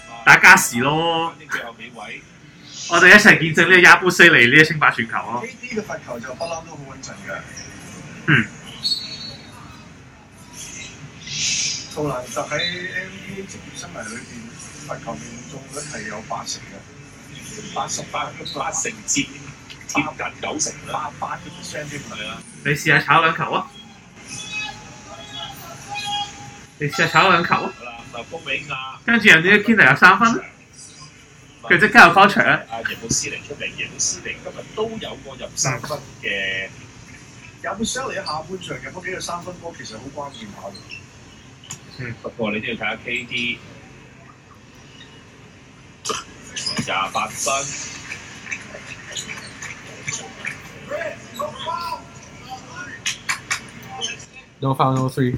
S2: 打加時咯！我哋一齊見證呢個亞布西尼呢一星白全球咯呢 b a 嘅
S4: 罰球就不嬲都好穩陣㗎。嗯。杜蘭特喺 NBA 職業生涯裏邊罰球命中率係有八成嘅，八十八成接接
S2: 近九成啦。你試下炒兩球啊！你試下炒兩球啊！啊、跟住有啲 k i t 三分，佢即、啊、刻返場阿 Yabusele
S4: 出嚟，Yabusele 今日都有個入三分嘅，有冇 s h e l l e 下半場入咗幾個三分波，其實好關鍵
S3: 下不過你都要睇下 KD 廿八分，no foul，no three。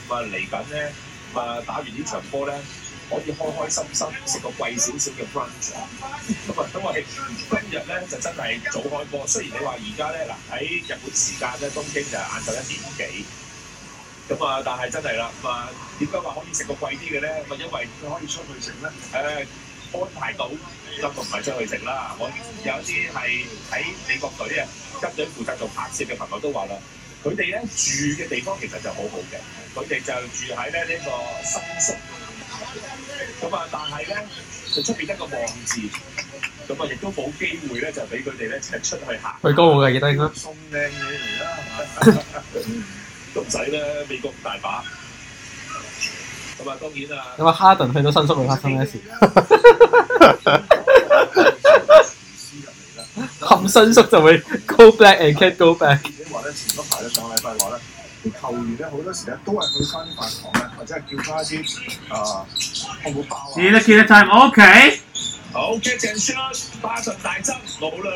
S4: 嚟緊咧，啊、嗯嗯、打完場呢場波咧，可以開開心心食個貴少少嘅 brunch。咁 啊，因為今日咧就真係早開波，雖然你話而家咧嗱喺日本時間咧，東京就晏晝一點幾。咁、嗯、啊，但係真係啦，啊、嗯，點解話可以食個貴啲嘅咧？咪因為佢可以出去食咧。誒、呃，安排到，不過唔係出去食啦。我有啲係喺美國隊啊，跟隊負責做拍攝嘅朋友都話啦。佢哋咧住嘅地方其實就好好嘅，佢哋就住喺咧呢個新宿。咁啊，但係咧，就出邊得個望字，咁啊，亦都冇機會咧，就俾佢
S3: 哋咧一出去行。佢高唔高嘅，
S4: 而家？松靚啲嚟啦，獨仔咧，美國大把。咁啊，
S3: 當然啦。咁啊，哈登去到新宿會發生咩事？咁新宿就會 go black and can't go back。
S4: 咧前嗰排咧上禮拜話咧，啲球員咧好多時咧都係去翻飯堂咧，或者係叫返啲。呃、我啊，漢堡包啊。見啦見啦，time OK, okay 正正。好嘅，鄭叔，巴神大增冇啦，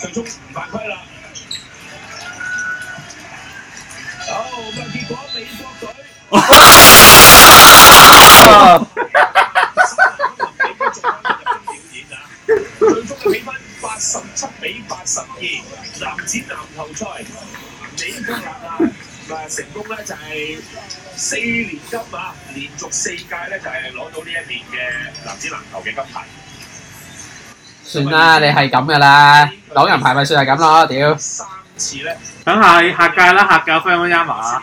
S4: 最終唔犯規啦。好、 oh，咁啊，結果美國隊。 八十七比八十二，男子籃球賽，呢幾日啊，咪 成功咧就
S3: 係四年金馬連續四屆咧就係攞到呢一年嘅男子籃球嘅金牌。算啦了，為你係咁㗎啦，攞是銀牌咪
S4: 算
S1: 係咁咯，屌是。三次咧。等下客界啦，下屆分唔分啱
S3: 啊？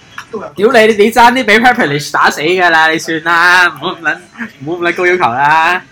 S3: 屌你！你爭啲俾 package 打死㗎啦！你算啦，唔好咁撚，唔好咁撚高要求啦。